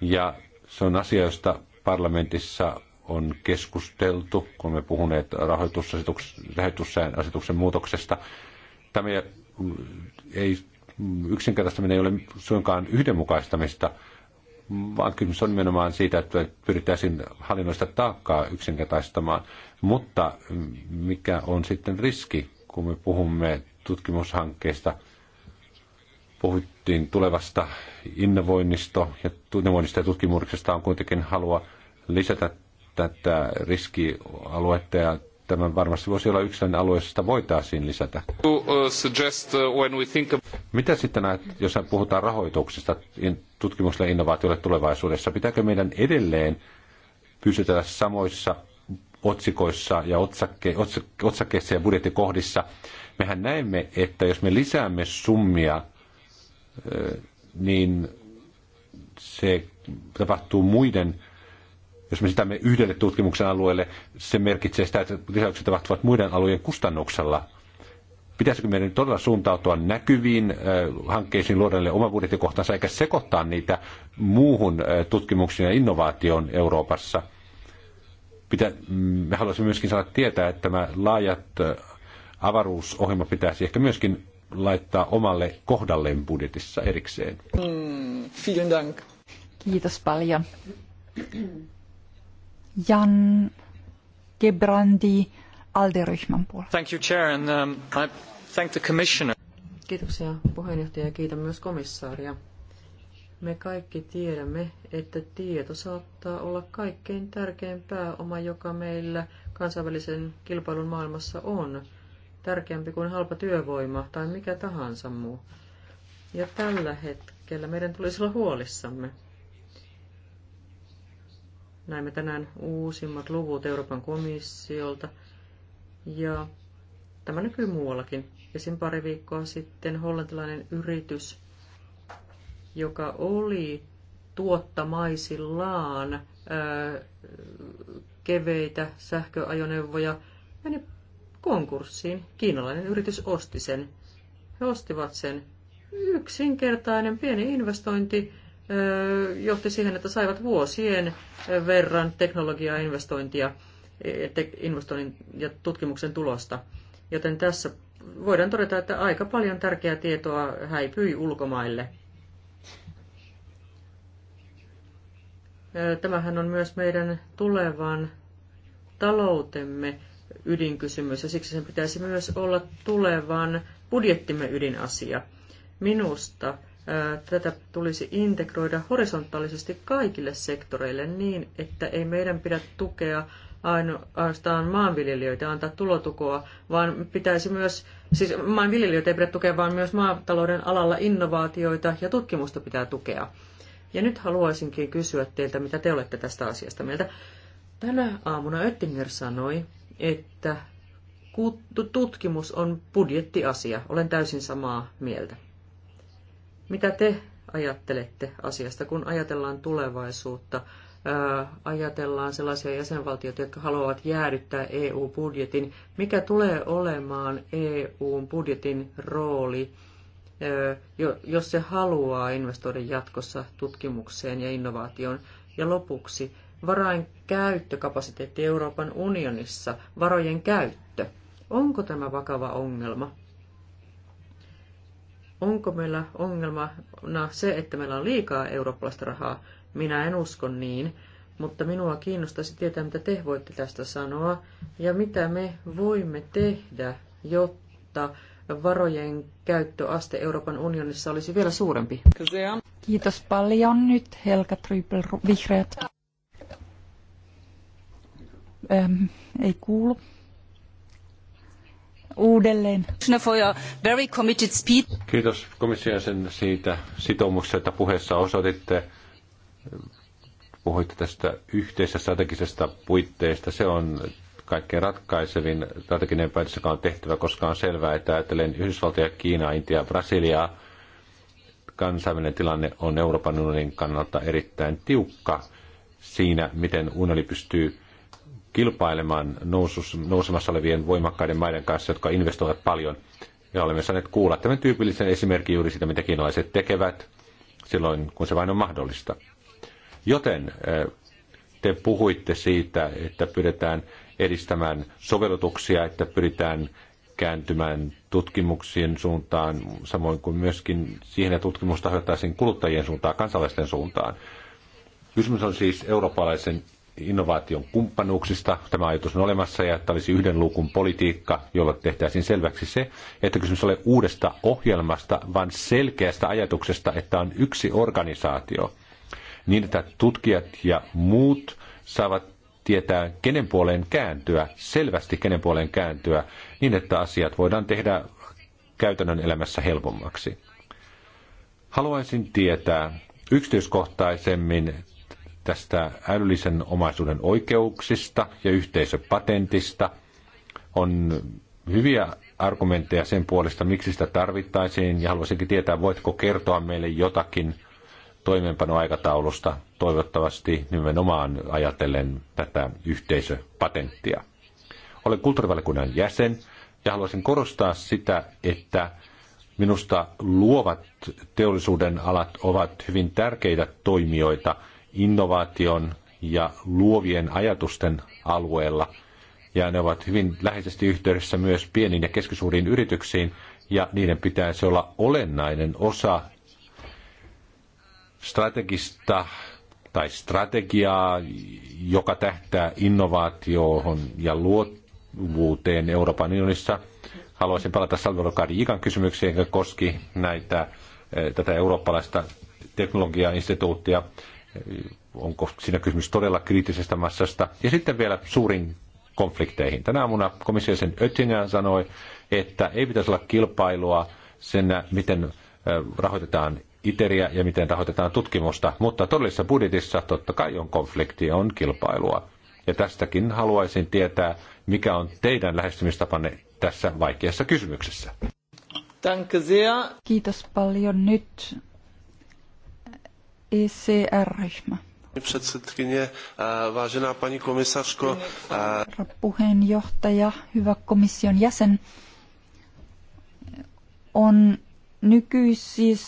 Ja se on asia, josta parlamentissa on keskusteltu, kun me puhuneet rahoitusasetuksen muutoksesta. Tämä ei yksinkertaistaminen ei ole suinkaan yhdenmukaistamista, vaan kysymys on nimenomaan siitä, että pyrittäisiin hallinnoista taakkaa yksinkertaistamaan. Mutta mikä on sitten riski, kun me puhumme tutkimushankkeista? Puhuttiin tulevasta innovoinnista ja, innovoinnista ja tutkimuksesta on kuitenkin halua lisätä tätä riskialuetta ja Tämä varmasti voisi olla yksi alue, josta voitaisiin lisätä. Uh, uh, Mitä sitten, jos puhutaan rahoituksesta tutkimukselle ja innovaatiolle tulevaisuudessa, pitääkö meidän edelleen pysytellä samoissa otsikoissa ja otsakke, otsakkeissa ja budjettikohdissa. Mehän näemme, että jos me lisäämme summia, niin se tapahtuu muiden jos me sitämme yhdelle tutkimuksen alueelle, se merkitsee sitä, että lisäykset tapahtuvat muiden alueen kustannuksella. Pitäisikö meidän todella suuntautua näkyviin hankkeisiin luodelle oma budjettikohtansa, eikä sekoittaa niitä muuhun tutkimuksiin ja innovaatioon Euroopassa? Pitä, mm, me haluaisimme myöskin saada tietää, että nämä laajat avaruusohjelma pitäisi ehkä myöskin laittaa omalle kohdalleen budjetissa erikseen. Mm, vielen dank. Kiitos paljon. Jan Gebrandi Alderyhmän puolella. Thank you, Chair, and um, I thank the Commissioner. Kiitoksia puheenjohtaja ja kiitän myös komissaaria. Me kaikki tiedämme, että tieto saattaa olla kaikkein tärkein pääoma, joka meillä kansainvälisen kilpailun maailmassa on. Tärkeämpi kuin halpa työvoima tai mikä tahansa muu. Ja tällä hetkellä meidän tulisi olla huolissamme. Näimme tänään uusimmat luvut Euroopan komissiolta ja tämä näkyy muuallakin. Esim. pari viikkoa sitten hollantilainen yritys, joka oli tuottamaisillaan ää, keveitä sähköajoneuvoja, meni konkurssiin. Kiinalainen yritys osti sen. He ostivat sen. Yksinkertainen pieni investointi johti siihen, että saivat vuosien verran teknologiaa investointia e, investoinnin ja tutkimuksen tulosta. Joten tässä voidaan todeta, että aika paljon tärkeää tietoa häipyi ulkomaille. Tämähän on myös meidän tulevan taloutemme ydinkysymys ja siksi sen pitäisi myös olla tulevan budjettimme ydinasia. Minusta Tätä tulisi integroida horisontaalisesti kaikille sektoreille niin, että ei meidän pidä tukea ainoastaan maanviljelijöitä, antaa tulotukoa, vaan pitäisi myös, siis maanviljelijöitä ei pidä tukea, vaan myös maatalouden alalla innovaatioita ja tutkimusta pitää tukea. Ja nyt haluaisinkin kysyä teiltä, mitä te olette tästä asiasta mieltä. Tänä aamuna Oettinger sanoi, että tutkimus on budjettiasia. Olen täysin samaa mieltä. Mitä te ajattelette asiasta, kun ajatellaan tulevaisuutta? ajatellaan sellaisia jäsenvaltioita, jotka haluavat jäädyttää EU-budjetin. Mikä tulee olemaan EU-budjetin rooli, jos se haluaa investoida jatkossa tutkimukseen ja innovaatioon? Ja lopuksi, varain käyttökapasiteetti Euroopan unionissa, varojen käyttö. Onko tämä vakava ongelma? Onko meillä ongelmana se, että meillä on liikaa eurooppalaista rahaa? Minä en usko niin, mutta minua kiinnostaisi tietää, mitä te voitte tästä sanoa ja mitä me voimme tehdä, jotta varojen käyttöaste Euroopan unionissa olisi vielä suurempi. Kiitos paljon nyt Helka Trypel Vihreät. Ähm, ei kuulu uudelleen. Kiitos komission sen siitä sitoumuksesta, että puheessa osoititte. Puhuitte tästä yhteisestä strategisesta puitteesta. Se on kaikkein ratkaisevin strateginen päätös, joka on tehtävä, koska on selvää, että ajatellen Yhdysvaltoja, Kiinaa, Intiaa, Brasiliaa, kansainvälinen tilanne on Euroopan unionin kannalta erittäin tiukka siinä, miten unioni pystyy kilpailemaan nousus, nousemassa olevien voimakkaiden maiden kanssa, jotka investoivat paljon. Ja olemme saaneet kuulla tämän tyypillisen esimerkin juuri siitä, mitä kiinalaiset tekevät silloin, kun se vain on mahdollista. Joten eh, te puhuitte siitä, että pyritään edistämään sovellutuksia, että pyritään kääntymään tutkimuksien suuntaan, samoin kuin myöskin siihen, että tutkimusta hoitaisiin kuluttajien suuntaan, kansalaisten suuntaan. Kysymys on siis eurooppalaisen innovaation kumppanuuksista. Tämä ajatus on olemassa ja että olisi yhden luukun politiikka, jolla tehtäisiin selväksi se, että kysymys ole uudesta ohjelmasta, vaan selkeästä ajatuksesta, että on yksi organisaatio. Niin, että tutkijat ja muut saavat tietää, kenen puoleen kääntyä, selvästi kenen puoleen kääntyä, niin että asiat voidaan tehdä käytännön elämässä helpommaksi. Haluaisin tietää yksityiskohtaisemmin tästä älyllisen omaisuuden oikeuksista ja yhteisöpatentista. On hyviä argumentteja sen puolesta, miksi sitä tarvittaisiin, ja haluaisinkin tietää, voitko kertoa meille jotakin toimeenpanoaikataulusta, toivottavasti nimenomaan ajatellen tätä yhteisöpatenttia. Olen kulttuurivaliokunnan jäsen, ja haluaisin korostaa sitä, että minusta luovat teollisuuden alat ovat hyvin tärkeitä toimijoita – innovaation ja luovien ajatusten alueella. Ja ne ovat hyvin läheisesti yhteydessä myös pieniin ja keskisuuriin yrityksiin, ja niiden pitäisi olla olennainen osa strategista tai strategiaa, joka tähtää innovaatioon ja luovuuteen Euroopan unionissa. Haluaisin palata Salvador Cardiikan kysymykseen, joka koski näitä, eh, tätä eurooppalaista teknologiainstituuttia. instituuttia Onko siinä kysymys todella kriittisestä massasta? Ja sitten vielä suurin konflikteihin. Tänä aamuna sen öttingen sanoi, että ei pitäisi olla kilpailua sen, miten rahoitetaan ITERiä ja miten rahoitetaan tutkimusta, mutta todellisessa budjetissa totta kai on konflikti on kilpailua. Ja tästäkin haluaisin tietää, mikä on teidän lähestymistapanne tässä vaikeassa kysymyksessä. Kiitos paljon nyt ECR-ryhmä. Předsedkyně, eh, vážená paní komisařko. Eh, Herra puheenjohtaja, hyvä komission jäsen. On nykyis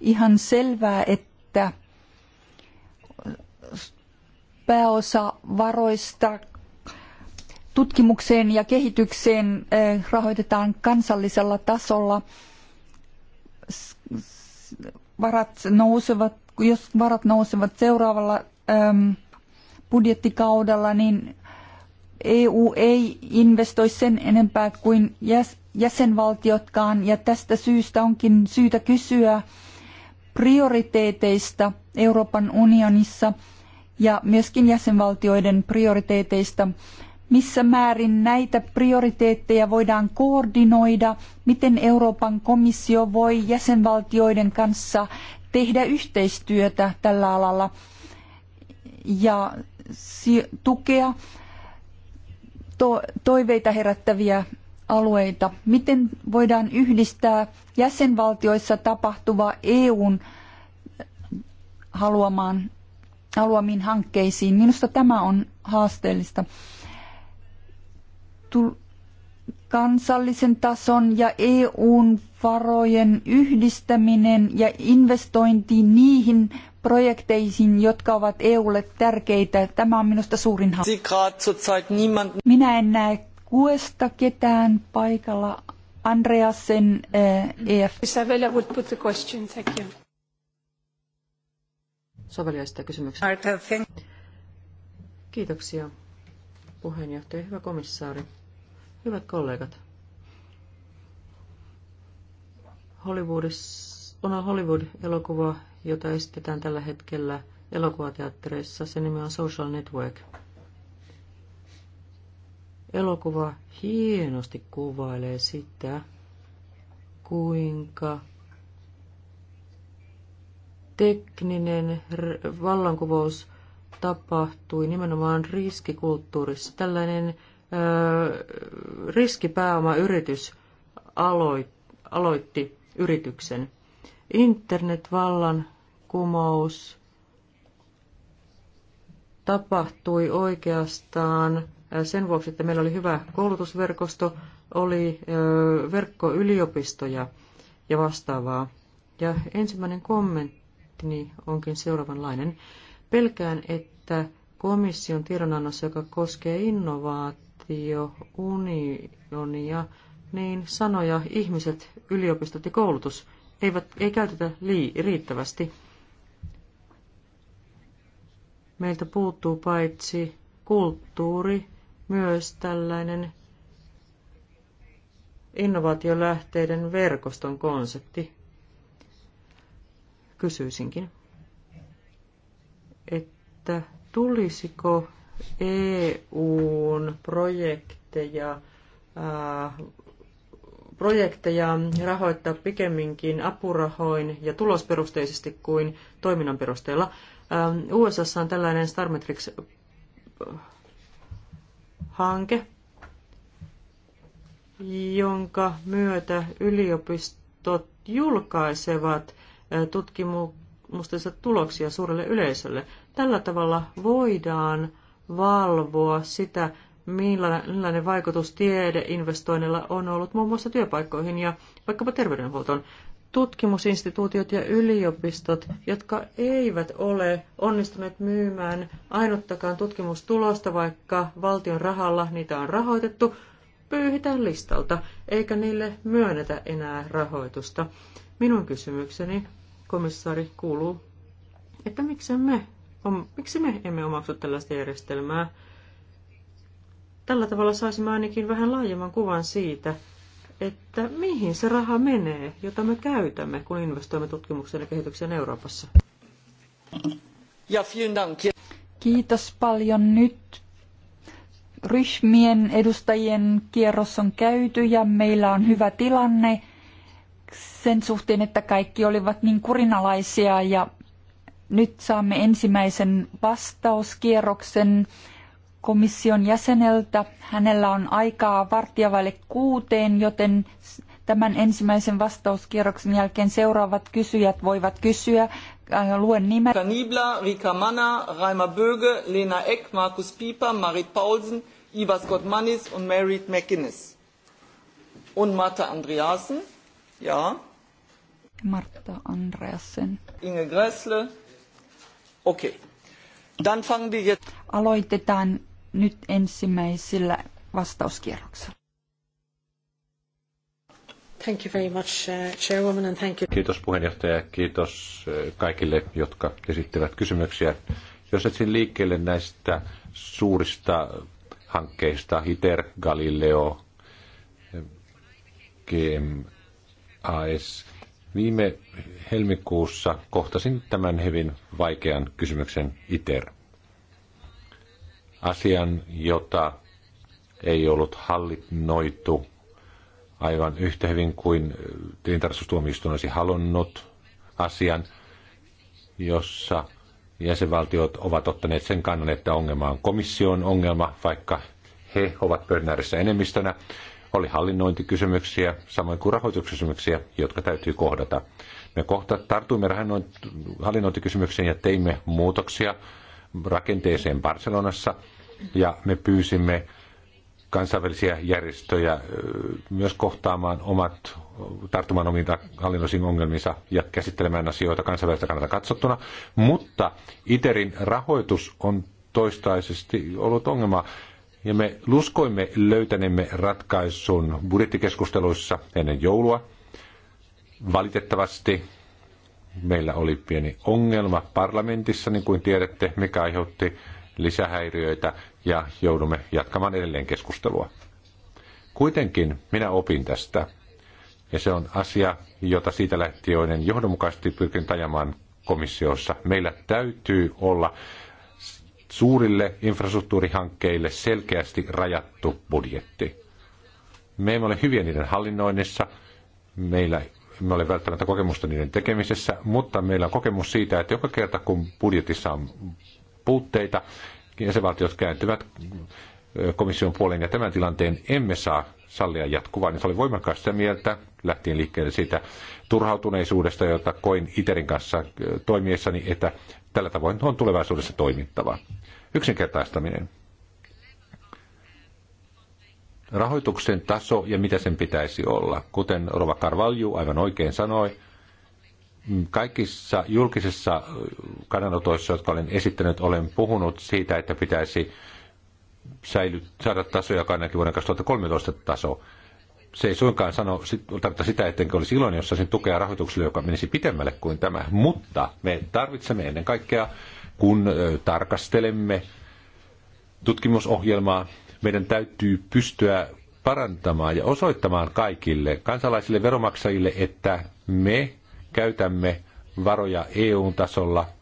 ihan selvää, että pääosa varoista tutkimukseen ja kehitykseen eh, rahoitetaan kansallisella tasolla varat nousevat, jos varat nousevat seuraavalla äm, budjettikaudella, niin EU ei investoi sen enempää kuin jäsenvaltiotkaan, ja tästä syystä onkin syytä kysyä prioriteeteista Euroopan unionissa ja myöskin jäsenvaltioiden prioriteeteista missä määrin näitä prioriteetteja voidaan koordinoida, miten Euroopan komissio voi jäsenvaltioiden kanssa tehdä yhteistyötä tällä alalla ja tukea toiveita herättäviä alueita. Miten voidaan yhdistää jäsenvaltioissa tapahtuva EUn haluamaan, haluamiin hankkeisiin? Minusta tämä on haasteellista tul kansallisen tason ja EUn varojen yhdistäminen ja investointi niihin projekteihin, jotka ovat EUlle tärkeitä. Tämä on minusta suurin haaste. Minä en näe kuesta ketään paikalla. Andreasen äh, eh, EF. Isabella would put the question, thank you. Soveliaista kysymyksen. Kiitoksia puheenjohtaja, hyvä komissaari. Hyvät kollegat, Hollywoodissa on Hollywood-elokuva, jota esitetään tällä hetkellä elokuvateattereissa. Sen nimi on Social Network. Elokuva hienosti kuvailee sitä, kuinka tekninen vallankuvaus tapahtui nimenomaan riskikulttuurissa. Tällainen riskipääomayritys aloitti yrityksen. Internetvallan kumous tapahtui oikeastaan sen vuoksi, että meillä oli hyvä koulutusverkosto, oli verkkoyliopistoja ja vastaavaa. Ja ensimmäinen kommentti onkin seuraavanlainen. Pelkään, että komission tiedonannossa, joka koskee innovaatioita, unionia, niin sanoja ihmiset, yliopistot ja koulutus eivät, ei käytetä lii, riittävästi. Meiltä puuttuu paitsi kulttuuri, myös tällainen innovaatiolähteiden verkoston konsepti. Kysyisinkin, että tulisiko EUn projekteja, äh, projekteja rahoittaa pikemminkin apurahoin ja tulosperusteisesti kuin toiminnan perusteella. Ähm, USA on tällainen StarMetrics-hanke, äh, jonka myötä yliopistot julkaisevat äh, tutkimustensa tuloksia suurelle yleisölle. Tällä tavalla voidaan valvoa sitä, millainen vaikutus tiedeinvestoinnilla on ollut muun muassa työpaikkoihin ja vaikkapa terveydenhuoltoon. Tutkimusinstituutiot ja yliopistot, jotka eivät ole onnistuneet myymään ainuttakaan tutkimustulosta, vaikka valtion rahalla niitä on rahoitettu, pyyhitään listalta, eikä niille myönnetä enää rahoitusta. Minun kysymykseni, komissaari, kuuluu, että miksen me on, miksi me emme omaksu tällaista järjestelmää? Tällä tavalla saisimme ainakin vähän laajemman kuvan siitä, että mihin se raha menee, jota me käytämme, kun investoimme tutkimukseen ja kehitykseen Euroopassa. Ja, dank. Kiitos paljon nyt. Ryhmien edustajien kierros on käyty ja meillä on hyvä tilanne sen suhteen, että kaikki olivat niin kurinalaisia ja nyt saamme ensimmäisen vastauskierroksen komission jäseneltä. Hänellä on aikaa varttia vaille kuuteen, joten tämän ensimmäisen vastauskierroksen jälkeen seuraavat kysyjät voivat kysyä. Äh, luen nimet. Kanibla, Rika Mana, Raima Böge, Lena Eck, Markus Pieper, Marit Paulsen, Iva Scott Mannis und Merit McGuinness. Und Marta Andreasen. Ja. Marta Andreasen. Inge Grässle. Dann fangen wir jetzt... Aloitetaan nyt ensimmäisellä vastauskierroksella. Thank you very much, uh, Chairwoman, and thank you. Kiitos puheenjohtaja, kiitos uh, kaikille, jotka esittivät kysymyksiä. Jos etsin liikkeelle näistä suurista hankkeista, ITER, Galileo, GMAS, Viime helmikuussa kohtasin tämän hyvin vaikean kysymyksen ITER. Asian, jota ei ollut hallinnoitu aivan yhtä hyvin kuin tilintarkastustuomioistuin olisi halunnut asian, jossa jäsenvaltiot ovat ottaneet sen kannan, että ongelma on komission ongelma, vaikka he ovat pöydän enemmistönä. Oli hallinnointikysymyksiä, samoin kuin rahoituskysymyksiä, jotka täytyy kohdata. Me kohta tartuimme hallinnointikysymykseen ja teimme muutoksia rakenteeseen Barcelonassa ja me pyysimme kansainvälisiä järjestöjä myös kohtaamaan omat, tarttumaan omiin hallinnollisiin ongelmiinsa ja käsittelemään asioita kansainvälistä kannalta katsottuna. Mutta ITERin rahoitus on toistaisesti ollut ongelma. Ja me luskoimme löytänemme ratkaisun budjettikeskusteluissa ennen joulua. Valitettavasti meillä oli pieni ongelma parlamentissa, niin kuin tiedätte, mikä aiheutti lisähäiriöitä ja joudumme jatkamaan edelleen keskustelua. Kuitenkin minä opin tästä. Ja se on asia, jota siitä lähtien johdonmukaisesti pyrkin tajamaan komissiossa. Meillä täytyy olla suurille infrastruktuurihankkeille selkeästi rajattu budjetti. Me emme ole hyviä niiden hallinnoinnissa, meillä emme ole välttämättä kokemusta niiden tekemisessä, mutta meillä on kokemus siitä, että joka kerta kun budjetissa on puutteita, jäsenvaltiot kääntyvät komission puoleen ja tämän tilanteen emme saa sallia jatkuvaa, niin se oli voimakkaasti sitä mieltä, lähtien liikkeelle siitä turhautuneisuudesta, jota koin Iterin kanssa äh, toimiessani, että tällä tavoin on tulevaisuudessa toimittava. Yksinkertaistaminen. Rahoituksen taso ja mitä sen pitäisi olla. Kuten Rova Karvalju aivan oikein sanoi, mm, kaikissa julkisissa kannanotoissa, jotka olen esittänyt, olen puhunut siitä, että pitäisi säilyt, saada tasoja ainakin vuoden 2013 taso. Se ei suinkaan sano tarkoita sitä, ettenkö olisi iloinen, jos saisin tukea rahoitukselle, joka menisi pitemmälle kuin tämä. Mutta me tarvitsemme ennen kaikkea, kun tarkastelemme tutkimusohjelmaa, meidän täytyy pystyä parantamaan ja osoittamaan kaikille kansalaisille veromaksajille, että me käytämme varoja EU-tasolla –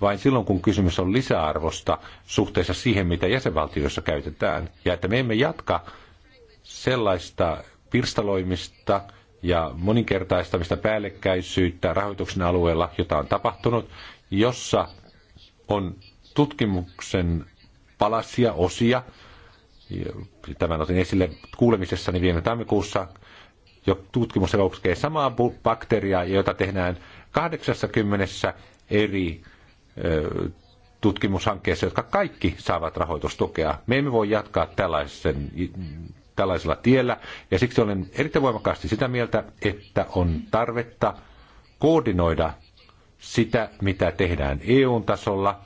vain silloin, kun kysymys on lisäarvosta suhteessa siihen, mitä jäsenvaltioissa käytetään, ja että me emme jatka sellaista pirstaloimista ja moninkertaistamista päällekkäisyyttä rahoituksen alueella, jota on tapahtunut, jossa on tutkimuksen palasia, osia. Tämän otin esille kuulemisessani viime tammikuussa. Jo tutkimus koskee samaa bakteeriaa, jota tehdään 80 eri tutkimushankkeessa, jotka kaikki saavat rahoitustukea. Me emme voi jatkaa tällaisen, tällaisella tiellä, ja siksi olen erittäin voimakkaasti sitä mieltä, että on tarvetta koordinoida sitä, mitä tehdään EU-tasolla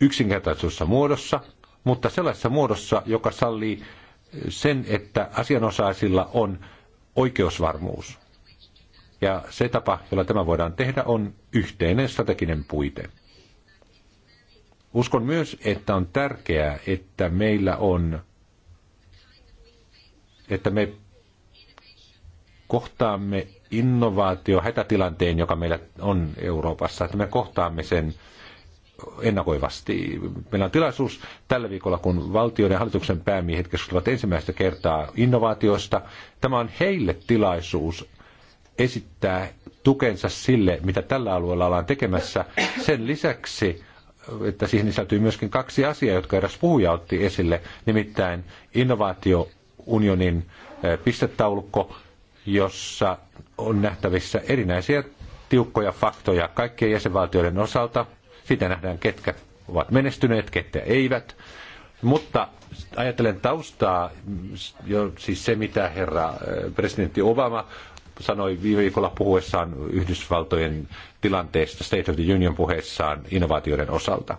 yksinkertaisessa muodossa, mutta sellaisessa muodossa, joka sallii sen, että asianosaisilla on oikeusvarmuus. Ja se tapa, jolla tämä voidaan tehdä, on yhteinen strateginen puite. Uskon myös, että on tärkeää, että meillä on, että me kohtaamme innovaatio hätätilanteen, joka meillä on Euroopassa, että me kohtaamme sen ennakoivasti. Meillä on tilaisuus tällä viikolla, kun valtioiden ja hallituksen päämiehet keskustelevat ensimmäistä kertaa innovaatioista. Tämä on heille tilaisuus esittää tukensa sille, mitä tällä alueella ollaan tekemässä. Sen lisäksi, että siihen sisältyy myöskin kaksi asiaa, jotka eräs puhuja otti esille, nimittäin innovaatiounionin eh, pistetaulukko, jossa on nähtävissä erinäisiä tiukkoja faktoja kaikkien jäsenvaltioiden osalta. Siitä nähdään, ketkä ovat menestyneet, ketkä eivät. Mutta ajatellen taustaa, jo, siis se mitä herra eh, presidentti Obama sanoi viime viikolla puhuessaan Yhdysvaltojen tilanteesta State of the Union puheessaan innovaatioiden osalta.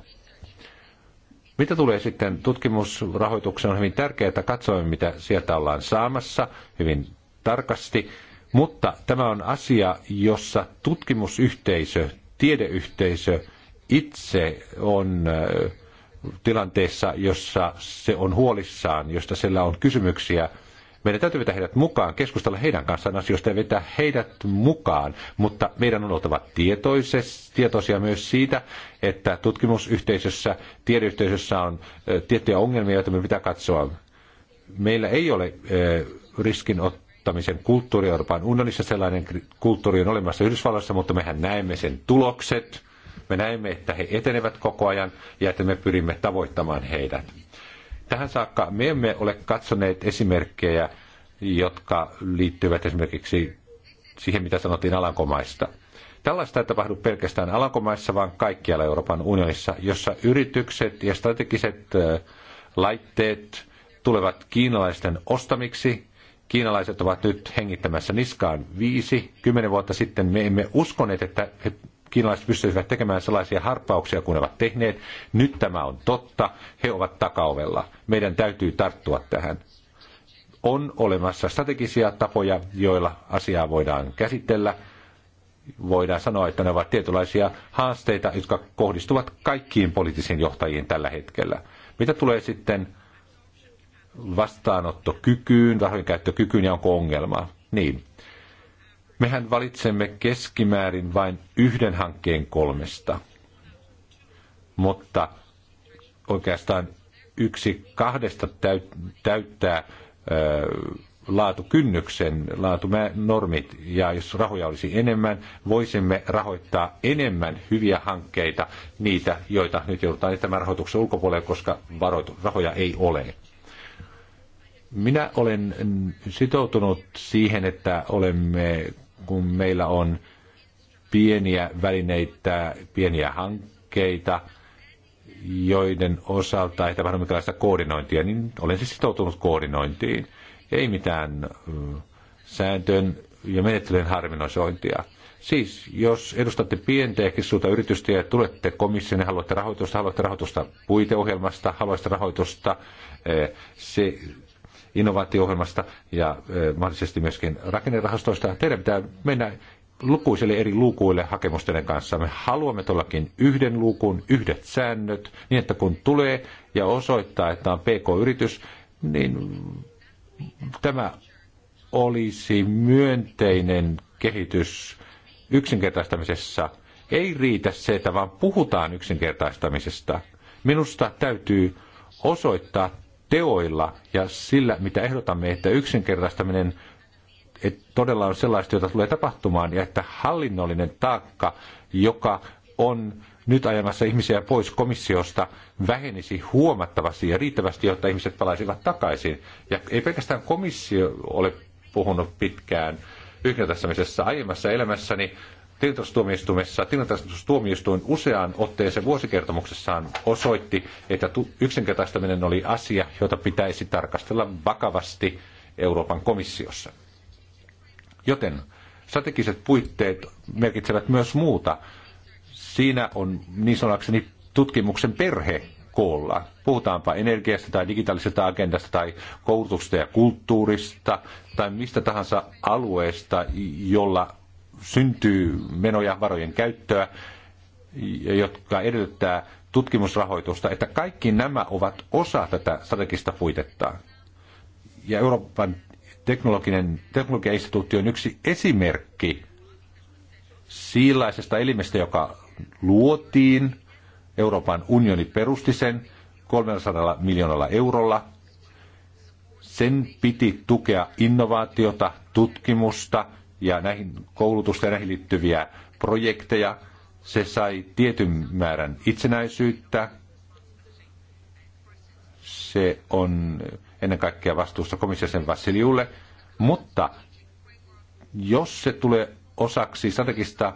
Mitä tulee sitten tutkimusrahoitukseen, on hyvin tärkeää, että katsomme, mitä sieltä ollaan saamassa hyvin tarkasti. Mutta tämä on asia, jossa tutkimusyhteisö, tiedeyhteisö itse on tilanteessa, jossa se on huolissaan, josta sillä on kysymyksiä – meidän täytyy vetää heidät mukaan, keskustella heidän kanssaan asioista ja vetää heidät mukaan, mutta meidän on oltava tietoisia myös siitä, että tutkimusyhteisössä, tiedeyhteisössä on tiettyjä ongelmia, joita me pitää katsoa. Meillä ei ole riskin ottamisen kulttuuri Euroopan unionissa, sellainen kulttuuri on olemassa Yhdysvalloissa, mutta mehän näemme sen tulokset. Me näemme, että he etenevät koko ajan ja että me pyrimme tavoittamaan heidät Tähän saakka me emme ole katsoneet esimerkkejä, jotka liittyvät esimerkiksi siihen, mitä sanottiin Alankomaista. Tällaista ei tapahdu pelkästään Alankomaissa, vaan kaikkialla Euroopan unionissa, jossa yritykset ja strategiset laitteet tulevat kiinalaisten ostamiksi. Kiinalaiset ovat nyt hengittämässä niskaan viisi. Kymmenen vuotta sitten me emme uskoneet, että he kiinalaiset pystyisivät tekemään sellaisia harppauksia kuin ovat tehneet. Nyt tämä on totta. He ovat takaovella. Meidän täytyy tarttua tähän. On olemassa strategisia tapoja, joilla asiaa voidaan käsitellä. Voidaan sanoa, että ne ovat tietynlaisia haasteita, jotka kohdistuvat kaikkiin poliittisiin johtajiin tällä hetkellä. Mitä tulee sitten vastaanottokykyyn, käyttökykyyn ja onko ongelmaa? Niin, Mehän valitsemme keskimäärin vain yhden hankkeen kolmesta, mutta oikeastaan yksi kahdesta täyttää laatukynnyksen, laatunormit, ja jos rahoja olisi enemmän, voisimme rahoittaa enemmän hyviä hankkeita, niitä, joita nyt joudutaan tämän rahoituksen ulkopuolelle, koska varoitu, rahoja ei ole. Minä olen sitoutunut siihen, että olemme kun meillä on pieniä välineitä, pieniä hankkeita, joiden osalta ei tapahdu minkälaista koordinointia, niin olen siis sitoutunut koordinointiin. Ei mitään sääntöön ja menettelyjen harminoisointia. Siis jos edustatte pientä ehkä kissuuta yritystä ja tulette komissioon ja haluatte rahoitusta, haluatte rahoitusta puiteohjelmasta, haluatte rahoitusta se innovaatio-ohjelmasta ja mahdollisesti myöskin rakennerahastoista. Teidän pitää mennä lukuisille eri luukuille hakemusten kanssa. Me haluamme tuollakin yhden luukun, yhdet säännöt, niin että kun tulee ja osoittaa, että on PK-yritys, niin tämä olisi myönteinen kehitys yksinkertaistamisessa. Ei riitä se, että vaan puhutaan yksinkertaistamisesta. Minusta täytyy osoittaa teoilla ja sillä, mitä ehdotamme, että yksinkertaistaminen että todella on sellaista, jota tulee tapahtumaan, ja että hallinnollinen taakka, joka on nyt ajamassa ihmisiä pois komissiosta, vähenisi huomattavasti ja riittävästi, jotta ihmiset palaisivat takaisin. Ja ei pelkästään komissio ole puhunut pitkään yhdentämisessä aiemmassa elämässäni tilintarkastustuomioistuimessa tilintarkastustuomioistuin useaan otteeseen vuosikertomuksessaan osoitti, että yksinkertaistaminen oli asia, jota pitäisi tarkastella vakavasti Euroopan komissiossa. Joten strategiset puitteet merkitsevät myös muuta. Siinä on niin sanakseni tutkimuksen perhe koolla. Puhutaanpa energiasta tai digitaalisesta agendasta tai koulutuksesta ja kulttuurista tai mistä tahansa alueesta, jolla syntyy menoja, varojen käyttöä, jotka edellyttää tutkimusrahoitusta, että kaikki nämä ovat osa tätä strategista puitetta. Ja Euroopan teknologinen, teknologiainstituutti on yksi esimerkki siilaisesta elimestä, joka luotiin. Euroopan unioni perusti sen 300 miljoonalla eurolla. Sen piti tukea innovaatiota, tutkimusta – ja näihin koulutusta ja näihin liittyviä projekteja. Se sai tietyn määrän itsenäisyyttä. Se on ennen kaikkea vastuussa komissiosen Vassiliulle. Mutta jos se tulee osaksi strategista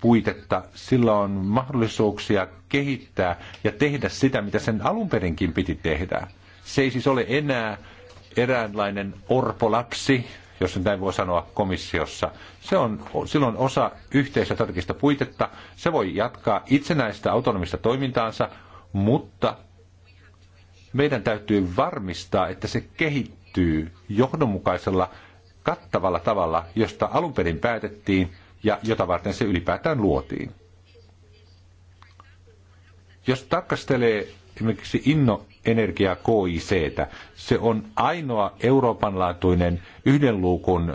puitetta, sillä on mahdollisuuksia kehittää ja tehdä sitä, mitä sen alunperinkin piti tehdä. Se ei siis ole enää eräänlainen orpolapsi, jos nyt näin voi sanoa, komissiossa. Se on silloin osa yhteistä strategista puitetta. Se voi jatkaa itsenäistä autonomista toimintaansa, mutta meidän täytyy varmistaa, että se kehittyy johdonmukaisella kattavalla tavalla, josta alun perin päätettiin ja jota varten se ylipäätään luotiin. Jos tarkastelee esimerkiksi energia KIC. Se on ainoa Euroopan laatuinen yhden luukun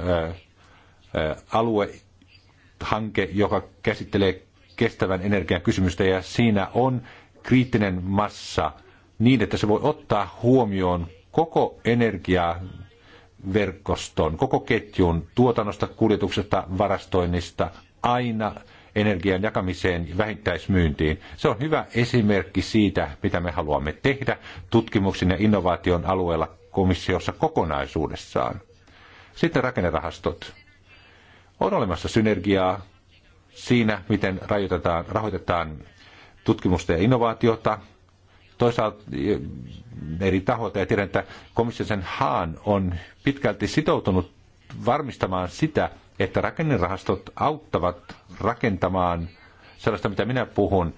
aluehanke, joka käsittelee kestävän energian kysymystä ja siinä on kriittinen massa niin, että se voi ottaa huomioon koko energiaverkoston, koko ketjun tuotannosta, kuljetuksesta, varastoinnista aina energian jakamiseen ja vähittäismyyntiin. Se on hyvä esimerkki siitä, mitä me haluamme tehdä tutkimuksen ja innovaation alueella komissiossa kokonaisuudessaan. Sitten rakennerahastot. On olemassa synergiaa siinä, miten rajoitetaan, rahoitetaan tutkimusta ja innovaatiota. Toisaalta eh, eri tahoilta ja tiedän, että komission Haan on pitkälti sitoutunut varmistamaan sitä, että rakennerahastot auttavat rakentamaan sellaista, mitä minä puhun,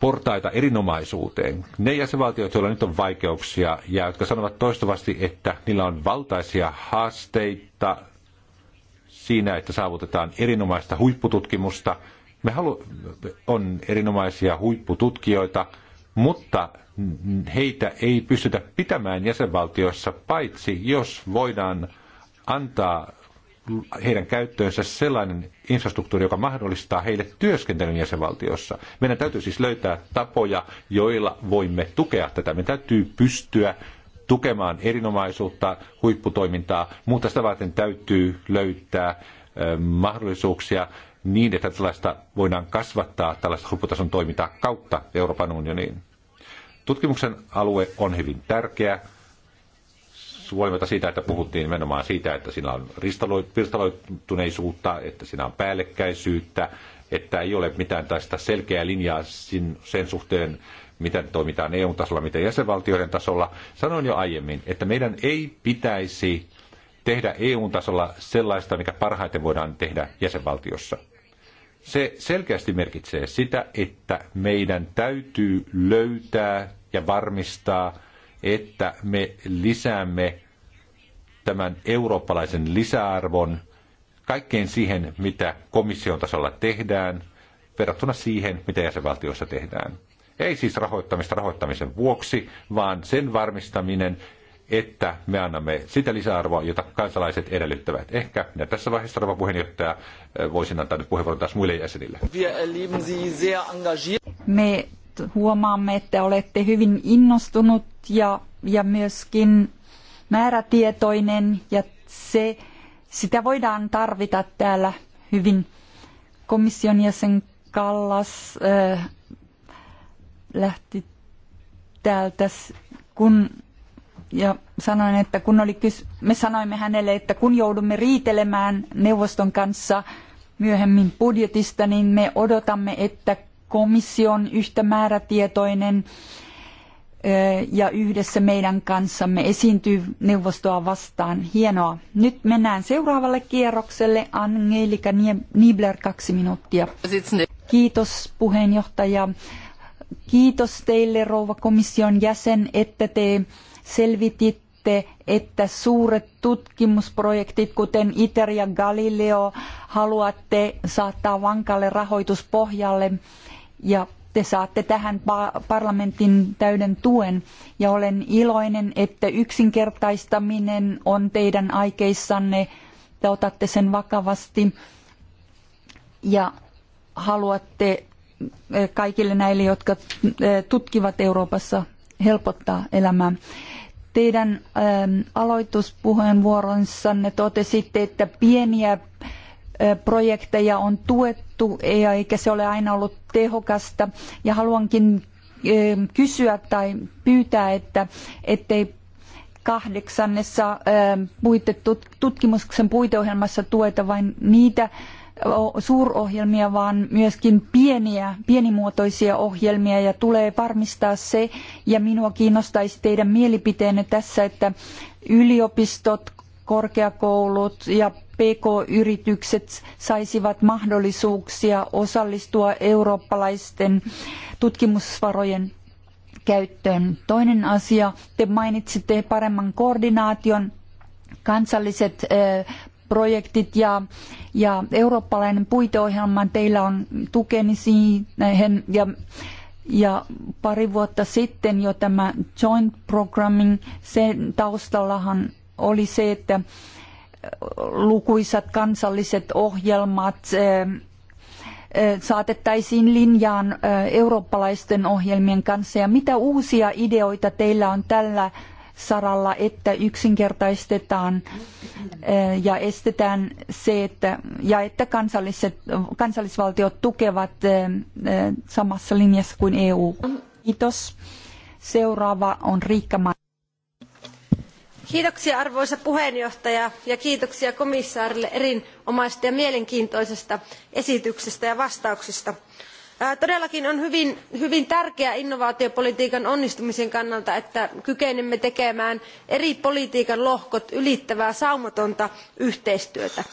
portaita erinomaisuuteen. Ne jäsenvaltiot, joilla nyt on vaikeuksia ja jotka sanovat toistuvasti, että niillä on valtaisia haasteita siinä, että saavutetaan erinomaista huippututkimusta. Me halu- on erinomaisia huippututkijoita, mutta heitä ei pystytä pitämään jäsenvaltioissa, paitsi jos voidaan antaa heidän käyttöönsä sellainen infrastruktuuri, joka mahdollistaa heille työskentelyn jäsenvaltiossa. Meidän täytyy siis löytää tapoja, joilla voimme tukea tätä. Meidän täytyy pystyä tukemaan erinomaisuutta, huipputoimintaa, mutta sitä varten täytyy löytää mahdollisuuksia niin, että tällaista voidaan kasvattaa tällaista huipputason toimintaa kautta Euroopan unioniin. Tutkimuksen alue on hyvin tärkeä huomiota siitä, että puhuttiin nimenomaan siitä, että siinä on pirstaloituneisuutta, että siinä on päällekkäisyyttä, että ei ole mitään tästä selkeää linjaa sen suhteen, miten toimitaan EU-tasolla, miten jäsenvaltioiden tasolla. Sanoin jo aiemmin, että meidän ei pitäisi tehdä EU-tasolla sellaista, mikä parhaiten voidaan tehdä jäsenvaltiossa. Se selkeästi merkitsee sitä, että meidän täytyy löytää ja varmistaa, että me lisäämme tämän eurooppalaisen lisäarvon kaikkeen siihen, mitä komission tasolla tehdään, verrattuna siihen, mitä jäsenvaltioissa tehdään. Ei siis rahoittamista rahoittamisen vuoksi, vaan sen varmistaminen, että me annamme sitä lisäarvoa, jota kansalaiset edellyttävät. Ehkä minä tässä vaiheessa, rouva puheenjohtaja, voisin antaa nyt puheenvuoron taas muille jäsenille. Me huomaamme, että olette hyvin innostunut ja, ja myöskin määrätietoinen ja se, sitä voidaan tarvita täällä hyvin. Komission jäsen Kallas äh, lähti täältä, kun, ja sanoin, että kun oli kys- me sanoimme hänelle, että kun joudumme riitelemään neuvoston kanssa myöhemmin budjetista, niin me odotamme, että komission yhtä määrätietoinen äh, ja yhdessä meidän kanssamme esiintyy neuvostoa vastaan. Hienoa. Nyt mennään seuraavalle kierrokselle. Angelika Niebler, kaksi minuuttia. Kiitos puheenjohtaja. Kiitos teille rouva komission jäsen, että te selvititte, että suuret tutkimusprojektit, kuten ITER ja Galileo, haluatte saattaa vankalle rahoituspohjalle. Ja te saatte tähän parlamentin täyden tuen ja olen iloinen, että yksinkertaistaminen on teidän aikeissanne, te otatte sen vakavasti ja haluatte kaikille näille, jotka tutkivat Euroopassa, helpottaa elämää. Teidän aloituspuheenvuoronsanne totesitte, että pieniä projekteja on tuettu eikä se ole aina ollut tehokasta ja haluankin kysyä tai pyytää, että ettei kahdeksannessa tutkimuksen puiteohjelmassa tueta vain niitä suurohjelmia, vaan myöskin pieniä, pienimuotoisia ohjelmia ja tulee varmistaa se, ja minua kiinnostaisi teidän mielipiteenne tässä, että yliopistot, korkeakoulut ja PK-yritykset saisivat mahdollisuuksia osallistua eurooppalaisten tutkimusvarojen käyttöön. Toinen asia, te mainitsitte paremman koordinaation, kansalliset projektit ja, ja eurooppalainen puiteohjelma, teillä on tukeni siihen ja, ja pari vuotta sitten jo tämä joint programming, sen taustallahan oli se, että lukuisat kansalliset ohjelmat eh, eh, saatettaisiin linjaan eh, eurooppalaisten ohjelmien kanssa ja mitä uusia ideoita teillä on tällä saralla, että yksinkertaistetaan ja estetään se, että, ja että kansalliset, kansallisvaltiot tukevat samassa linjassa kuin EU. Kiitos. Seuraava on Riikka arvoisa puheenjohtaja ja kiitoksia komissaarille erinomaisesta ja mielenkiintoisesta esityksestä ja vastauksista. Todellakin on hyvin, hyvin tärkeää innovaatiopolitiikan onnistumisen kannalta, että kykenemme tekemään eri politiikan lohkot ylittävää saumatonta yhteistyötä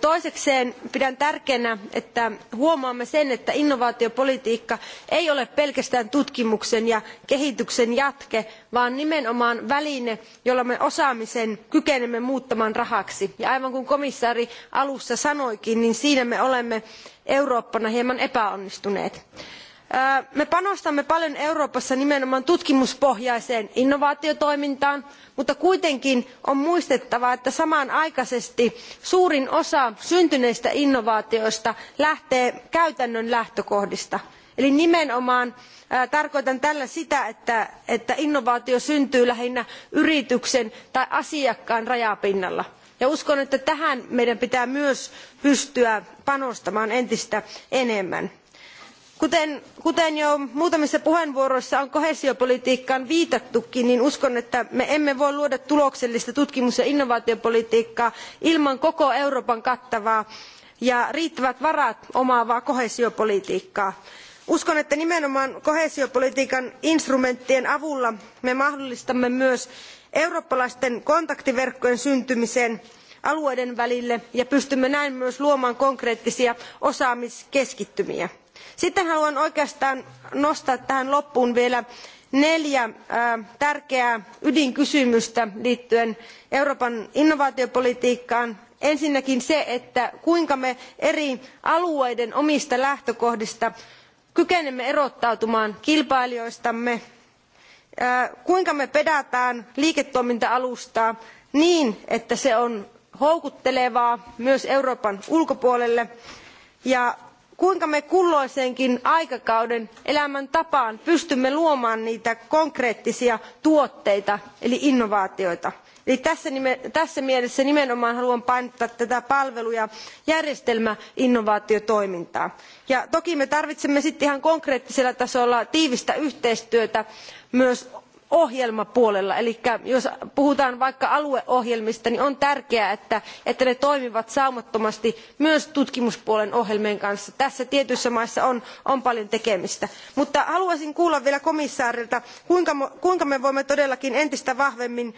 Toiseksi pidän tärkeänä että huomaamme sen että innovaatiopolitiikka ei ole pelkästään tutkimuksen ja kehityksen jatke vaan nimenomaan väline jolla me osaamisen kykenemme muuttamaan rahaksi ja aivan komission jäsen alussa sanoikin niin siinä me olemme eurooppana hieman epäonnistuneet me panostamme paljon euroopassa nimenomaan tutkimuspohjaiseen innovaatiotoimintaan mutta kuitenkin on muistettava että samanaikaisesti suurin osa syntyneistä innovaatioista lähtee käytännön lähtökohdista eli nimenomaan tarkoitan tällä sitä että, että innovaatio syntyy lähinnä yrityksen tai asiakkaan rajapinnalla ja uskon että tähän meidän pitää myös pystyä panostamaan entistä enemmän Kuten, jo muutamissa puheenvuoroissa on koheesiopolitiikkaan viitattukin niin uskon että me emme voi luoda tuloksellista tutkimus ja innovaatiopolitiikkaa ilman koko euroopan kattavaa ja riittävät varat omaavaa koheesiopolitiikkaa. uskon että nimenomaan koheesiopolitiikan instrumenttien avulla me mahdollistamme myös eurooppalaisten kontaktiverkkojen syntymisen alueiden välille ja pystymme näin myös luomaan konkreettisia osaamiskeskittymiä sitten haluan oikeastaan nostaa tähän loppuun vielä neljä tärkeää ydinkysymystä liittyen euroopan innovaatiopolitiikkaan ensinnäkin se että kuinka me eri alueiden omista lähtökohdista kykenemme erottautumaan kilpailijoistamme kuinka me pedataan liiketoiminta alustaa niin että se on houkuttelevaa myös euroopan ulkopuolelle ja kuinka me kulloisenkin aikakauden elämäntapaan pystymme luomaan niitä konkreettisia tuotteita eli innovaatioita. Eli tässä, tässä mielessä nimenomaan haluan painottaa tätä palvelu ja järjestelmäinnovaatiotoimintaa. Ja toki me tarvitsemme sitten ihan konkreettisella tasolla tiivistä yhteistyötä myös ohjelmapuolella eli jos puhutaan vaikka alueohjelmista niin on tärkeää että, ne toimivat saumattomasti myös tutkimuspuolen ohjelmien kanssa. tässä tietyissä maissa on, on paljon tekemistä. mutta haluaisin kuulla vielä komissaarilta kuinka, me voimme todellakin entistä vahvemmin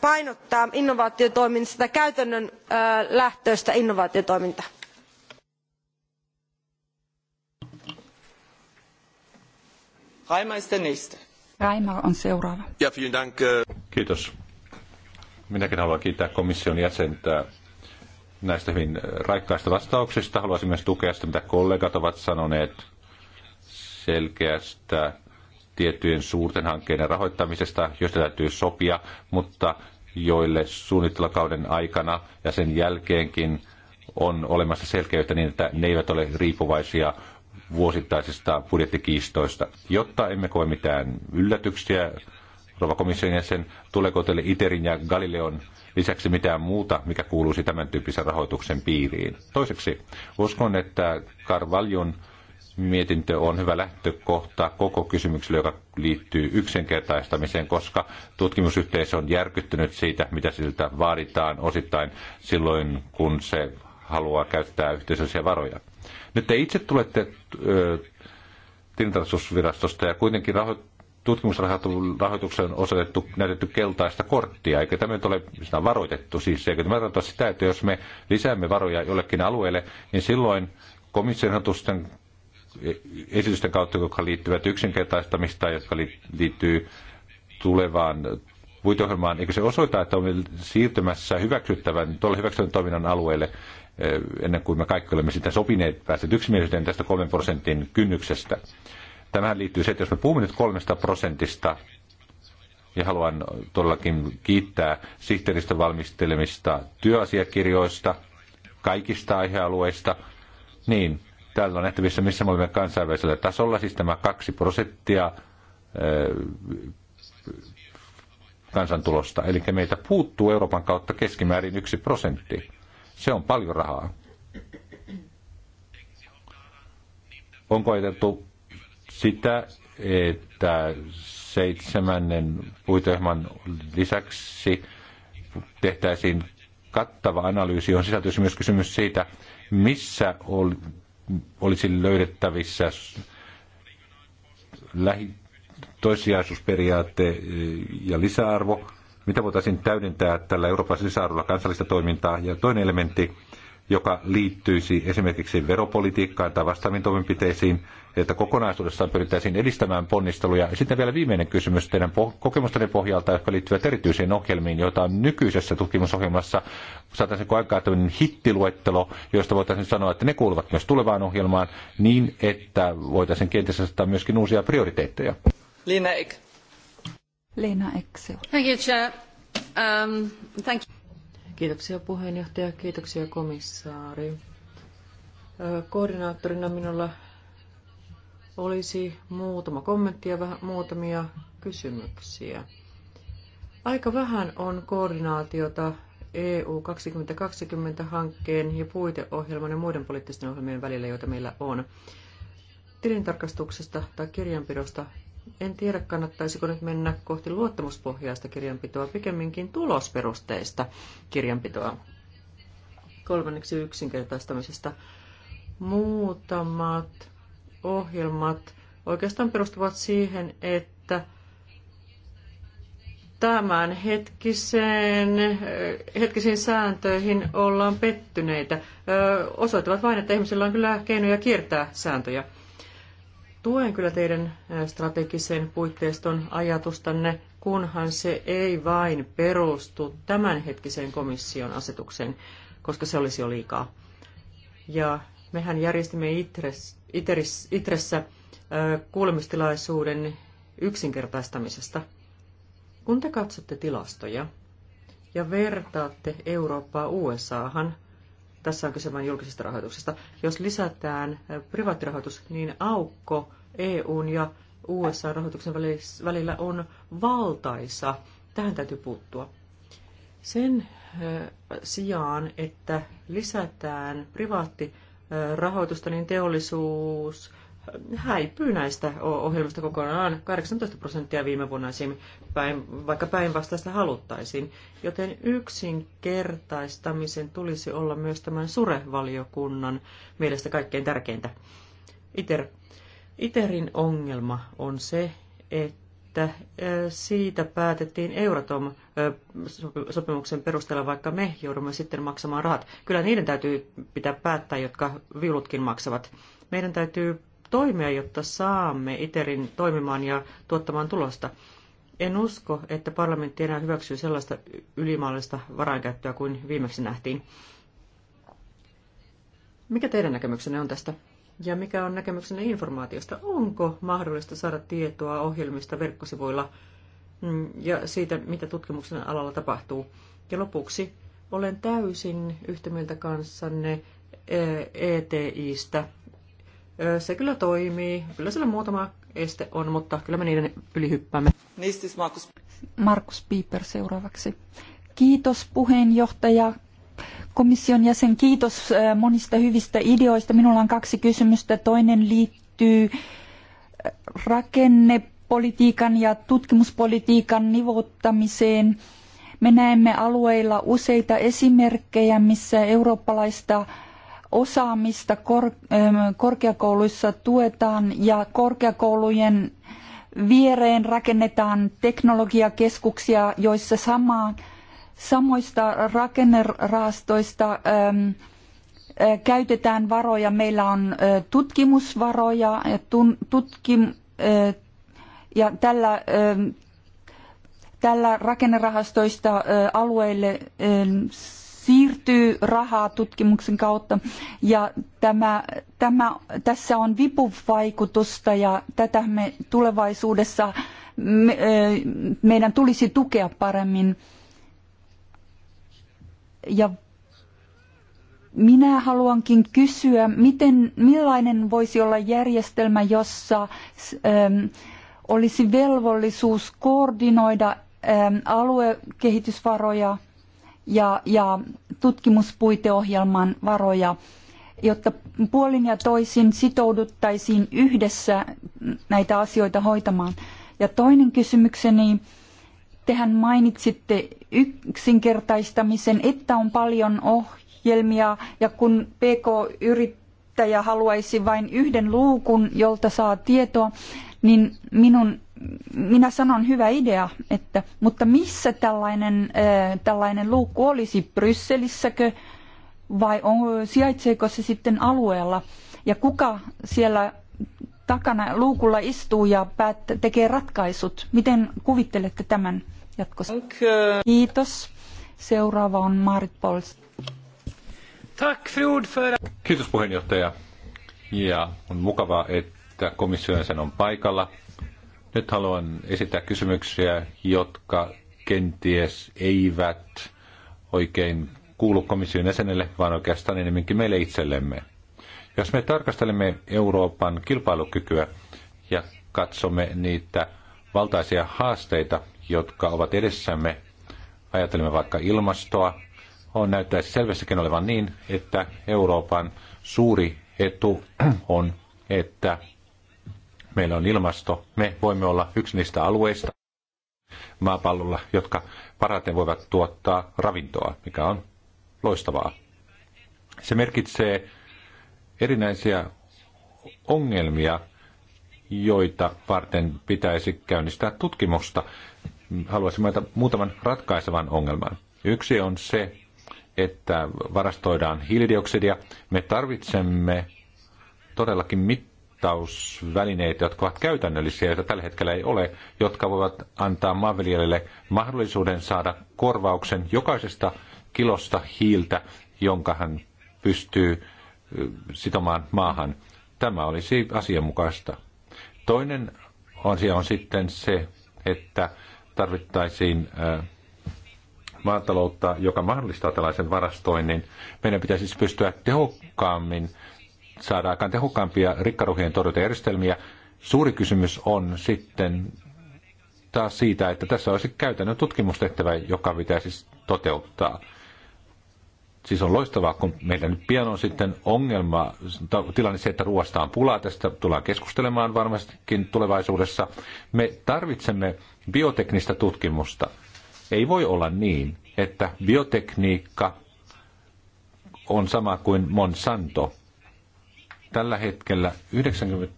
painottaa innovaatiotoiminnassa käytännön lähtöistä innovaatiotoimintaa. Raimar on seuraava. Ja, dank. Äh. Kiitos. Minäkin haluan kiittää komission jäsentä näistä hyvin äh, raikkaista vastauksista. Haluaisin myös tukea sitä, mitä kollegat ovat sanoneet selkeästä tiettyjen suurten hankkeiden rahoittamisesta, joista täytyy sopia, mutta joille suunnittelukauden aikana ja sen jälkeenkin on olemassa selkeyttä niin, että ne eivät ole riippuvaisia vuosittaisista budjettikiistoista. Jotta emme koe mitään yllätyksiä, rouva komission jäsen, tuleeko teille ITERin ja Galileon lisäksi mitään muuta, mikä kuuluisi tämän tyyppisen rahoituksen piiriin? Toiseksi, uskon, että Carvaljon mietintö on hyvä lähtökohta koko kysymykselle, joka liittyy yksinkertaistamiseen, koska tutkimusyhteisö on järkyttynyt siitä, mitä siltä vaaditaan osittain silloin, kun se haluaa käyttää yhteisöllisiä varoja. Nyt te itse tulette tilintarkastusvirastosta ja kuitenkin raho- tutkimusrahoituksen on osoitettu, näytetty keltaista korttia, eikä tämä nyt ole sitä varoitettu siis, eikä tämä tarkoita sitä, että jos me lisäämme varoja jollekin alueelle, niin silloin komission e, esitysten kautta, jotka liittyvät yksinkertaistamista, jotka liittyy tulevaan puiteohjelmaan, eikö se osoita, että olemme siirtymässä hyväksyttävän, tuolle hyväksyttävän toiminnan alueelle, Eh, ennen kuin me kaikki olemme sitä sopineet, päässeet yksimielisyyteen tästä kolmen prosentin kynnyksestä. Tämähän liittyy se, että jos me puhumme nyt kolmesta prosentista, ja haluan todellakin kiittää sihteeristön valmistelemista työasiakirjoista, kaikista aihealueista, niin täällä on nähtävissä, missä me olemme kansainvälisellä tasolla, siis tämä kaksi prosenttia eh, kansantulosta. Eli meitä puuttuu Euroopan kautta keskimäärin yksi prosentti. Se on paljon rahaa. Onko ajateltu sitä, että seitsemännen puiteohjelman lisäksi tehtäisiin kattava analyysi, On sisältyisi myös kysymys siitä, missä ol, olisi löydettävissä lähi, toissijaisuusperiaatte ja lisäarvo, mitä voitaisiin täydentää tällä Euroopan sisäarvolla kansallista toimintaa? Ja toinen elementti, joka liittyisi esimerkiksi veropolitiikkaan tai vastaaviin toimenpiteisiin, että kokonaisuudessaan pyrittäisiin edistämään ponnisteluja. Ja sitten vielä viimeinen kysymys teidän kokemustenne pohjalta, jotka liittyvät erityisiin ohjelmiin, joita on nykyisessä tutkimusohjelmassa. Saataisiinko aikaa tämmöinen hittiluettelo, josta voitaisiin sanoa, että ne kuuluvat myös tulevaan ohjelmaan, niin että voitaisiin kenties asettaa myöskin uusia prioriteetteja? Linaik. Leena Eksel. Thank you, Chair. Um, thank you. Kiitoksia puheenjohtaja, kiitoksia komissaari. Koordinaattorina minulla olisi muutama kommentti ja vähän, muutamia kysymyksiä. Aika vähän on koordinaatiota EU 2020-hankkeen ja puiteohjelman ja muiden poliittisten ohjelmien välillä, joita meillä on. Tilintarkastuksesta tai kirjanpidosta en tiedä, kannattaisiko nyt mennä kohti luottamuspohjaista kirjanpitoa, pikemminkin tulosperusteista kirjanpitoa. Kolmanneksi yksinkertaistamisesta. Muutamat ohjelmat oikeastaan perustuvat siihen, että tämän hetkiseen, hetkisiin sääntöihin ollaan pettyneitä. Ö, osoittavat vain, että ihmisillä on kyllä keinoja kiertää sääntöjä. Tuen kyllä teidän strategisen puitteiston ajatustanne, kunhan se ei vain perustu tämänhetkiseen komission asetukseen, koska se olisi jo liikaa. Ja mehän järjestimme Itressä kuulemistilaisuuden yksinkertaistamisesta. Kun te katsotte tilastoja ja vertaatte Eurooppaa USAhan, tässä on kyse vain julkisesta rahoituksesta. Jos lisätään privaattirahoitus, niin aukko EUn ja USA-rahoituksen välillä on valtaisa. Tähän täytyy puuttua. Sen sijaan, että lisätään privaattirahoitusta, niin teollisuus, häipyy näistä ohjelmista kokonaan 18 prosenttia viime vuonna esim. Päin, vaikka päinvastaista haluttaisiin. Joten yksinkertaistamisen tulisi olla myös tämän surevaliokunnan mielestä kaikkein tärkeintä. ITER. ITERin ongelma on se, että siitä päätettiin Euratom-sopimuksen perusteella, vaikka me joudumme sitten maksamaan rahat. Kyllä niiden täytyy pitää päättää, jotka viulutkin maksavat. Meidän täytyy toimia, jotta saamme ITERin toimimaan ja tuottamaan tulosta. En usko, että parlamentti enää hyväksyy sellaista ylimaallista varainkäyttöä kuin viimeksi nähtiin. Mikä teidän näkemyksenne on tästä? Ja mikä on näkemyksenne informaatiosta? Onko mahdollista saada tietoa ohjelmista verkkosivuilla mm, ja siitä, mitä tutkimuksen alalla tapahtuu? Ja lopuksi, olen täysin yhtä mieltä kanssanne ETIstä e se kyllä toimii. Kyllä siellä muutama este on, mutta kyllä me niiden yli hyppäämme. Nistis Markus. Markus Pieper seuraavaksi. Kiitos puheenjohtaja. Komission jäsen, kiitos monista hyvistä ideoista. Minulla on kaksi kysymystä. Toinen liittyy rakennepolitiikan ja tutkimuspolitiikan nivouttamiseen. Me näemme alueilla useita esimerkkejä, missä eurooppalaista osaamista kor, korkeakouluissa tuetaan ja korkeakoulujen viereen rakennetaan teknologiakeskuksia, joissa samoista rakennerahastoista äm, ä, käytetään varoja. Meillä on ä, tutkimusvaroja ja, tun, tutkim, ä, ja tällä, ä, tällä rakennerahastoista ä, alueille ä, siirtyy rahaa tutkimuksen kautta ja tämä, tämä, tässä on vipuvaikutusta ja tätä me tulevaisuudessa me, meidän tulisi tukea paremmin. Ja minä haluankin kysyä, miten, millainen voisi olla järjestelmä, jossa äm, olisi velvollisuus koordinoida äm, aluekehitysvaroja ja, ja tutkimuspuiteohjelman varoja, jotta puolin ja toisin sitouduttaisiin yhdessä näitä asioita hoitamaan. Ja toinen kysymykseni, tehän mainitsitte yksinkertaistamisen, että on paljon ohjelmia ja kun PK-yrittäjä haluaisi vain yhden luukun, jolta saa tietoa, niin minun minä sanon hyvä idea, että, mutta missä tällainen, äh, tällainen luukku olisi, Brysselissäkö vai on, sijaitseeko se sitten alueella ja kuka siellä takana luukulla istuu ja päät, tekee ratkaisut? Miten kuvittelette tämän jatkossa? Okay. Kiitos. Seuraava on Marit Pols. Kiitos puheenjohtaja. Ja on mukavaa, että komission sen on paikalla. Nyt haluan esittää kysymyksiä, jotka kenties eivät oikein kuulu komission jäsenelle, vaan oikeastaan enemmänkin meille itsellemme. Jos me tarkastelemme Euroopan kilpailukykyä ja katsomme niitä valtaisia haasteita, jotka ovat edessämme, ajattelemme vaikka ilmastoa, on näyttäisi selvästikin olevan niin, että Euroopan suuri etu on, että meillä on ilmasto, me voimme olla yksi niistä alueista maapallolla, jotka parhaiten voivat tuottaa ravintoa, mikä on loistavaa. Se merkitsee erinäisiä ongelmia, joita varten pitäisi käynnistää tutkimusta. Haluaisin mainita muutaman ratkaisevan ongelman. Yksi on se, että varastoidaan hiilidioksidia. Me tarvitsemme todellakin mit- vastausvälineitä, jotka ovat käytännöllisiä, joita tällä hetkellä ei ole, jotka voivat antaa maanviljelijälle mahdollisuuden saada korvauksen jokaisesta kilosta hiiltä, jonka hän pystyy sitomaan maahan. Tämä olisi asianmukaista. Toinen asia on sitten se, että tarvittaisiin maataloutta, joka mahdollistaa tällaisen varastoinnin. Meidän pitäisi siis pystyä tehokkaammin saada aikaan tehokkaampia rikkaruhien torjuntajärjestelmiä. Suuri kysymys on sitten taas siitä, että tässä olisi käytännön tutkimustehtävä, joka pitäisi toteuttaa. Siis on loistavaa, kun meillä nyt pian on sitten ongelma, tilanne se, että ruoasta on pulaa, tästä tullaan keskustelemaan varmastikin tulevaisuudessa. Me tarvitsemme bioteknistä tutkimusta. Ei voi olla niin, että biotekniikka on sama kuin Monsanto tällä hetkellä 90,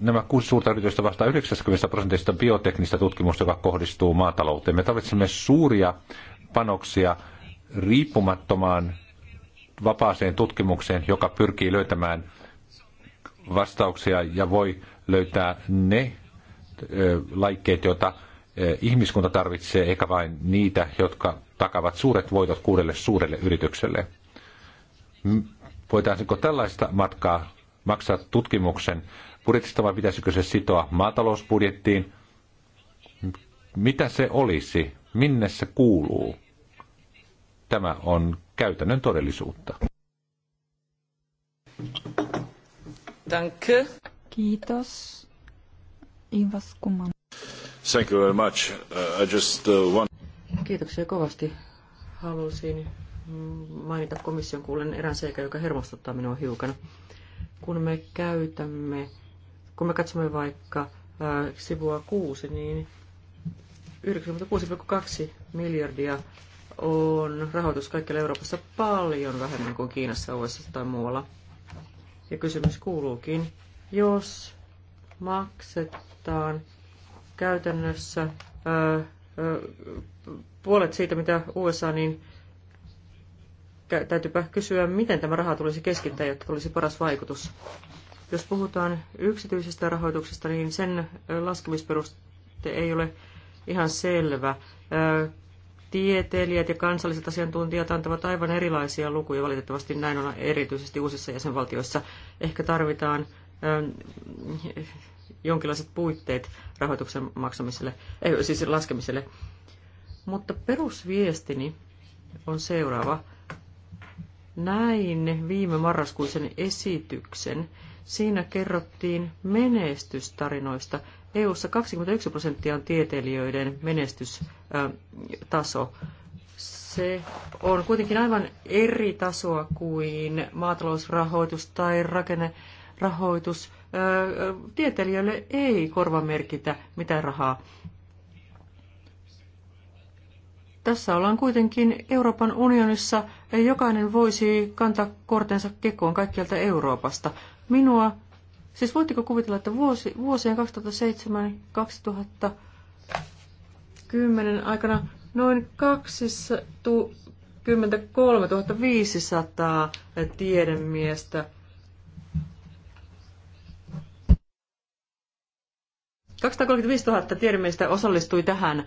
nämä kuusi suurta yritystä vastaa 90 prosentista bioteknistä tutkimusta, joka kohdistuu maatalouteen. Me tarvitsemme suuria panoksia riippumattomaan vapaaseen tutkimukseen, joka pyrkii löytämään vastauksia ja voi löytää ne laikkeet, joita ihmiskunta tarvitsee, eikä vain niitä, jotka takavat suuret voitot kuudelle suurelle yritykselle. Voitaisiinko tällaista matkaa maksaa tutkimuksen budjetista vai pitäisikö se sitoa maatalousbudjettiin? Mitä se olisi? Minne se kuuluu? Tämä on käytännön todellisuutta. Danke. Kiitos. Ivas Thank you very much. Uh, I just uh, want... Kiitoksia kovasti. Halusin mainita komission kuulen erään seikan, joka hermostuttaa minua hiukan. Kun me käytämme, kun me katsomme vaikka ää, äh, sivua 6, niin 96,2 miljardia on rahoitus kaikille Euroopassa paljon vähemmän kuin Kiinassa, USA tai muualla. Ja kysymys kuuluukin, jos maksetaan käytännössä ää, äh, ää, äh, puolet siitä, mitä USA, niin täytyypä kysyä, miten tämä raha tulisi keskittää, jotta tulisi paras vaikutus. Jos puhutaan yksityisestä rahoituksesta, niin sen laskemisperuste ei ole ihan selvä. Tieteilijät ja kansalliset asiantuntijat antavat aivan erilaisia lukuja. Valitettavasti näin on erityisesti uusissa jäsenvaltioissa. Ehkä tarvitaan jonkinlaiset puitteet rahoituksen maksamiselle, ei, siis laskemiselle. Mutta perusviestini on seuraava näin viime marraskuisen esityksen. Siinä kerrottiin menestystarinoista. EU-ssa 21 prosenttia on tieteilijöiden menestystaso. Se on kuitenkin aivan eri tasoa kuin maatalousrahoitus tai rakennerahoitus. Tieteilijöille ei korvamerkitä mitään rahaa. Tässä ollaan kuitenkin Euroopan unionissa, ja jokainen voisi kantaa kortensa kekoon kaikkialta Euroopasta. Minua, siis voitteko kuvitella, että vuosi, vuosien 2007-2010 aikana noin 23 500 tiedemiestä 235 000 tiedemiestä osallistui tähän äh,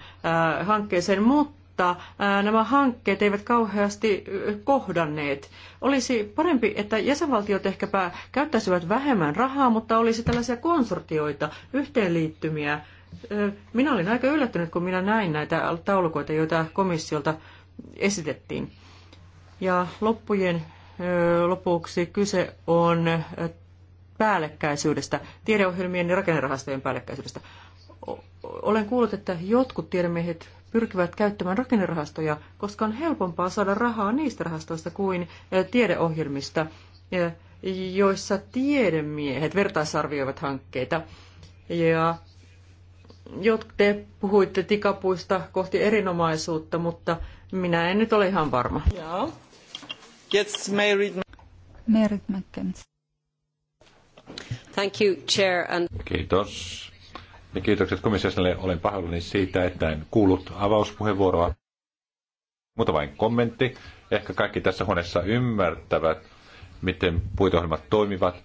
hankkeeseen, mutta mutta nämä hankkeet eivät kauheasti kohdanneet. Olisi parempi, että jäsenvaltiot ehkäpä käyttäisivät vähemmän rahaa, mutta olisi tällaisia konsortioita, yhteenliittymiä. Minä olin aika yllättynyt, kun minä näin näitä taulukoita, joita komissiolta esitettiin. Ja loppujen lopuksi kyse on päällekkäisyydestä, tiedeohjelmien ja rakennerahastojen päällekkäisyydestä. Olen kuullut, että jotkut tiedemiehet pyrkivät käyttämään rakennerahastoja, koska on helpompaa saada rahaa niistä rahastoista kuin eh, tiedeohjelmista, eh, joissa tiedemiehet vertaisarvioivat hankkeita. Ja jotkut te puhuitte tikapuista kohti erinomaisuutta, mutta minä en nyt ole ihan varma. Joo. Merit... Merit Thank you, Chair. And... Kiitos ja niin kiitokset komissiosalle. Olen pahoillani siitä, että en kuullut avauspuheenvuoroa. Mutta vain kommentti. Ehkä kaikki tässä huoneessa ymmärtävät, miten puitohjelmat toimivat.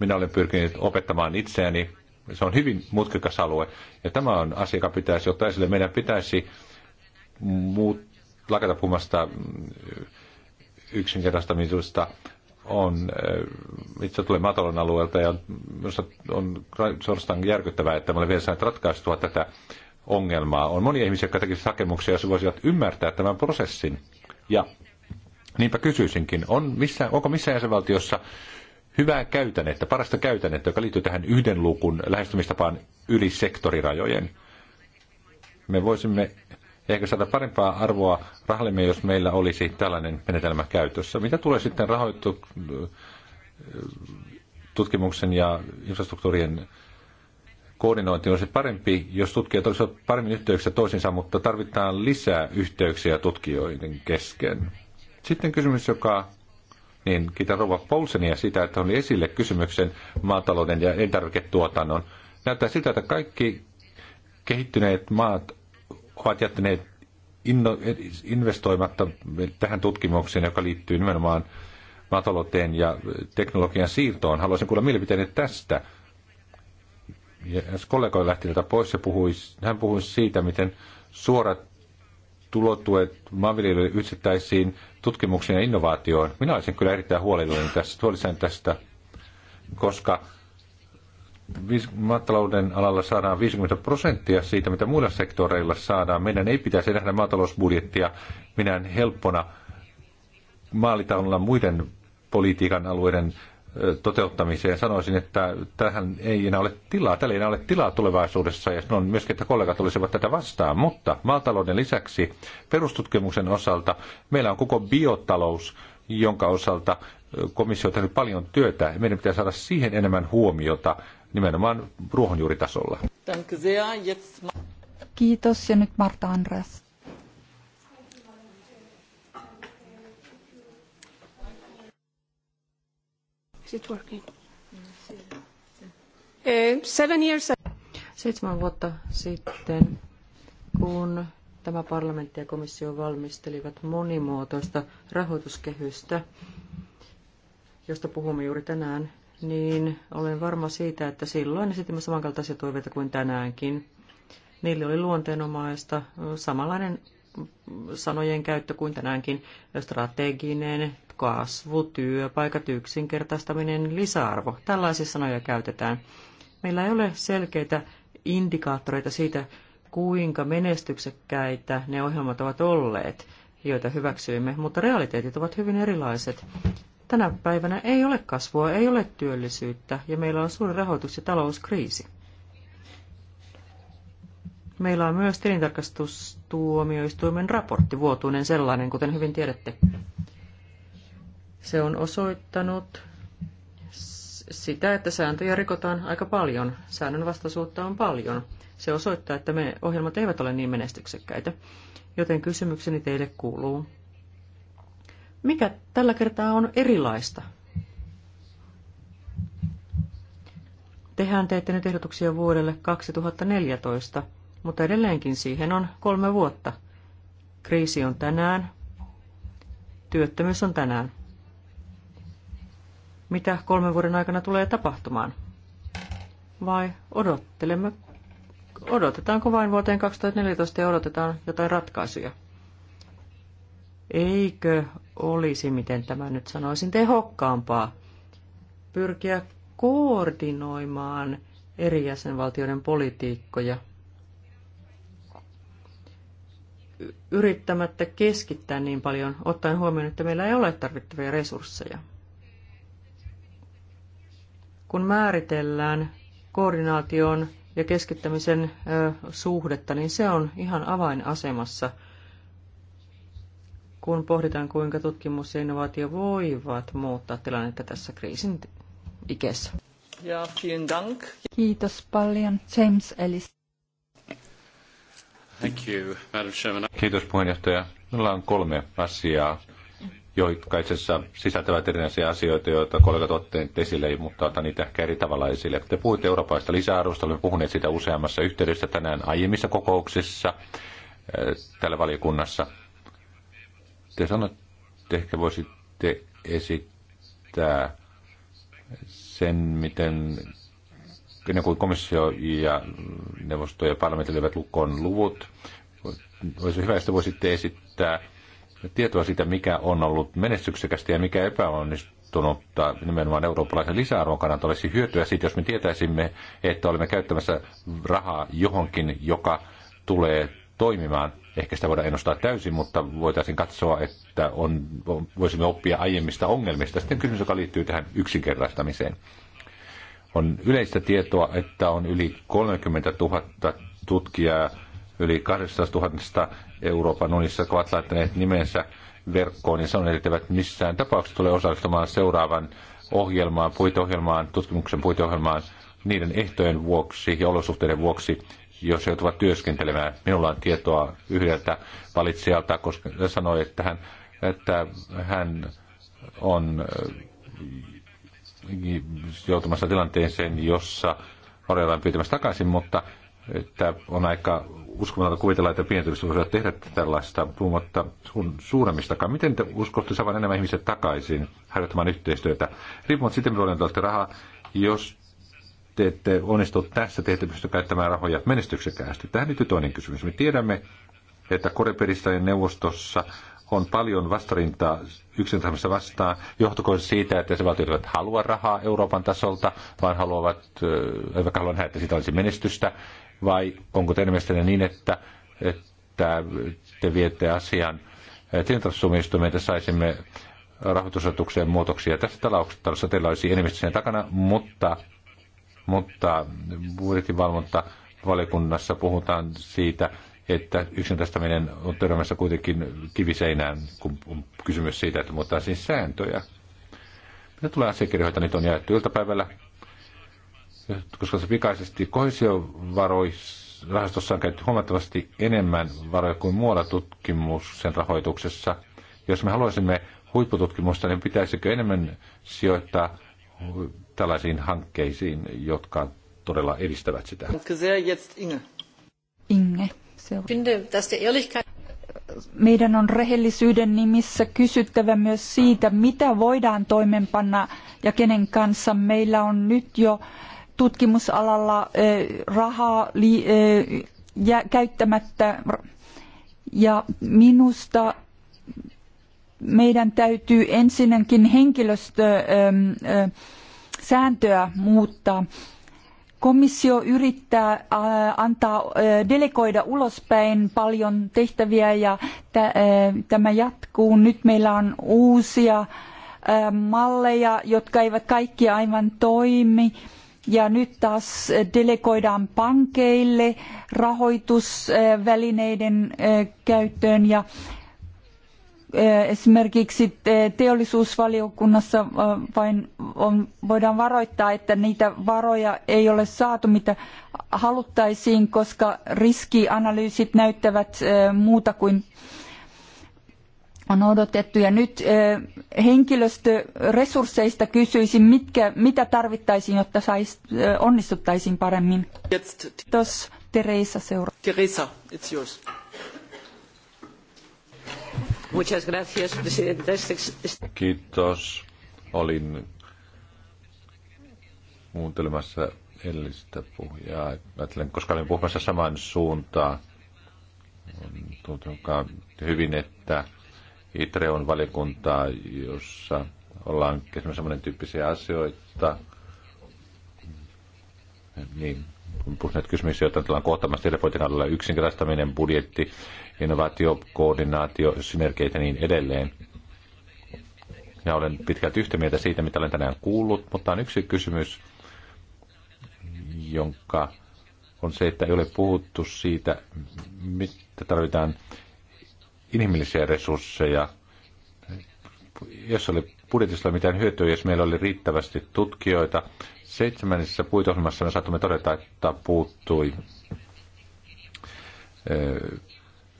Minä olen pyrkinyt opettamaan itseäni. Se on hyvin mutkikas alue. Ja tämä on asia, joka pitäisi ottaa esille. Meidän pitäisi muut, lakata puhumasta mm, yksinkertaistamisesta on, eh, itse tulee matalon alueelta ja minusta on suorastaan järkyttävää, että me olemme vielä saaneet ratkaistua tätä ongelmaa. On monia ihmisiä, jotka tekisivät hakemuksia, jos voisivat ymmärtää tämän prosessin. Ja niinpä kysyisinkin, on missä, onko missä jäsenvaltiossa hyvää käytännettä, parasta käytännettä, joka liittyy tähän yhden luukun lähestymistapaan yli sektorirajojen? Me voisimme Eikö saada parempaa arvoa rahallemme, jos meillä olisi tällainen menetelmä käytössä? Mitä tulee sitten rahoittu äh, tutkimuksen ja infrastruktuurien koordinointi olisi parempi, jos tutkijat olisivat paremmin yhteyksissä toisiinsa, mutta tarvitaan lisää yhteyksiä tutkijoiden kesken. Sitten kysymys, joka niin kiitän Rova Poulsenia sitä, että oli esille kysymyksen maatalouden ja elintarviketuotannon. Näyttää siltä, että kaikki kehittyneet maat ovat jättäneet inno, investoimatta tähän tutkimukseen, joka liittyy nimenomaan maatalouteen ja teknologian siirtoon. Haluaisin kuulla mielipiteeni tästä. Ja jos kollega lähti tätä pois ja puhui, hän puhui siitä, miten suorat tulotuet maanviljelijöille yksittäisiin tutkimuksiin ja innovaatioon. Minä olisin kyllä erittäin huolellinen tästä, huolissani tästä, koska maatalouden alalla saadaan 50 prosenttia siitä, mitä muilla sektoreilla saadaan. Meidän ei pitäisi nähdä maatalousbudjettia minään helppona maalitaululla muiden politiikan alueiden toteuttamiseen. Sanoisin, että tähän ei enää ole tilaa, tällä ei enää ole tilaa tulevaisuudessa, ja on myöskin, että kollegat olisivat tätä vastaan. Mutta maatalouden lisäksi perustutkimuksen osalta meillä on koko biotalous, jonka osalta komissio on tehnyt paljon työtä. Meidän pitää saada siihen enemmän huomiota nimenomaan ruohonjuuritasolla. Kiitos ja nyt Marta Andreas. Eh, Seitsemän vuotta sitten, kun tämä parlamentti ja komissio valmistelivat monimuotoista rahoituskehystä, josta puhumme juuri tänään, niin olen varma siitä, että silloin esitimme samankaltaisia toiveita kuin tänäänkin. Niille oli luonteenomaista samanlainen sanojen käyttö kuin tänäänkin strateginen, kasvu, työpaikat, yksinkertaistaminen, lisäarvo. Tällaisia sanoja käytetään. Meillä ei ole selkeitä indikaattoreita siitä, kuinka menestyksekkäitä ne ohjelmat ovat olleet, joita hyväksyimme, mutta realiteetit ovat hyvin erilaiset. Tänä päivänä ei ole kasvua, ei ole työllisyyttä ja meillä on suuri rahoitus- ja talouskriisi. Meillä on myös tilintarkastustuomioistuimen raportti, vuotuinen sellainen, kuten hyvin tiedätte. Se on osoittanut sitä, että sääntöjä rikotaan aika paljon. Säännön vastaisuutta on paljon. Se osoittaa, että me ohjelmat eivät ole niin menestyksekkäitä. Joten kysymykseni teille kuuluu, mikä tällä kertaa on erilaista? Tehän teette nyt ehdotuksia vuodelle 2014, mutta edelleenkin siihen on kolme vuotta. Kriisi on tänään, työttömyys on tänään. Mitä kolmen vuoden aikana tulee tapahtumaan? Vai odottelemme, odotetaanko vain vuoteen 2014 ja odotetaan jotain ratkaisuja? Eikö olisi, miten tämä nyt sanoisin, tehokkaampaa pyrkiä koordinoimaan eri jäsenvaltioiden politiikkoja yrittämättä keskittää niin paljon, ottaen huomioon, että meillä ei ole tarvittavia resursseja. Kun määritellään koordinaation ja keskittämisen suhdetta, niin se on ihan avainasemassa – kun pohditaan, kuinka tutkimus ja innovaatio voivat muuttaa tilannetta tässä kriisin ikässä. Ja, vielen dank. Kiitos paljon. James Ellis. Thank you, Madam Chairman. Kiitos puheenjohtaja. Meillä on kolme asiaa, jotka itse asiassa sisältävät erinäisiä asioita, joita kollegat otteet esille, mutta otan niitä ehkä eri tavalla esille. Te puhuitte eurooppaista lisäarvosta, olemme puhuneet siitä useammassa yhteydessä tänään aiemmissa kokouksissa eh, tällä valiokunnassa te sanotte, ehkä voisitte esittää sen, miten ennen kuin komissio ja neuvosto ja parlamentti löivät lukkoon luvut, olisi hyvä, että voisitte esittää tietoa siitä, mikä on ollut menestyksekästä ja mikä epäonnistunutta nimenomaan eurooppalaisen lisäarvon kannalta olisi hyötyä siitä, jos me tietäisimme, että olemme käyttämässä rahaa johonkin, joka tulee toimimaan Ehkä sitä voidaan ennustaa täysin, mutta voitaisiin katsoa, että on, voisimme oppia aiemmista ongelmista. Sitten kysymys, joka liittyy tähän yksinkertaistamiseen. On yleistä tietoa, että on yli 30 000 tutkijaa yli 200 000 Euroopan unissa, jotka ovat laittaneet nimensä verkkoon ja sanoneet, että eivät missään tapauksessa tule osallistumaan seuraavan ohjelmaan, puiteohjelmaan, tutkimuksen puiteohjelmaan niiden ehtojen vuoksi ja olosuhteiden vuoksi, jos joutuvat työskentelemään. Minulla on tietoa yhdeltä valitsijalta, koska hän sanoi, että hän, että hän on äh, joutumassa tilanteeseen, jossa Norjalla on pyytämässä takaisin, mutta että on aika uskomatonta kuvitella, että pienet voisivat tehdä tällaista, puhumatta suuremmistakaan. Miten te uskotte saavan enemmän ihmisiä takaisin harjoittamaan yhteistyötä? Riippumatta sitten, miten olette rahaa, jos te ette onnistu tässä, te ette pysty käyttämään rahoja menestyksekäästi. Tähän liittyy toinen kysymys. Me tiedämme, että koreperistajien neuvostossa on paljon vastarintaa yksintämistä vastaan, johtukoon siitä, että valtiot eivät halua rahaa Euroopan tasolta, vaan haluavat, eivätkä halua nähdä, että siitä olisi menestystä, vai onko teidän mielestänne niin, että, että te viette asian tilintarkastustuomioistuimeen, että saisimme rahoitusasetukseen muutoksia. Tässä talouksessa, teillä olisi enemmistö sen takana, mutta mutta budjettivalvonta valiokunnassa puhutaan siitä, että yksinkertaistaminen on törmässä kuitenkin kiviseinään, kun on kysymys siitä, että muuttaa siis sääntöjä. Mitä tulee asiakirjoita, niitä on jaettu iltapäivällä, koska se pikaisesti kohesiovaroissa on käytetty huomattavasti enemmän varoja kuin muualla tutkimuksen rahoituksessa. Jos me haluaisimme huippututkimusta, niin pitäisikö enemmän sijoittaa tällaisiin hankkeisiin, jotka todella edistävät sitä. Inge. Inge. Se on. Meidän on rehellisyyden nimissä kysyttävä myös siitä, mitä voidaan toimenpanna ja kenen kanssa. Meillä on nyt jo tutkimusalalla rahaa käyttämättä ja minusta meidän täytyy ensinnäkin henkilöstö sääntöä muuttaa. Komissio yrittää äh, antaa äh, delegoida ulospäin paljon tehtäviä ja äh, tämä jatkuu. Nyt meillä on uusia malleja, jotka eivät kaikki aivan toimi. Ja nyt taas delegoidaan pankeille rahoitusvälineiden käyttöön ja Eh, esimerkiksi teollisuusvaliokunnassa eh, vain on, voidaan varoittaa, että niitä varoja ei ole saatu, mitä haluttaisiin, koska riskianalyysit näyttävät eh, muuta kuin on odotettu. Ja nyt henkilöstöresursseista kysyisin, mitkä, mitä tarvittaisiin, jotta sais, onnistuttaisiin paremmin. Kiitos. Teresa seuraa. Teresa, it's yours. Muchas gracias, presidenta. Kiitos. Olin kuuntelemassa edellistä puhujaa. Ajattelen, koska olin puhumassa saman suuntaan. on hyvin, että ITRE on valiokuntaa, jossa ollaan käsimme samoinen tyyppisiä asioita. Niin, kun puhun kysymyksiä, joita ollaan kohtaamassa tiedepolitiikan alalla, yksinkertaistaminen, budjetti innovaatio, koordinaatio, synergeitä ja niin edelleen. Ja olen pitkälti yhtä mieltä siitä, mitä olen tänään kuullut, mutta on yksi kysymys, jonka on se, että ei ole puhuttu siitä, mitä tarvitaan inhimillisiä resursseja. Jos oli budjetissa mitään hyötyä, jos meillä oli riittävästi tutkijoita. Seitsemännessä puitohjelmassa me saatumme todeta, että puuttui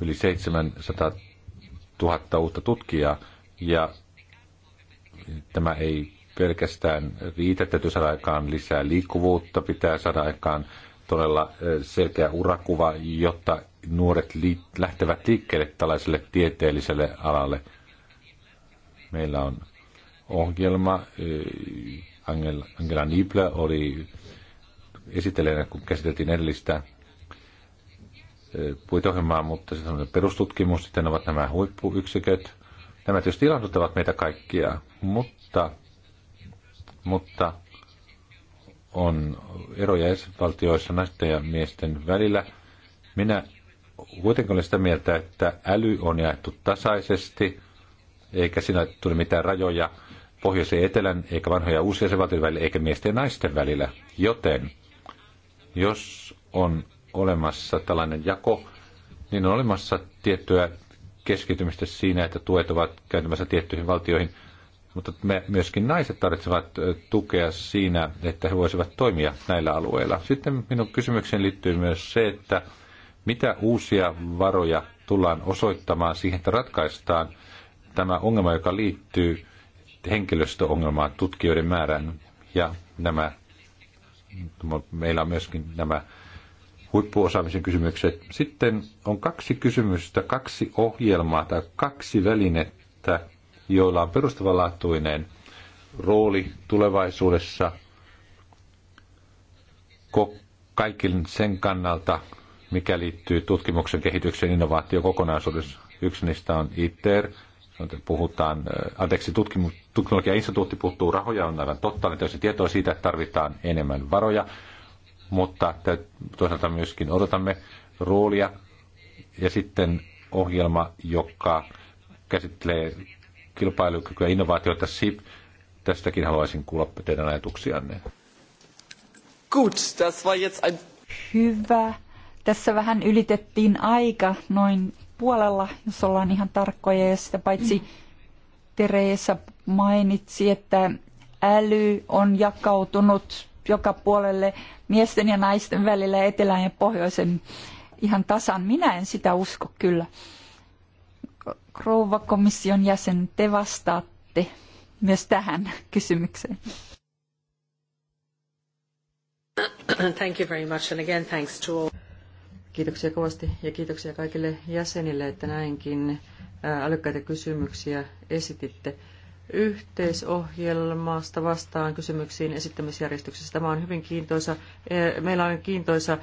yli 700 000 uutta tutkijaa, ja tämä ei pelkästään riitä, täytyy saada aikaan lisää liikkuvuutta, pitää saada aikaan todella selkeä urakuva, jotta nuoret lähtevät liikkeelle tällaiselle tieteelliselle alalle. Meillä on ohjelma, Angela Nible oli esittelijänä, kun käsiteltiin edellistä puitohjelmaa, mutta se on perustutkimus, sitten ovat nämä huippuyksiköt. Nämä tietysti ilahduttavat meitä kaikkia, mutta, mutta on eroja esivaltioissa naisten ja miesten välillä. Minä kuitenkin olen sitä mieltä, että äly on jaettu tasaisesti, eikä siinä tule mitään rajoja pohjoisen ja etelän, eikä vanhoja uusia esivaltioiden välillä, eikä miesten ja naisten välillä. Joten jos on olemassa tällainen jako, niin on olemassa tiettyä keskitymistä siinä, että tuet ovat käytämässä tiettyihin valtioihin, mutta me, myöskin naiset tarvitsevat tukea siinä, että he voisivat toimia näillä alueilla. Sitten minun kysymykseen liittyy myös se, että mitä uusia varoja tullaan osoittamaan siihen, että ratkaistaan tämä ongelma, joka liittyy henkilöstöongelmaan, tutkijoiden määrään ja nämä, meillä on myöskin nämä huippuosaamisen kysymykset. Sitten on kaksi kysymystä, kaksi ohjelmaa tai kaksi välinettä, joilla on perustavanlaatuinen rooli tulevaisuudessa kaiken sen kannalta, mikä liittyy tutkimuksen kehityksen innovaatio kokonaisuudessa. Yksi niistä on ITER, puhutaan, äh, anteeksi, tutkimuksen teknologiainstituutti puhuu rahoja, on aivan totta, olen täysin tietoa siitä, että tarvitaan enemmän varoja mutta toisaalta myöskin odotamme roolia ja sitten ohjelma, joka käsittelee kilpailukykyä ja innovaatioita SIP. Tästäkin haluaisin kuulla teidän ajatuksianne. Gut, das war jetzt ein... Hyvä. Tässä vähän ylitettiin aika noin puolella, jos ollaan ihan tarkkoja. Ja sitä paitsi Teresa mainitsi, että äly on jakautunut joka puolelle miesten ja naisten välillä etelän ja pohjoisen ihan tasan. Minä en sitä usko kyllä. Rouva komission jäsen, te vastaatte myös tähän kysymykseen. Thank you very much and again thanks to all. Kiitoksia kovasti ja kiitoksia kaikille jäsenille, että näinkin älykkäitä kysymyksiä esititte yhteisohjelmasta vastaan kysymyksiin esittämisjärjestyksessä. Tämä on hyvin kiintoisa. E, meillä on kiintoisa e,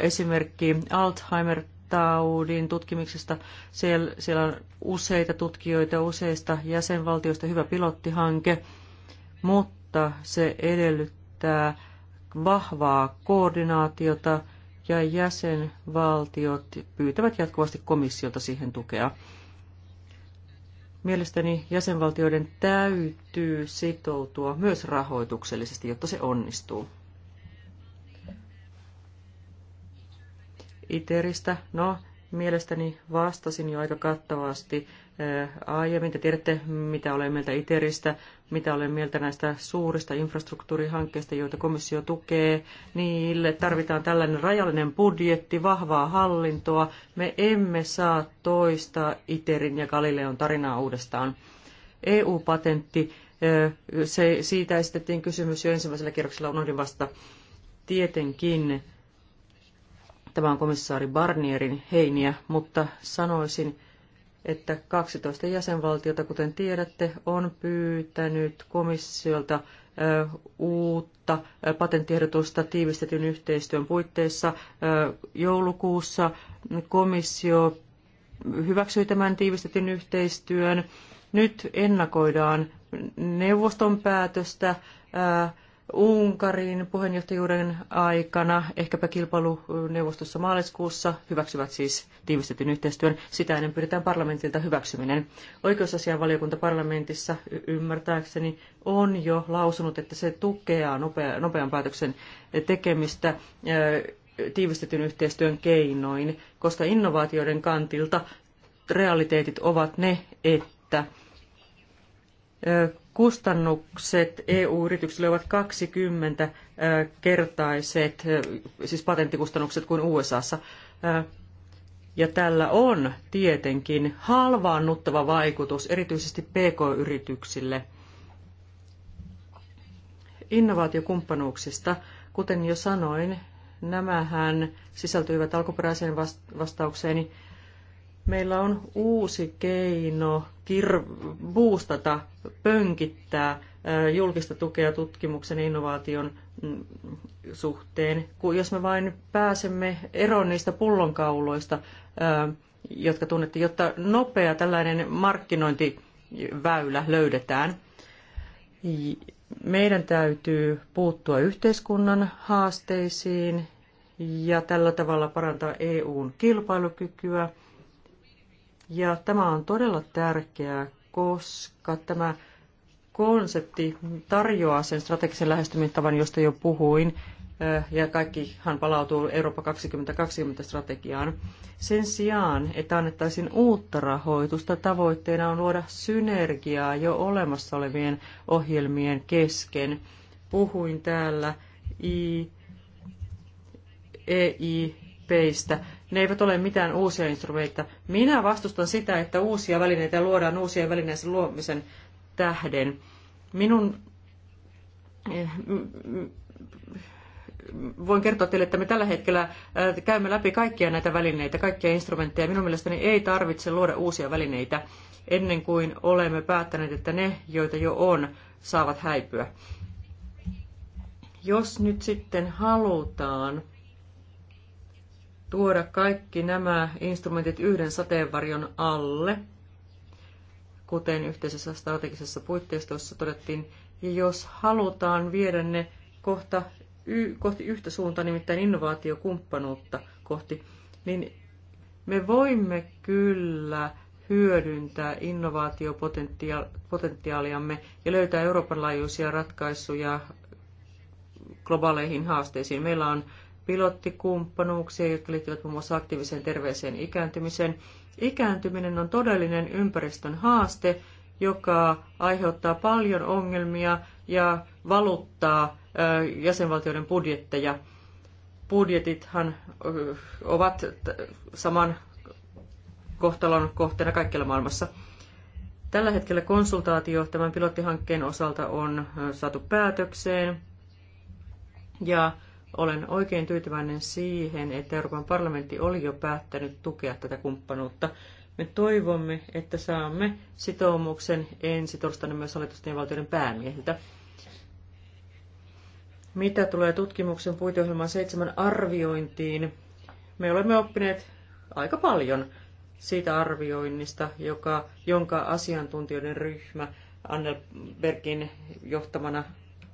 esimerkki Alzheimer taudin tutkimuksesta. Siellä, siellä on useita tutkijoita useista jäsenvaltioista, hyvä pilottihanke, mutta se edellyttää vahvaa koordinaatiota ja jäsenvaltiot pyytävät jatkuvasti komissiolta siihen tukea. Mielestäni jäsenvaltioiden täytyy sitoutua myös rahoituksellisesti, jotta se onnistuu. ITERistä, no mielestäni vastasin jo aika kattavasti aiemmin. Te tiedätte, mitä olen mieltä ITERistä, mitä olen mieltä näistä suurista infrastruktuurihankkeista, joita komissio tukee. Niille tarvitaan tällainen rajallinen budjetti, vahvaa hallintoa. Me emme saa toistaa ITERin ja Galileon tarinaa uudestaan. EU-patentti, se, siitä esitettiin kysymys jo ensimmäisellä kierroksella, unohdin vasta. Tietenkin tämä on komissaari Barnierin heiniä, mutta sanoisin, että 12 jäsenvaltiota, kuten tiedätte, on pyytänyt komissiolta uutta patenttiehdotusta tiivistetyn yhteistyön puitteissa. Joulukuussa komissio hyväksyi tämän tiivistetyn yhteistyön. Nyt ennakoidaan neuvoston päätöstä Unkarin puheenjohtajuuden aikana, ehkäpä kilpailuneuvostossa maaliskuussa, hyväksyvät siis tiivistetyn yhteistyön. Sitä ennen pyritään parlamentilta hyväksyminen. Oikeusasianvaliokunta parlamentissa ymmärtääkseni on jo lausunut, että se tukee nopea, nopean päätöksen tekemistä tiivistetyn yhteistyön keinoin, koska innovaatioiden kantilta realiteetit ovat ne, että kustannukset EU-yrityksille ovat 20-kertaiset, siis patenttikustannukset kuin USAssa. Ja tällä on tietenkin halvaannuttava vaikutus erityisesti PK-yrityksille. Innovaatiokumppanuuksista, kuten jo sanoin, nämähän sisältyivät alkuperäiseen vastaukseeni meillä on uusi keino kir- boostata, pönkittää julkista tukea tutkimuksen innovaation mm, suhteen, kun jos me vain pääsemme eroon niistä pullonkauloista, jotka tunnettiin, jotta nopea tällainen markkinointiväylä löydetään. Meidän täytyy puuttua yhteiskunnan haasteisiin ja tällä tavalla parantaa EUn kilpailukykyä ja tämä on todella tärkeää, koska tämä konsepti tarjoaa sen strategisen lähestymistavan, josta jo puhuin, eh, ja kaikkihan palautuu Eurooppa 2020 strategiaan. Sen sijaan, että annettaisiin uutta rahoitusta, tavoitteena on luoda synergiaa jo olemassa olevien ohjelmien kesken. Puhuin täällä EI e, peistä. Ne eivät ole mitään uusia instrumentteja. Minä vastustan sitä, että uusia välineitä luodaan uusien välineiden luomisen tähden. Minun eh, voin kertoa teille, että me tällä hetkellä eh, käymme läpi kaikkia näitä välineitä, kaikkia instrumentteja. Minun mielestäni ei tarvitse luoda uusia välineitä ennen kuin olemme päättäneet, että ne, joita jo on, saavat häipyä. Jos nyt sitten halutaan tuoda kaikki nämä instrumentit yhden sateenvarjon alle, kuten yhteisessä strategisessa puitteistossa todettiin, ja jos halutaan viedä ne kohta, y, kohti yhtä suuntaa, nimittäin innovaatiokumppanuutta kohti, niin me voimme kyllä hyödyntää innovaatiopotentiaaliamme ja löytää Euroopan laajuisia ratkaisuja globaaleihin haasteisiin. Meillä on pilottikumppanuuksia, jotka liittyvät muun muassa aktiiviseen terveeseen ikääntymiseen. Ikääntyminen on todellinen ympäristön haaste, joka aiheuttaa paljon ongelmia ja valuttaa jäsenvaltioiden budjetteja. Budjetithan ovat saman kohtalon kohteena kaikkialla maailmassa. Tällä hetkellä konsultaatio tämän pilottihankkeen osalta on saatu päätökseen ja olen oikein tyytyväinen siihen, että Euroopan parlamentti oli jo päättänyt tukea tätä kumppanuutta. Me toivomme, että saamme sitoumuksen ensi torstaina myös hallitusten ja valtioiden päämiehiltä. Mitä tulee tutkimuksen puiteohjelman seitsemän arviointiin, me olemme oppineet aika paljon siitä arvioinnista, joka, jonka asiantuntijoiden ryhmä Bergin johtamana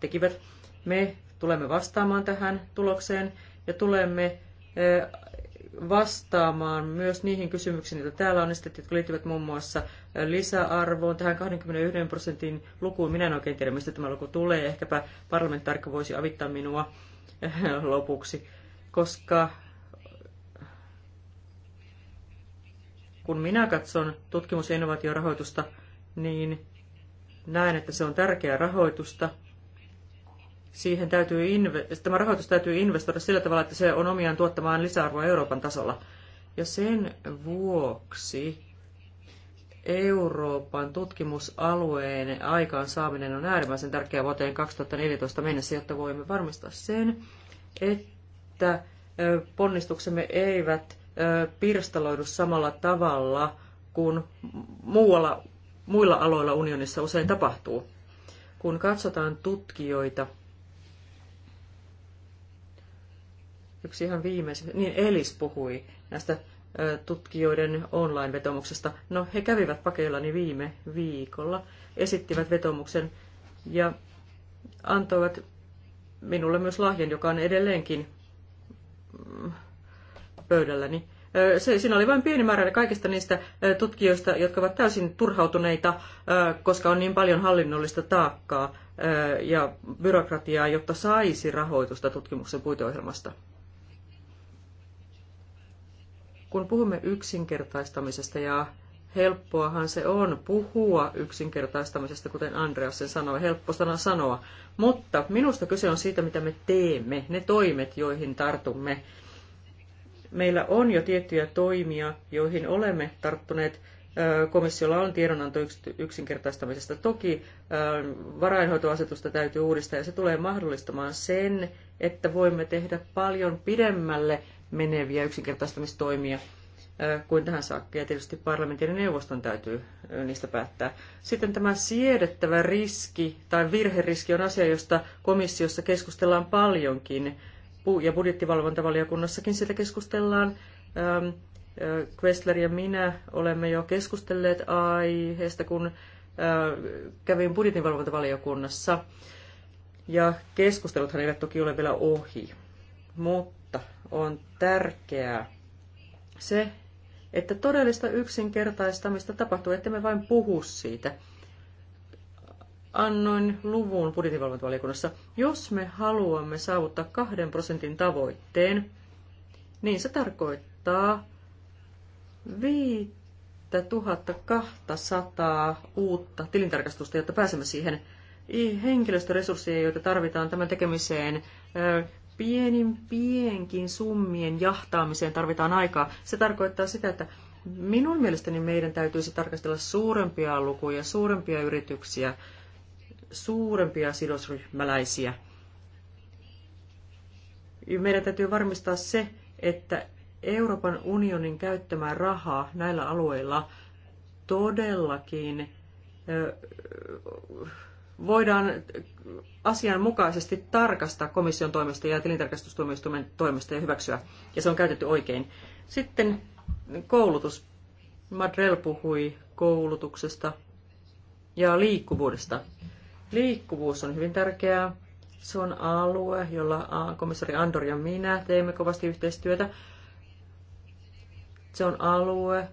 tekivät. Me tulemme vastaamaan tähän tulokseen ja tulemme vastaamaan myös niihin kysymyksiin, joita täällä on esitetty, jotka liittyvät muun muassa lisäarvoon, tähän 21 prosentin lukuun. Minä en oikein tiedä, mistä tämä luku tulee. Ehkäpä parlamentaarikko voisi avittaa minua (laughs) lopuksi, koska kun minä katson tutkimus- ja innovaatiorahoitusta, niin näen, että se on tärkeää rahoitusta – siihen täytyy tämä rahoitus täytyy investoida sillä tavalla, että se on omiaan tuottamaan lisäarvoa Euroopan tasolla. Ja sen vuoksi Euroopan tutkimusalueen aikaansaaminen on äärimmäisen tärkeää vuoteen 2014 mennessä, jotta voimme varmistaa sen, että ponnistuksemme eivät pirstaloidu samalla tavalla kuin muualla, muilla aloilla unionissa usein tapahtuu. Kun katsotaan tutkijoita yksi ihan viimeisin, niin Elis puhui näistä tutkijoiden online-vetomuksesta. No, he kävivät pakeillani viime viikolla, esittivät vetomuksen ja antoivat minulle myös lahjan, joka on edelleenkin mm, pöydälläni. Se, siinä oli vain pieni määrä kaikista niistä tutkijoista, jotka ovat täysin turhautuneita, koska on niin paljon hallinnollista taakkaa ja byrokratiaa, jotta saisi rahoitusta tutkimuksen puiteohjelmasta. Kun puhumme yksinkertaistamisesta, ja helppoahan se on puhua yksinkertaistamisesta, kuten Andreas sen sanoi, helppo sana sanoa, mutta minusta kyse on siitä, mitä me teemme, ne toimet, joihin tartumme. Meillä on jo tiettyjä toimia, joihin olemme tarttuneet Komissiolla on tiedonanto yksinkertaistamisesta. Toki varainhoitoasetusta täytyy uudistaa ja se tulee mahdollistamaan sen, että voimme tehdä paljon pidemmälle meneviä yksinkertaistamistoimia kuin tähän saakka. Ja tietysti parlamentin ja neuvoston täytyy niistä päättää. Sitten tämä siedettävä riski tai virheriski on asia, josta komissiossa keskustellaan paljonkin. Ja budjettivalvontavaliokunnassakin sitä keskustellaan. Questler ja minä olemme jo keskustelleet aiheesta, kun kävin budjettivalvontavaliokunnassa Ja keskusteluthan eivät toki ole vielä ohi. Mutta on tärkeää se, että todellista yksinkertaistamista tapahtuu, että me vain puhu siitä. Annoin luvun budjetinvalvontavaliokunnassa. Jos me haluamme saavuttaa kahden prosentin tavoitteen, niin se tarkoittaa 5200 uutta tilintarkastusta, jotta pääsemme siihen henkilöstöresursseja, joita tarvitaan tämän tekemiseen, pienimpienkin summien jahtaamiseen tarvitaan aikaa. Se tarkoittaa sitä, että minun mielestäni meidän täytyisi tarkastella suurempia lukuja, suurempia yrityksiä, suurempia sidosryhmäläisiä. Meidän täytyy varmistaa se, että Euroopan unionin käyttämää rahaa näillä alueilla todellakin voidaan asianmukaisesti tarkastaa komission toimesta ja tilintarkastustuomioistuimen toimesta ja hyväksyä, ja se on käytetty oikein. Sitten koulutus. Madrell puhui koulutuksesta ja liikkuvuudesta. Liikkuvuus on hyvin tärkeää. Se on alue, jolla komissari Andor ja minä teemme kovasti yhteistyötä. Se on alue,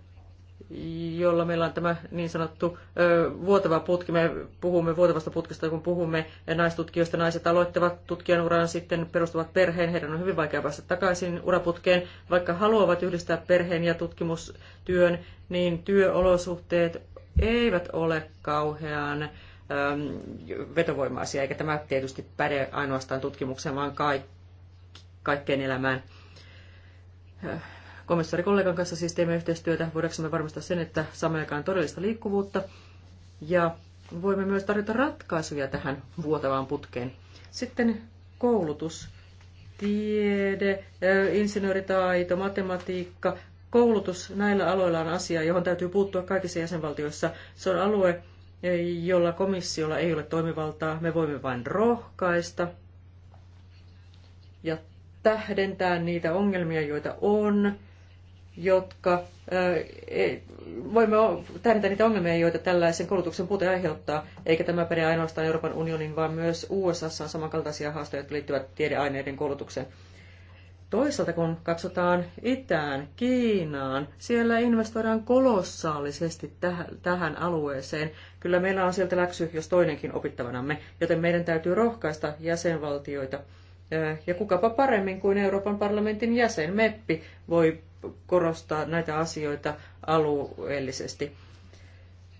jolla meillä on tämä niin sanottu ö, vuotava putki. Me puhumme vuotavasta putkesta, kun puhumme naistutkijoista. Naiset aloittavat tutkijan uran, sitten perustavat perheen. Heidän on hyvin vaikea päästä takaisin uraputkeen. Vaikka haluavat yhdistää perheen ja tutkimustyön, niin työolosuhteet eivät ole kauhean vetovoimaisia, eikä tämä tietysti päde ainoastaan tutkimukseen, vaan kaikkeen elämään äh, kollegan kanssa siis teemme yhteistyötä, voidaanko me varmistaa sen, että saamme aikaan todellista liikkuvuutta ja voimme myös tarjota ratkaisuja tähän vuotavaan putkeen. Sitten koulutus, tiede, insinööritaito, matematiikka, koulutus näillä aloilla on asia, johon täytyy puuttua kaikissa jäsenvaltioissa. Se on alue, jolla komissiolla ei ole toimivaltaa. Me voimme vain rohkaista ja tähdentää niitä ongelmia, joita on, jotka e, voimme tähdentää niitä ongelmia, joita tällaisen koulutuksen puute aiheuttaa, eikä tämä pere ainoastaan Euroopan unionin, vaan myös USA on samankaltaisia haasteita, jotka liittyvät tiedeaineiden koulutukseen. Toisaalta kun katsotaan itään, Kiinaan, siellä investoidaan kolossaalisesti tähän alueeseen. Kyllä meillä on sieltä läksy, jos toinenkin opittavanamme, joten meidän täytyy rohkaista jäsenvaltioita ja kukapa paremmin kuin Euroopan parlamentin jäsen, Meppi, voi korostaa näitä asioita alueellisesti.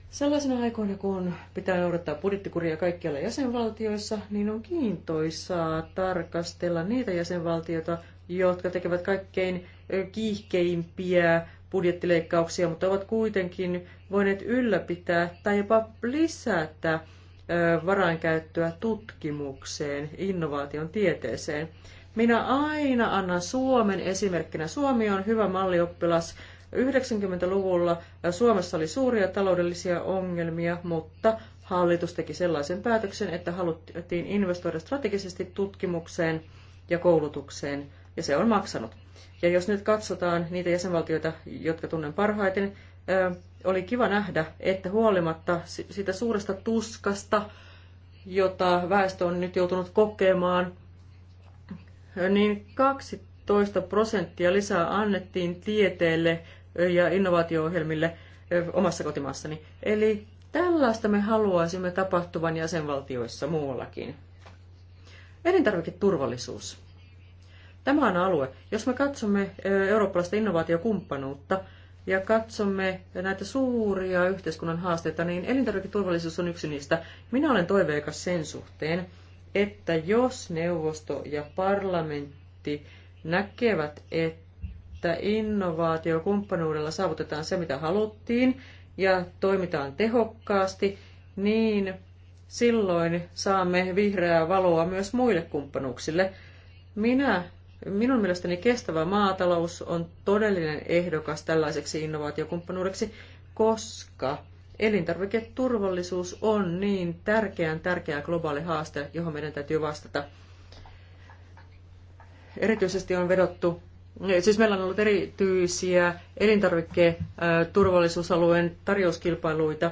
Sellaisena aikoina, kun pitää noudattaa budjettikuria kaikkialla jäsenvaltioissa, niin on kiintoisaa tarkastella niitä jäsenvaltioita, jotka tekevät kaikkein kiihkeimpiä budjettileikkauksia, mutta ovat kuitenkin voineet ylläpitää tai jopa lisätä varainkäyttöä tutkimukseen, innovaation tieteeseen. Minä aina annan Suomen esimerkkinä. Suomi on hyvä mallioppilas. 90-luvulla Suomessa oli suuria taloudellisia ongelmia, mutta hallitus teki sellaisen päätöksen, että haluttiin investoida strategisesti tutkimukseen ja koulutukseen, ja se on maksanut. Ja jos nyt katsotaan niitä jäsenvaltioita, jotka tunnen parhaiten, oli kiva nähdä, että huolimatta siitä suuresta tuskasta, jota väestö on nyt joutunut kokemaan, niin 12 prosenttia lisää annettiin tieteelle ja innovaatio omassa kotimaassani. Eli tällaista me haluaisimme tapahtuvan jäsenvaltioissa muuallakin. Elintarviketurvallisuus. Tämä on alue. Jos me katsomme eurooppalaista innovaatiokumppanuutta ja katsomme näitä suuria yhteiskunnan haasteita, niin elintarviketurvallisuus on yksi niistä. Minä olen toiveikas sen suhteen, että jos neuvosto ja parlamentti näkevät, että innovaatiokumppanuudella saavutetaan se, mitä haluttiin, ja toimitaan tehokkaasti, niin silloin saamme vihreää valoa myös muille kumppanuuksille. Minä, minun mielestäni kestävä maatalous on todellinen ehdokas tällaiseksi innovaatiokumppanuudeksi, koska Elintarviketurvallisuus on niin tärkeän tärkeä globaali haaste, johon meidän täytyy vastata. Erityisesti on vedottu Siis meillä on ollut erityisiä elintarviketurvallisuusalueen tarjouskilpailuita.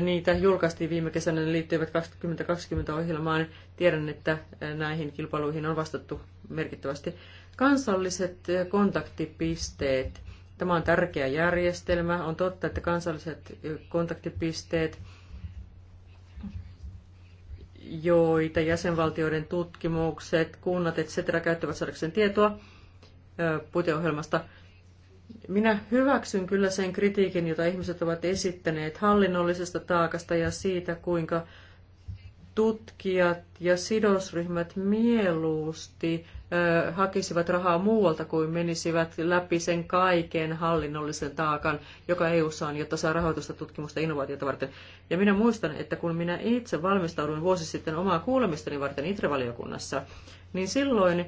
Niitä julkaistiin viime kesänä, ne liittyivät 2020 ohjelmaan. Tiedän, että näihin kilpailuihin on vastattu merkittävästi. Kansalliset kontaktipisteet Tämä on tärkeä järjestelmä. On totta, että kansalliset kontaktipisteet, joita jäsenvaltioiden tutkimukset, kunnat, etc. käyttävät saadakseen tietoa puiteohjelmasta, minä hyväksyn kyllä sen kritiikin, jota ihmiset ovat esittäneet hallinnollisesta taakasta ja siitä, kuinka tutkijat ja sidosryhmät mieluusti hakisivat rahaa muualta kuin menisivät läpi sen kaiken hallinnollisen taakan, joka EU:ssa on, jotta saa rahoitusta tutkimusta innovaatiota varten. Ja minä muistan, että kun minä itse valmistauduin vuosi sitten omaa kuulemistani varten ITRE-valiokunnassa, niin silloin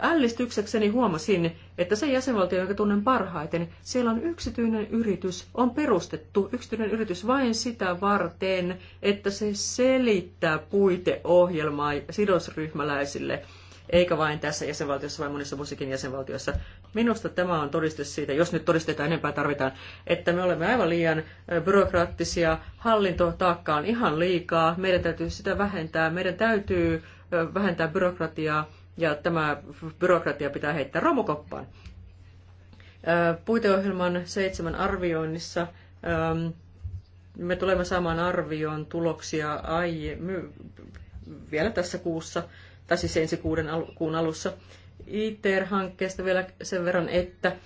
ällistyksekseni huomasin, että se jäsenvaltio, jonka tunnen parhaiten, siellä on yksityinen yritys, on perustettu yksityinen yritys vain sitä varten, että se selittää puiteohjelmaa sidosryhmäläisille – eikä vain tässä jäsenvaltiossa, vaan monissa muissakin jäsenvaltioissa. Minusta tämä on todiste siitä, jos nyt todistetaan enempää tarvitaan, että me olemme aivan liian byrokraattisia, hallintotaakka on ihan liikaa, meidän täytyy sitä vähentää, meidän täytyy vähentää byrokratiaa, ja tämä byrokratia pitää heittää romukoppaan. Puiteohjelman seitsemän arvioinnissa me tulemme saamaan arvion tuloksia aie, my, vielä tässä kuussa tai siis ensi kuuden kuun alussa. ITER-hankkeesta vielä sen verran, että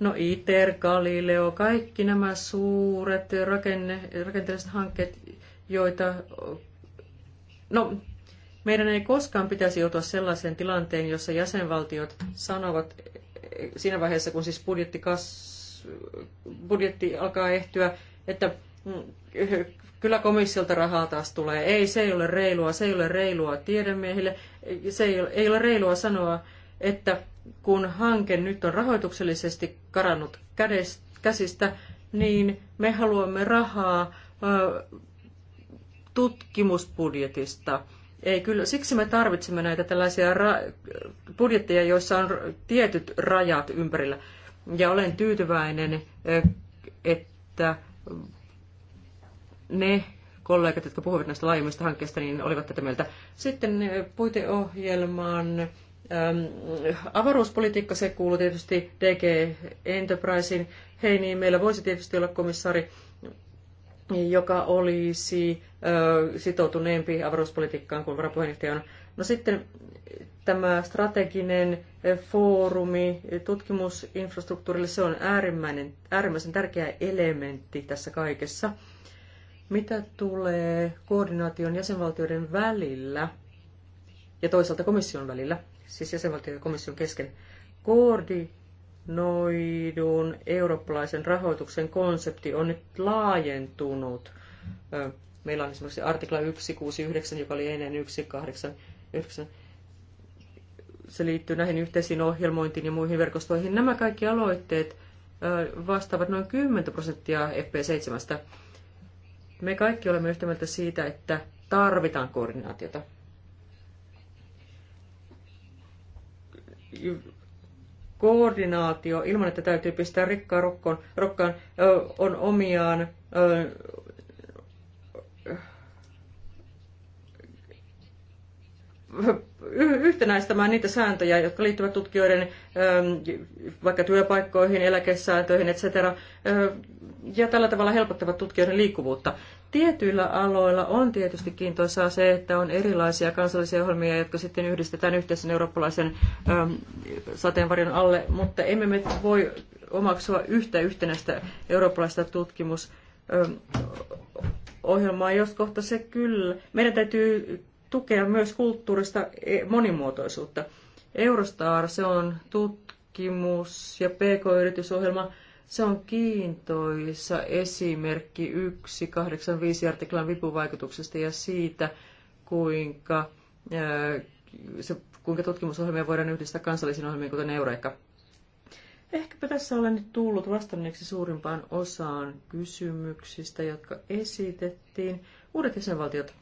no ITER, Galileo, kaikki nämä suuret rakenne, rakenteelliset hankkeet, joita, no meidän ei koskaan pitäisi joutua sellaiseen tilanteen, jossa jäsenvaltiot sanovat siinä vaiheessa, kun siis budjetti, kas, budjetti alkaa ehtyä, että Kyllä komissiolta rahaa taas tulee. Ei, se ei ole reilua, se ei ole reilua tiedemiehille. Se ei ole, ei ole reilua sanoa, että kun hanke nyt on rahoituksellisesti karannut kädest, käsistä, niin me haluamme rahaa ö, tutkimusbudjetista. Ei kyllä, siksi me tarvitsemme näitä tällaisia ra- budjetteja, joissa on tietyt rajat ympärillä. Ja olen tyytyväinen, että ne kollegat, jotka puhuivat näistä laajemmista hankkeista, niin olivat tätä mieltä. Sitten eh, puiteohjelman äm, avaruuspolitiikka, se kuuluu tietysti DG Enterprisein. Hei niin, meillä voisi tietysti olla komissaari, joka olisi ö, sitoutuneempi avaruuspolitiikkaan kuin varapuheenjohtaja on. No sitten tämä strateginen eh, foorumi eh, tutkimusinfrastruktuurille, se on äärimmäinen, äärimmäisen tärkeä elementti tässä kaikessa – mitä tulee koordinaation jäsenvaltioiden välillä ja toisaalta komission välillä, siis jäsenvaltioiden ja komission kesken, koordinoidun eurooppalaisen rahoituksen konsepti on nyt laajentunut. Meillä on esimerkiksi artikla 169, joka oli ennen 189. Se liittyy näihin yhteisiin ohjelmointiin ja muihin verkostoihin. Nämä kaikki aloitteet vastaavat noin 10 prosenttia FP7. Me kaikki olemme yhtä mieltä siitä, että tarvitaan koordinaatiota. Koordinaatio, ilman että täytyy pistää rikkaa rokkoon, rokkaan, on omiaan yhtenäistämään niitä sääntöjä, jotka liittyvät tutkijoiden vaikka työpaikkoihin, eläkesääntöihin, etc ja tällä tavalla helpottavat tutkijoiden liikkuvuutta. Tietyillä aloilla on tietysti kiintoisaa se, että on erilaisia kansallisia ohjelmia, jotka sitten yhdistetään yhteisen eurooppalaisen äm, sateenvarjon alle, mutta emme me voi omaksua yhtä yhtenäistä eurooppalaista tutkimusohjelmaa, ähm, jos kohta se kyllä. Meidän täytyy tukea myös kulttuurista e-, monimuotoisuutta. Eurostar, se on tutkimus- ja pk-yritysohjelma, se on kiintoisa esimerkki 185 artiklan vipuvaikutuksesta ja siitä, kuinka, se, kuinka tutkimusohjelmia voidaan yhdistää kansallisiin ohjelmiin, kuten Eureka. Ehkäpä tässä olen nyt tullut vastanneeksi suurimpaan osaan kysymyksistä, jotka esitettiin. Uudet jäsenvaltiot.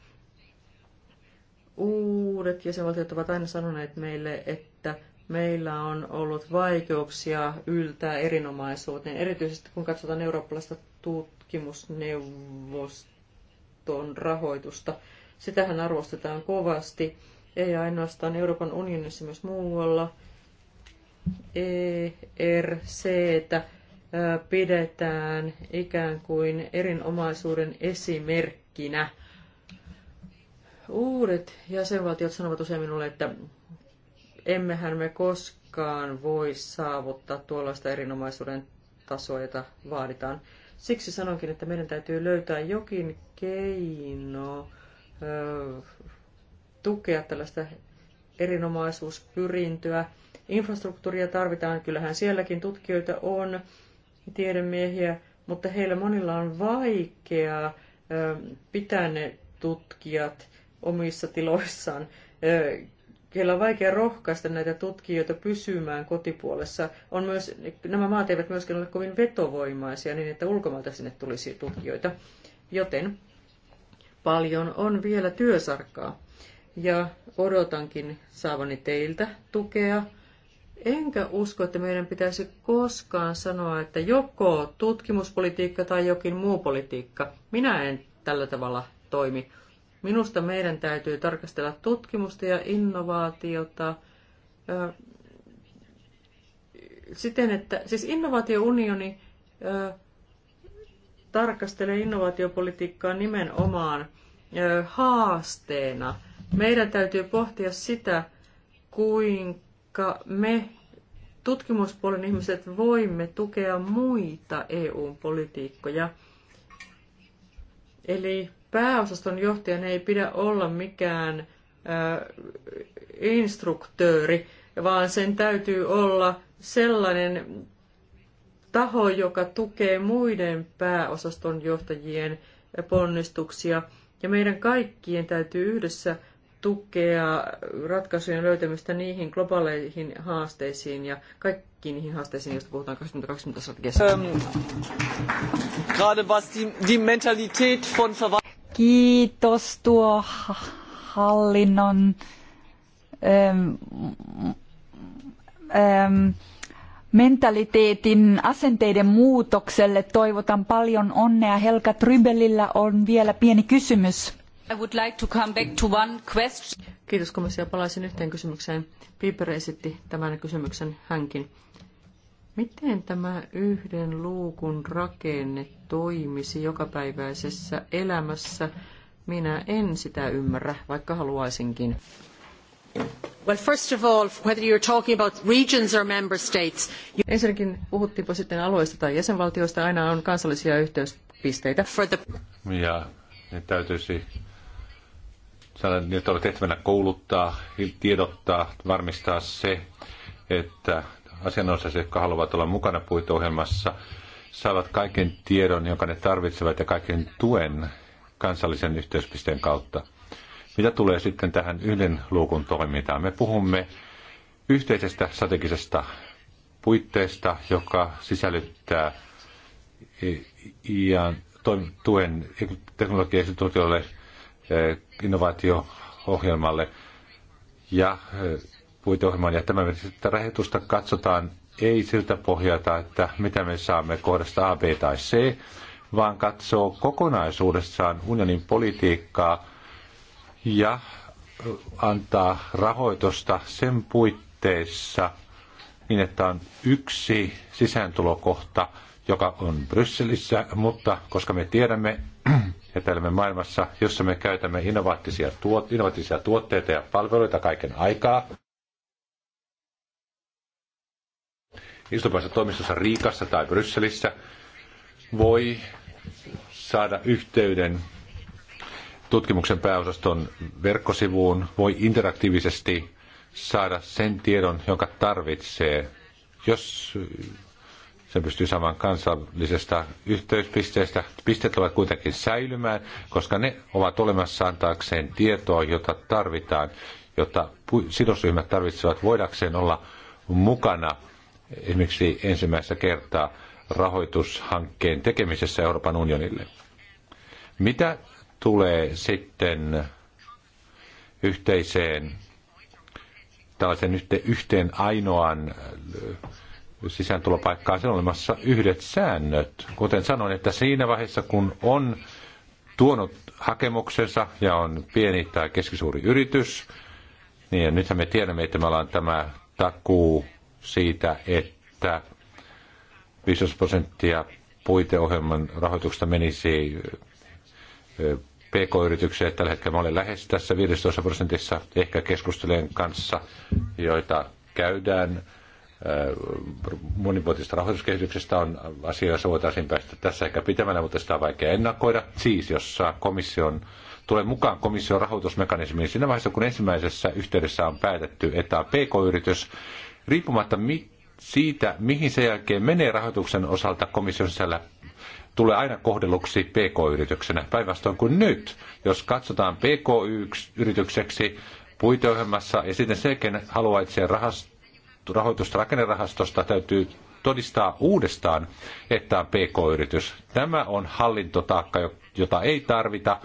Uudet jäsenvaltiot ovat aina sanoneet meille, että meillä on ollut vaikeuksia yltää erinomaisuuteen, erityisesti kun katsotaan eurooppalaista tutkimusneuvoston rahoitusta. Sitähän arvostetaan kovasti, ei ainoastaan Euroopan unionissa, myös muualla. ERCtä pidetään ikään kuin erinomaisuuden esimerkkinä. Uudet jäsenvaltiot sanovat usein minulle, että Emmehän me koskaan voi saavuttaa tuollaista erinomaisuuden tasoa, jota vaaditaan. Siksi sanonkin, että meidän täytyy löytää jokin keino ö, tukea tällaista erinomaisuuspyrintöä. Infrastruktuuria tarvitaan, kyllähän sielläkin tutkijoita on, tiedemiehiä, mutta heillä monilla on vaikeaa pitää ne tutkijat omissa tiloissaan Kyllä on vaikea rohkaista näitä tutkijoita pysymään kotipuolessa. On myös, nämä maat eivät myöskään ole kovin vetovoimaisia niin, että ulkomailta sinne tulisi tutkijoita. Joten paljon on vielä työsarkaa. Ja odotankin saavani teiltä tukea. Enkä usko, että meidän pitäisi koskaan sanoa, että joko tutkimuspolitiikka tai jokin muu politiikka. Minä en tällä tavalla toimi. Minusta meidän täytyy tarkastella tutkimusta ja innovaatiota siten, että siis innovaatiounioni tarkastelee innovaatiopolitiikkaa nimenomaan haasteena. Meidän täytyy pohtia sitä, kuinka me tutkimuspuolen ihmiset voimme tukea muita EU-politiikkoja. Eli pääosaston johtajan ei pidä olla mikään instruktööri, vaan sen täytyy olla sellainen taho, joka tukee muiden pääosaston johtajien ponnistuksia. Ja meidän kaikkien täytyy yhdessä tukea ratkaisujen löytämistä niihin globaaleihin haasteisiin ja kaikkiin niihin haasteisiin, joista puhutaan 2020 strategiassa. Ähm, gerade was die, die Mentalität von Verwaltung kiitos tuo hallinnon äm, äm, mentaliteetin asenteiden muutokselle toivotan paljon onnea. Helka Trybelillä on vielä pieni kysymys. I would like to come back to one question. Kiitos komissio. Palaisin yhteen kysymykseen. Piper esitti tämän kysymyksen hänkin. Miten tämä yhden luukun rakenne toimisi jokapäiväisessä elämässä? Minä en sitä ymmärrä, vaikka haluaisinkin. Well, first of all, whether you're talking about regions or member states... You... Ensinnäkin puhuttiinpa sitten alueista tai jäsenvaltioista, aina on kansallisia yhteyspisteitä. For the... Ja ne täytyisi niitä että tehtävänä kouluttaa, tiedottaa, varmistaa se, että asianosaiset, jotka haluavat olla mukana puiteohjelmassa, saavat kaiken tiedon, jonka ne tarvitsevat ja kaiken tuen kansallisen yhteyspisteen kautta. Mitä tulee sitten tähän yhden luukun toimintaan? Me puhumme yhteisestä strategisesta puitteesta, joka sisällyttää IAN tuen teknologiainstituutiolle, eh, innovaatio-ohjelmalle ja eh, puiteohjelman ja tämän rahoitusta katsotaan ei siltä pohjalta, että mitä me saamme kohdasta A, B tai C, vaan katsoo kokonaisuudessaan unionin politiikkaa ja antaa rahoitusta sen puitteissa niin, että on yksi sisääntulokohta, joka on Brysselissä, mutta koska me tiedämme, että (clears throat) elämme maailmassa, jossa me käytämme innovaattisia, tuot, innovaattisia tuotteita ja palveluita kaiken aikaa, istupansa toimistossa Riikassa tai Brysselissä voi saada yhteyden tutkimuksen pääosaston verkkosivuun, voi interaktiivisesti saada sen tiedon, jonka tarvitsee, jos sen pystyy saamaan kansallisesta yhteyspisteestä. Pisteet ovat kuitenkin säilymään, koska ne ovat olemassa antaakseen tietoa, jota tarvitaan, jota sidosryhmät tarvitsevat voidakseen olla mukana esimerkiksi ensimmäistä kertaa rahoitushankkeen tekemisessä Euroopan unionille. Mitä tulee sitten yhteiseen, tällaisen yhte, yhteen ainoan äh, sisääntulopaikkaan, on olemassa yhdet säännöt. Kuten sanoin, että siinä vaiheessa kun on tuonut hakemuksensa ja on pieni tai keskisuuri yritys, niin nythän me tiedämme, että meillä on tämä takuu siitä, että 15 prosenttia puiteohjelman rahoituksesta menisi PK-yritykseen. Tällä hetkellä mä olen lähes tässä 15 prosentissa ehkä keskustelujen kanssa, joita käydään monivuotisesta rahoituskehityksestä on asia, jossa voitaisiin päästä tässä ehkä pitämällä, mutta sitä on vaikea ennakoida. Siis, jossa komission tulee mukaan komission rahoitusmekanismiin siinä vaiheessa, kun ensimmäisessä yhteydessä on päätetty, että on PK-yritys, riippumatta mi- siitä, mihin sen jälkeen menee rahoituksen osalta komission sisällä, tulee aina kohdelluksi PK-yrityksenä. Päinvastoin kuin nyt, jos katsotaan PK-yritykseksi puiteohjelmassa ja sitten selkeän haluaa rahast- rahoitusta rakennerahastosta, täytyy todistaa uudestaan, että on PK-yritys. Tämä on hallintotaakka, jota ei tarvita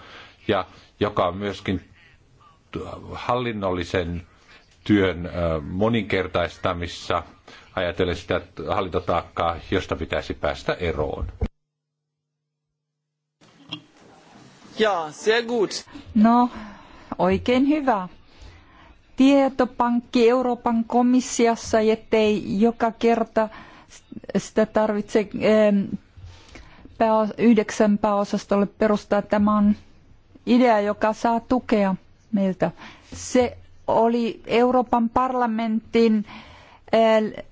ja joka on myöskin hallinnollisen työn moninkertaistamissa, ajatellen sitä hallintotaakkaa, josta pitäisi päästä eroon. Ja, sehr gut. No, oikein hyvä. Tietopankki Euroopan komissiossa, ettei joka kerta sitä tarvitse yhdeksän pääosastolle perustaa. Tämä on idea, joka saa tukea meiltä. Se oli Euroopan parlamentin eh,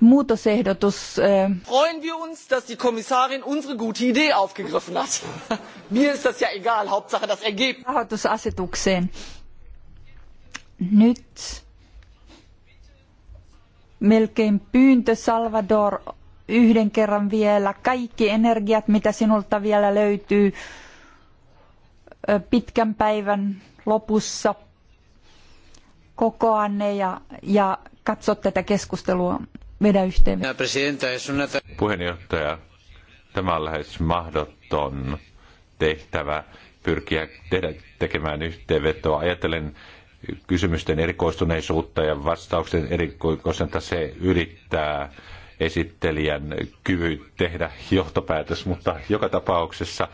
muutosehdotus. Eh, Freuen wir uns, dass die Kommissarin unsere gute Idee aufgegriffen hat. (laughs) Mir ist das ja egal, Hauptsache das Ergebnis. Rahoitusasetukseen. Nyt melkein pyyntö Salvador yhden kerran vielä. Kaikki energiat, mitä sinulta vielä löytyy eh, pitkän päivän lopussa kokoanne ja, ja katso tätä keskustelua meidän yhteen. Puheenjohtaja, tämä on lähes mahdoton tehtävä pyrkiä tehdä, tekemään yhteenvetoa. Ajattelen kysymysten erikoistuneisuutta ja vastauksen erikoistuneisuutta. Se ylittää esittelijän kyvy tehdä johtopäätös, mutta joka tapauksessa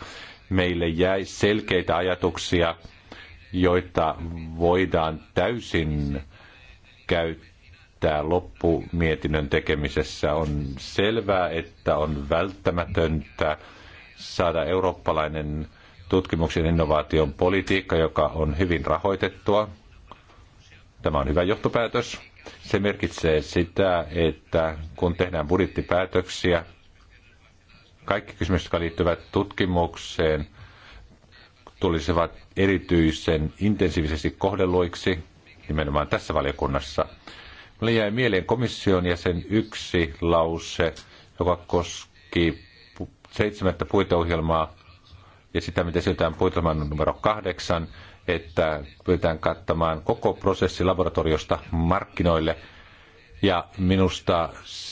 meille jäi selkeitä ajatuksia – joita voidaan täysin käyttää loppumietinnön tekemisessä. On selvää, että on välttämätöntä saada eurooppalainen tutkimuksen innovaation politiikka, joka on hyvin rahoitettua. Tämä on hyvä johtopäätös. Se merkitsee sitä, että kun tehdään budjettipäätöksiä, kaikki kysymykset, jotka liittyvät tutkimukseen – tulisivat erityisen intensiivisesti kohdelluiksi nimenomaan tässä valiokunnassa. Mulle jäi mieleen komission jäsen yksi lause, joka koski seitsemättä puiteohjelmaa ja sitä, miten siltään puiteohjelman numero kahdeksan, että pyritään kattamaan koko prosessi laboratoriosta markkinoille. Ja minusta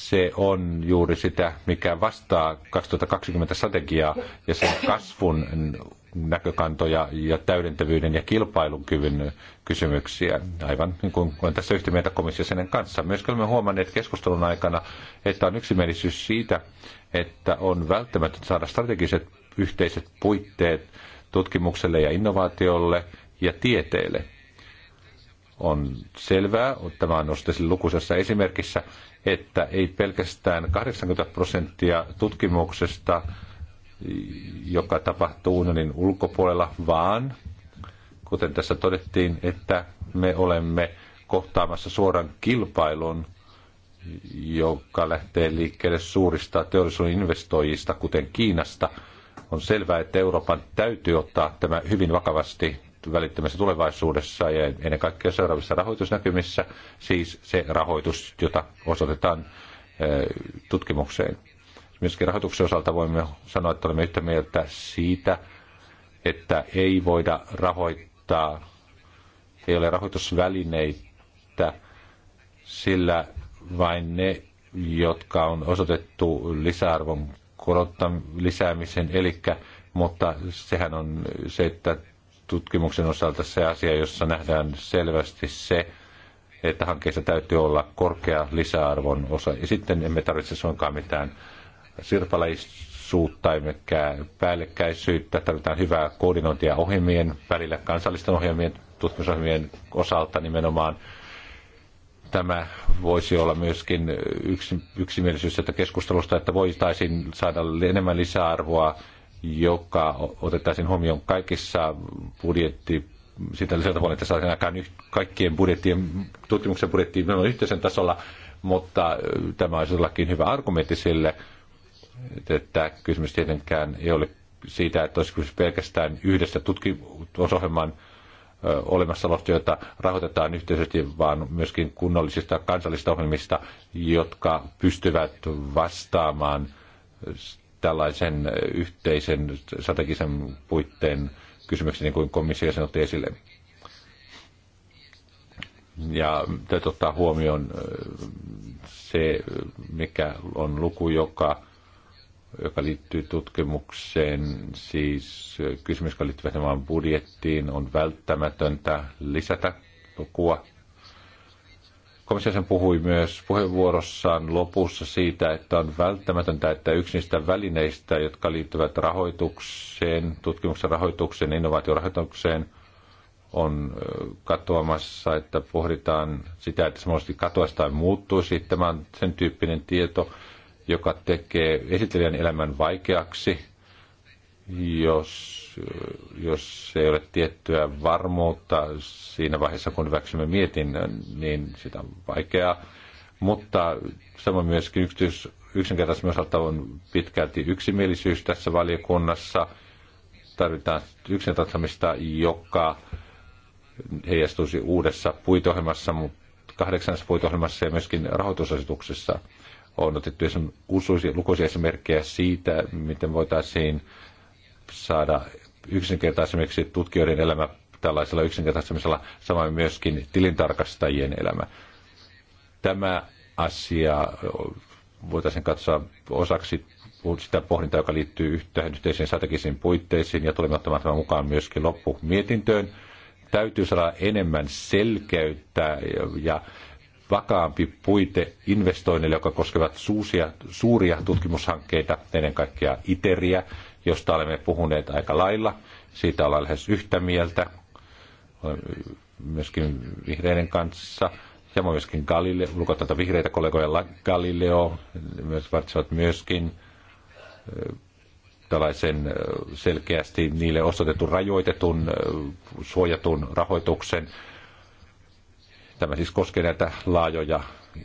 se on juuri sitä, mikä vastaa 2020 strategiaa ja sen kasvun näkökantoja ja täydentävyyden ja kilpailukyvyn kysymyksiä. Aivan niin kuin olen tässä yhtä mieltä komissiosen kanssa. Myös olemme huomanneet keskustelun aikana, että on yksimielisyys siitä, että on välttämätöntä saada strategiset yhteiset puitteet tutkimukselle ja innovaatiolle ja tieteelle – on selvää, tämä on nostettu lukuisessa esimerkissä, että ei pelkästään 80 prosenttia tutkimuksesta, joka tapahtuu unionin ulkopuolella, vaan kuten tässä todettiin, että me olemme kohtaamassa suoran kilpailun, joka lähtee liikkeelle suurista teollisuuden investoijista, kuten Kiinasta. On selvää, että Euroopan täytyy ottaa tämä hyvin vakavasti välittömässä tulevaisuudessa ja ennen kaikkea seuraavissa rahoitusnäkymissä, siis se rahoitus, jota osoitetaan eh, tutkimukseen. Myöskin rahoituksen osalta voimme sanoa, että olemme yhtä mieltä siitä, että ei voida rahoittaa, ei ole rahoitusvälineitä, sillä vain ne, jotka on osoitettu lisäarvon korottam- lisäämisen, eli mutta sehän on se, että tutkimuksen osalta se asia, jossa nähdään selvästi se, että hankkeessa täytyy olla korkea lisäarvon osa. Ja sitten emme tarvitse suinkaan mitään sirpaleisuutta, emmekä päällekkäisyyttä. Tarvitaan hyvää koordinointia ohjelmien välillä, kansallisten ohjelmien, tutkimusohjelmien osalta nimenomaan. Tämä voisi olla myöskin yksi, yksimielisyys että keskustelusta, että voitaisiin saada enemmän lisäarvoa joka otettaisiin huomioon kaikissa budjetti sitä lisätä tavalla, että saadaan aikaan kaikkien budjettien, tutkimuksen budjettiin on yhteisen tasolla, mutta tämä olisi jollakin hyvä argumentti sille, että kysymys tietenkään ei ole siitä, että olisi kysymys pelkästään yhdessä tutkimusohjelman olemassaolosta, joita rahoitetaan yhteisesti, vaan myöskin kunnollisista kansallisista ohjelmista, jotka pystyvät vastaamaan tällaisen yhteisen strategisen puitteen kysymyksen, niin kuin komissio sen otti esille. Ja täytyy ottaa huomioon se, mikä on luku, joka, joka liittyy tutkimukseen, siis kysymys, joka liittyy budjettiin, on välttämätöntä lisätä lukua Komissio sen puhui myös puheenvuorossaan lopussa siitä, että on välttämätöntä, että yksi niistä välineistä, jotka liittyvät rahoitukseen, tutkimuksen rahoitukseen, innovaatiorahoitukseen, on katoamassa, että pohditaan sitä, että se mahdollisesti katoaisi tai muuttuisi. Tämä on sen tyyppinen tieto, joka tekee esittelijän elämän vaikeaksi jos, jos ei ole tiettyä varmuutta siinä vaiheessa, kun hyväksymme mietinnön, niin sitä on vaikeaa. Mutta samoin myöskin yksityis, yksinkertaisen myös on pitkälti yksimielisyys tässä valiokunnassa. Tarvitaan yksinkertaistamista, joka heijastuisi uudessa puitohjelmassa, kahdeksannessa puitohjelmassa ja myöskin rahoitusasetuksessa on otettu lukuisia esimerkkejä siitä, miten voitaisiin saada yksinkertaisemmiksi tutkijoiden elämä tällaisella yksinkertaisemmalla, samoin myöskin tilintarkastajien elämä. Tämä asia voitaisiin katsoa osaksi sitä pohdintaa, joka liittyy yhteen yhteisiin strategisiin puitteisiin ja tulemme ottamaan tämän mukaan myöskin loppumietintöön. Täytyy saada enemmän selkeyttä ja vakaampi puite investoinneille, jotka koskevat suuria, suuria tutkimushankkeita, ennen kaikkea ITERiä, josta olemme puhuneet aika lailla. Siitä ollaan lähes yhtä mieltä myöskin vihreiden kanssa ja myöskin Galileo, ulkotaita vihreitä kollegoja Galileo myös vartsevat myöskin tällaisen selkeästi niille osoitetun rajoitetun suojatun rahoituksen. Tämä siis koskee näitä laajoja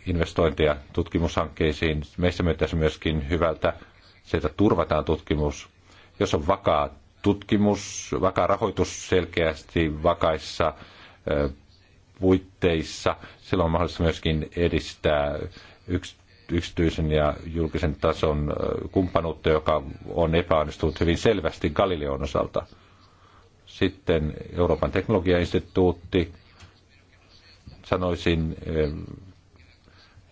investointeja tutkimushankkeisiin. Meistä myöskin hyvältä se, että turvataan tutkimus jos on vakaa tutkimus, vakaa rahoitus selkeästi vakaissa puitteissa, silloin on mahdollista myöskin edistää yksi yksityisen ja julkisen tason kumppanuutta, joka on epäonnistunut hyvin selvästi Galileon osalta. Sitten Euroopan teknologiainstituutti, sanoisin,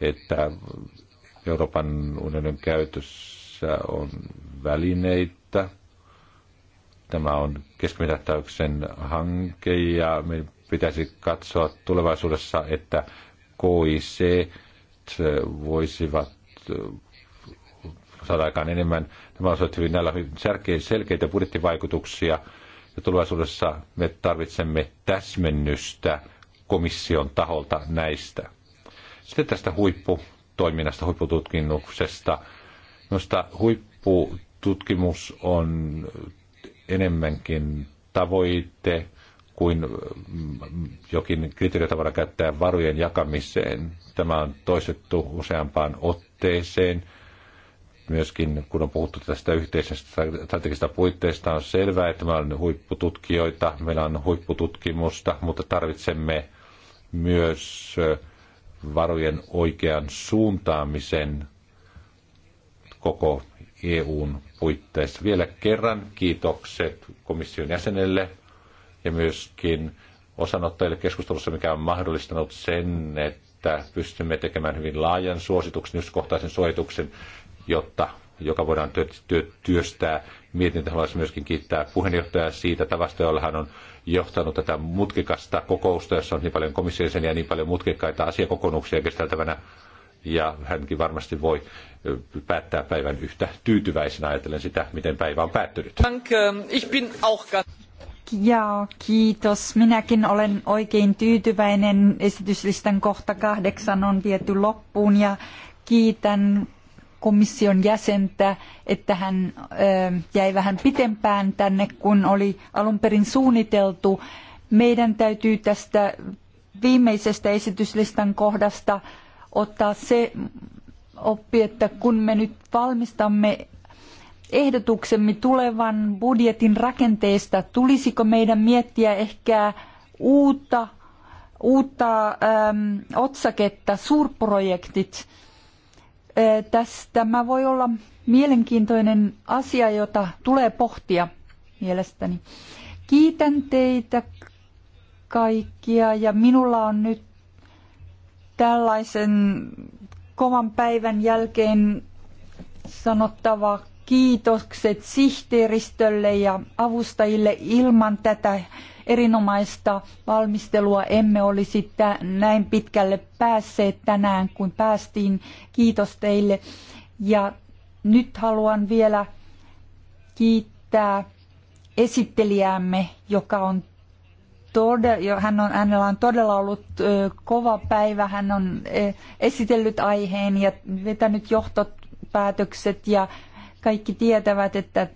että Euroopan unionin käytössä on välineitä, Tämä on keskimitahtauksen hanke ja me pitäisi katsoa tulevaisuudessa, että KIC voisivat äh, saada aikaan enemmän. Nämä olisivat hyvin näillä hyvin selkeitä budjettivaikutuksia ja tulevaisuudessa me tarvitsemme täsmennystä komission taholta näistä. Sitten tästä huipputoiminnasta, huippututkimuksesta. Minusta huippututkimus on enemmänkin tavoite kuin mm, jokin kriteeritavara käyttää varojen jakamiseen. Tämä on toistettu useampaan otteeseen. Myöskin kun on puhuttu tästä yhteisestä strategisesta puitteista, on selvää, että meillä on huippututkijoita, meillä on huippututkimusta, mutta tarvitsemme myös varojen oikean suuntaamisen koko EUn puitteissa. Vielä kerran kiitokset komission jäsenelle ja myöskin osanottajille keskustelussa, mikä on mahdollistanut sen, että pystymme tekemään hyvin laajan suosituksen, yksikohtaisen suosituksen, jotta joka voidaan työ, työ, työstää. Mietintä haluaisin myöskin kiittää puheenjohtajaa siitä tavasta, jolla hän on johtanut tätä mutkikasta kokousta, jossa on niin paljon komission ja niin paljon mutkikkaita asiakokonuksia kesteltävänä ja hänkin varmasti voi päättää päivän yhtä tyytyväisenä ajatellen sitä, miten päivä on päättynyt. Ja kiitos. Minäkin olen oikein tyytyväinen. Esityslistan kohta kahdeksan on viety loppuun ja kiitän komission jäsentä, että hän jäi vähän pitempään tänne, kun oli alun perin suunniteltu. Meidän täytyy tästä viimeisestä esityslistan kohdasta ottaa se oppi, että kun me nyt valmistamme ehdotuksemme tulevan budjetin rakenteesta, tulisiko meidän miettiä ehkä uutta, uutta äm, otsaketta, suurprojektit. tästä, tämä voi olla mielenkiintoinen asia, jota tulee pohtia mielestäni. Kiitän teitä kaikkia ja minulla on nyt tällaisen kovan päivän jälkeen sanottava kiitokset sihteeristölle ja avustajille. Ilman tätä erinomaista valmistelua emme olisi näin pitkälle päässeet tänään, kun päästiin. Kiitos teille. Ja nyt haluan vielä kiittää esittelijäämme, joka on todella, hän on, hänellä on todella ollut kova päivä. Hän on e, esitellyt aiheen ja vetänyt johtopäätökset ja kaikki tietävät, että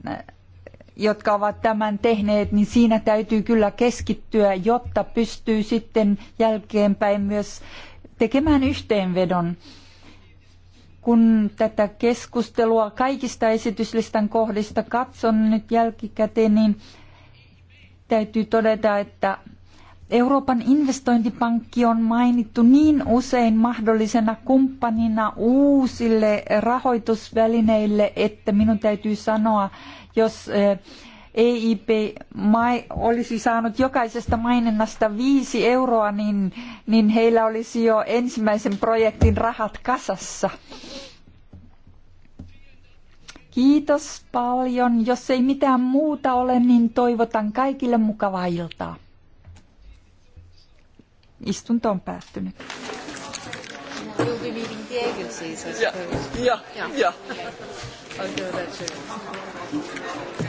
jotka ovat tämän tehneet, niin siinä täytyy kyllä keskittyä, jotta pystyy sitten jälkeenpäin myös tekemään yhteenvedon. Kun tätä keskustelua kaikista esityslistan kohdista katson nyt jälkikäteen, niin täytyy todeta, että Euroopan investointipankki on mainittu niin usein mahdollisena kumppanina uusille rahoitusvälineille, että minun täytyy sanoa, jos EIP eh, e olisi saanut jokaisesta maininnasta viisi euroa, niin, niin heillä olisi jo ensimmäisen projektin rahat kasassa. Kiitos paljon. Jos ei mitään muuta ole, niin toivotan kaikille mukavaa iltaa. Istunto on päättynyt. Yeah, yeah, yeah. I'll do that too.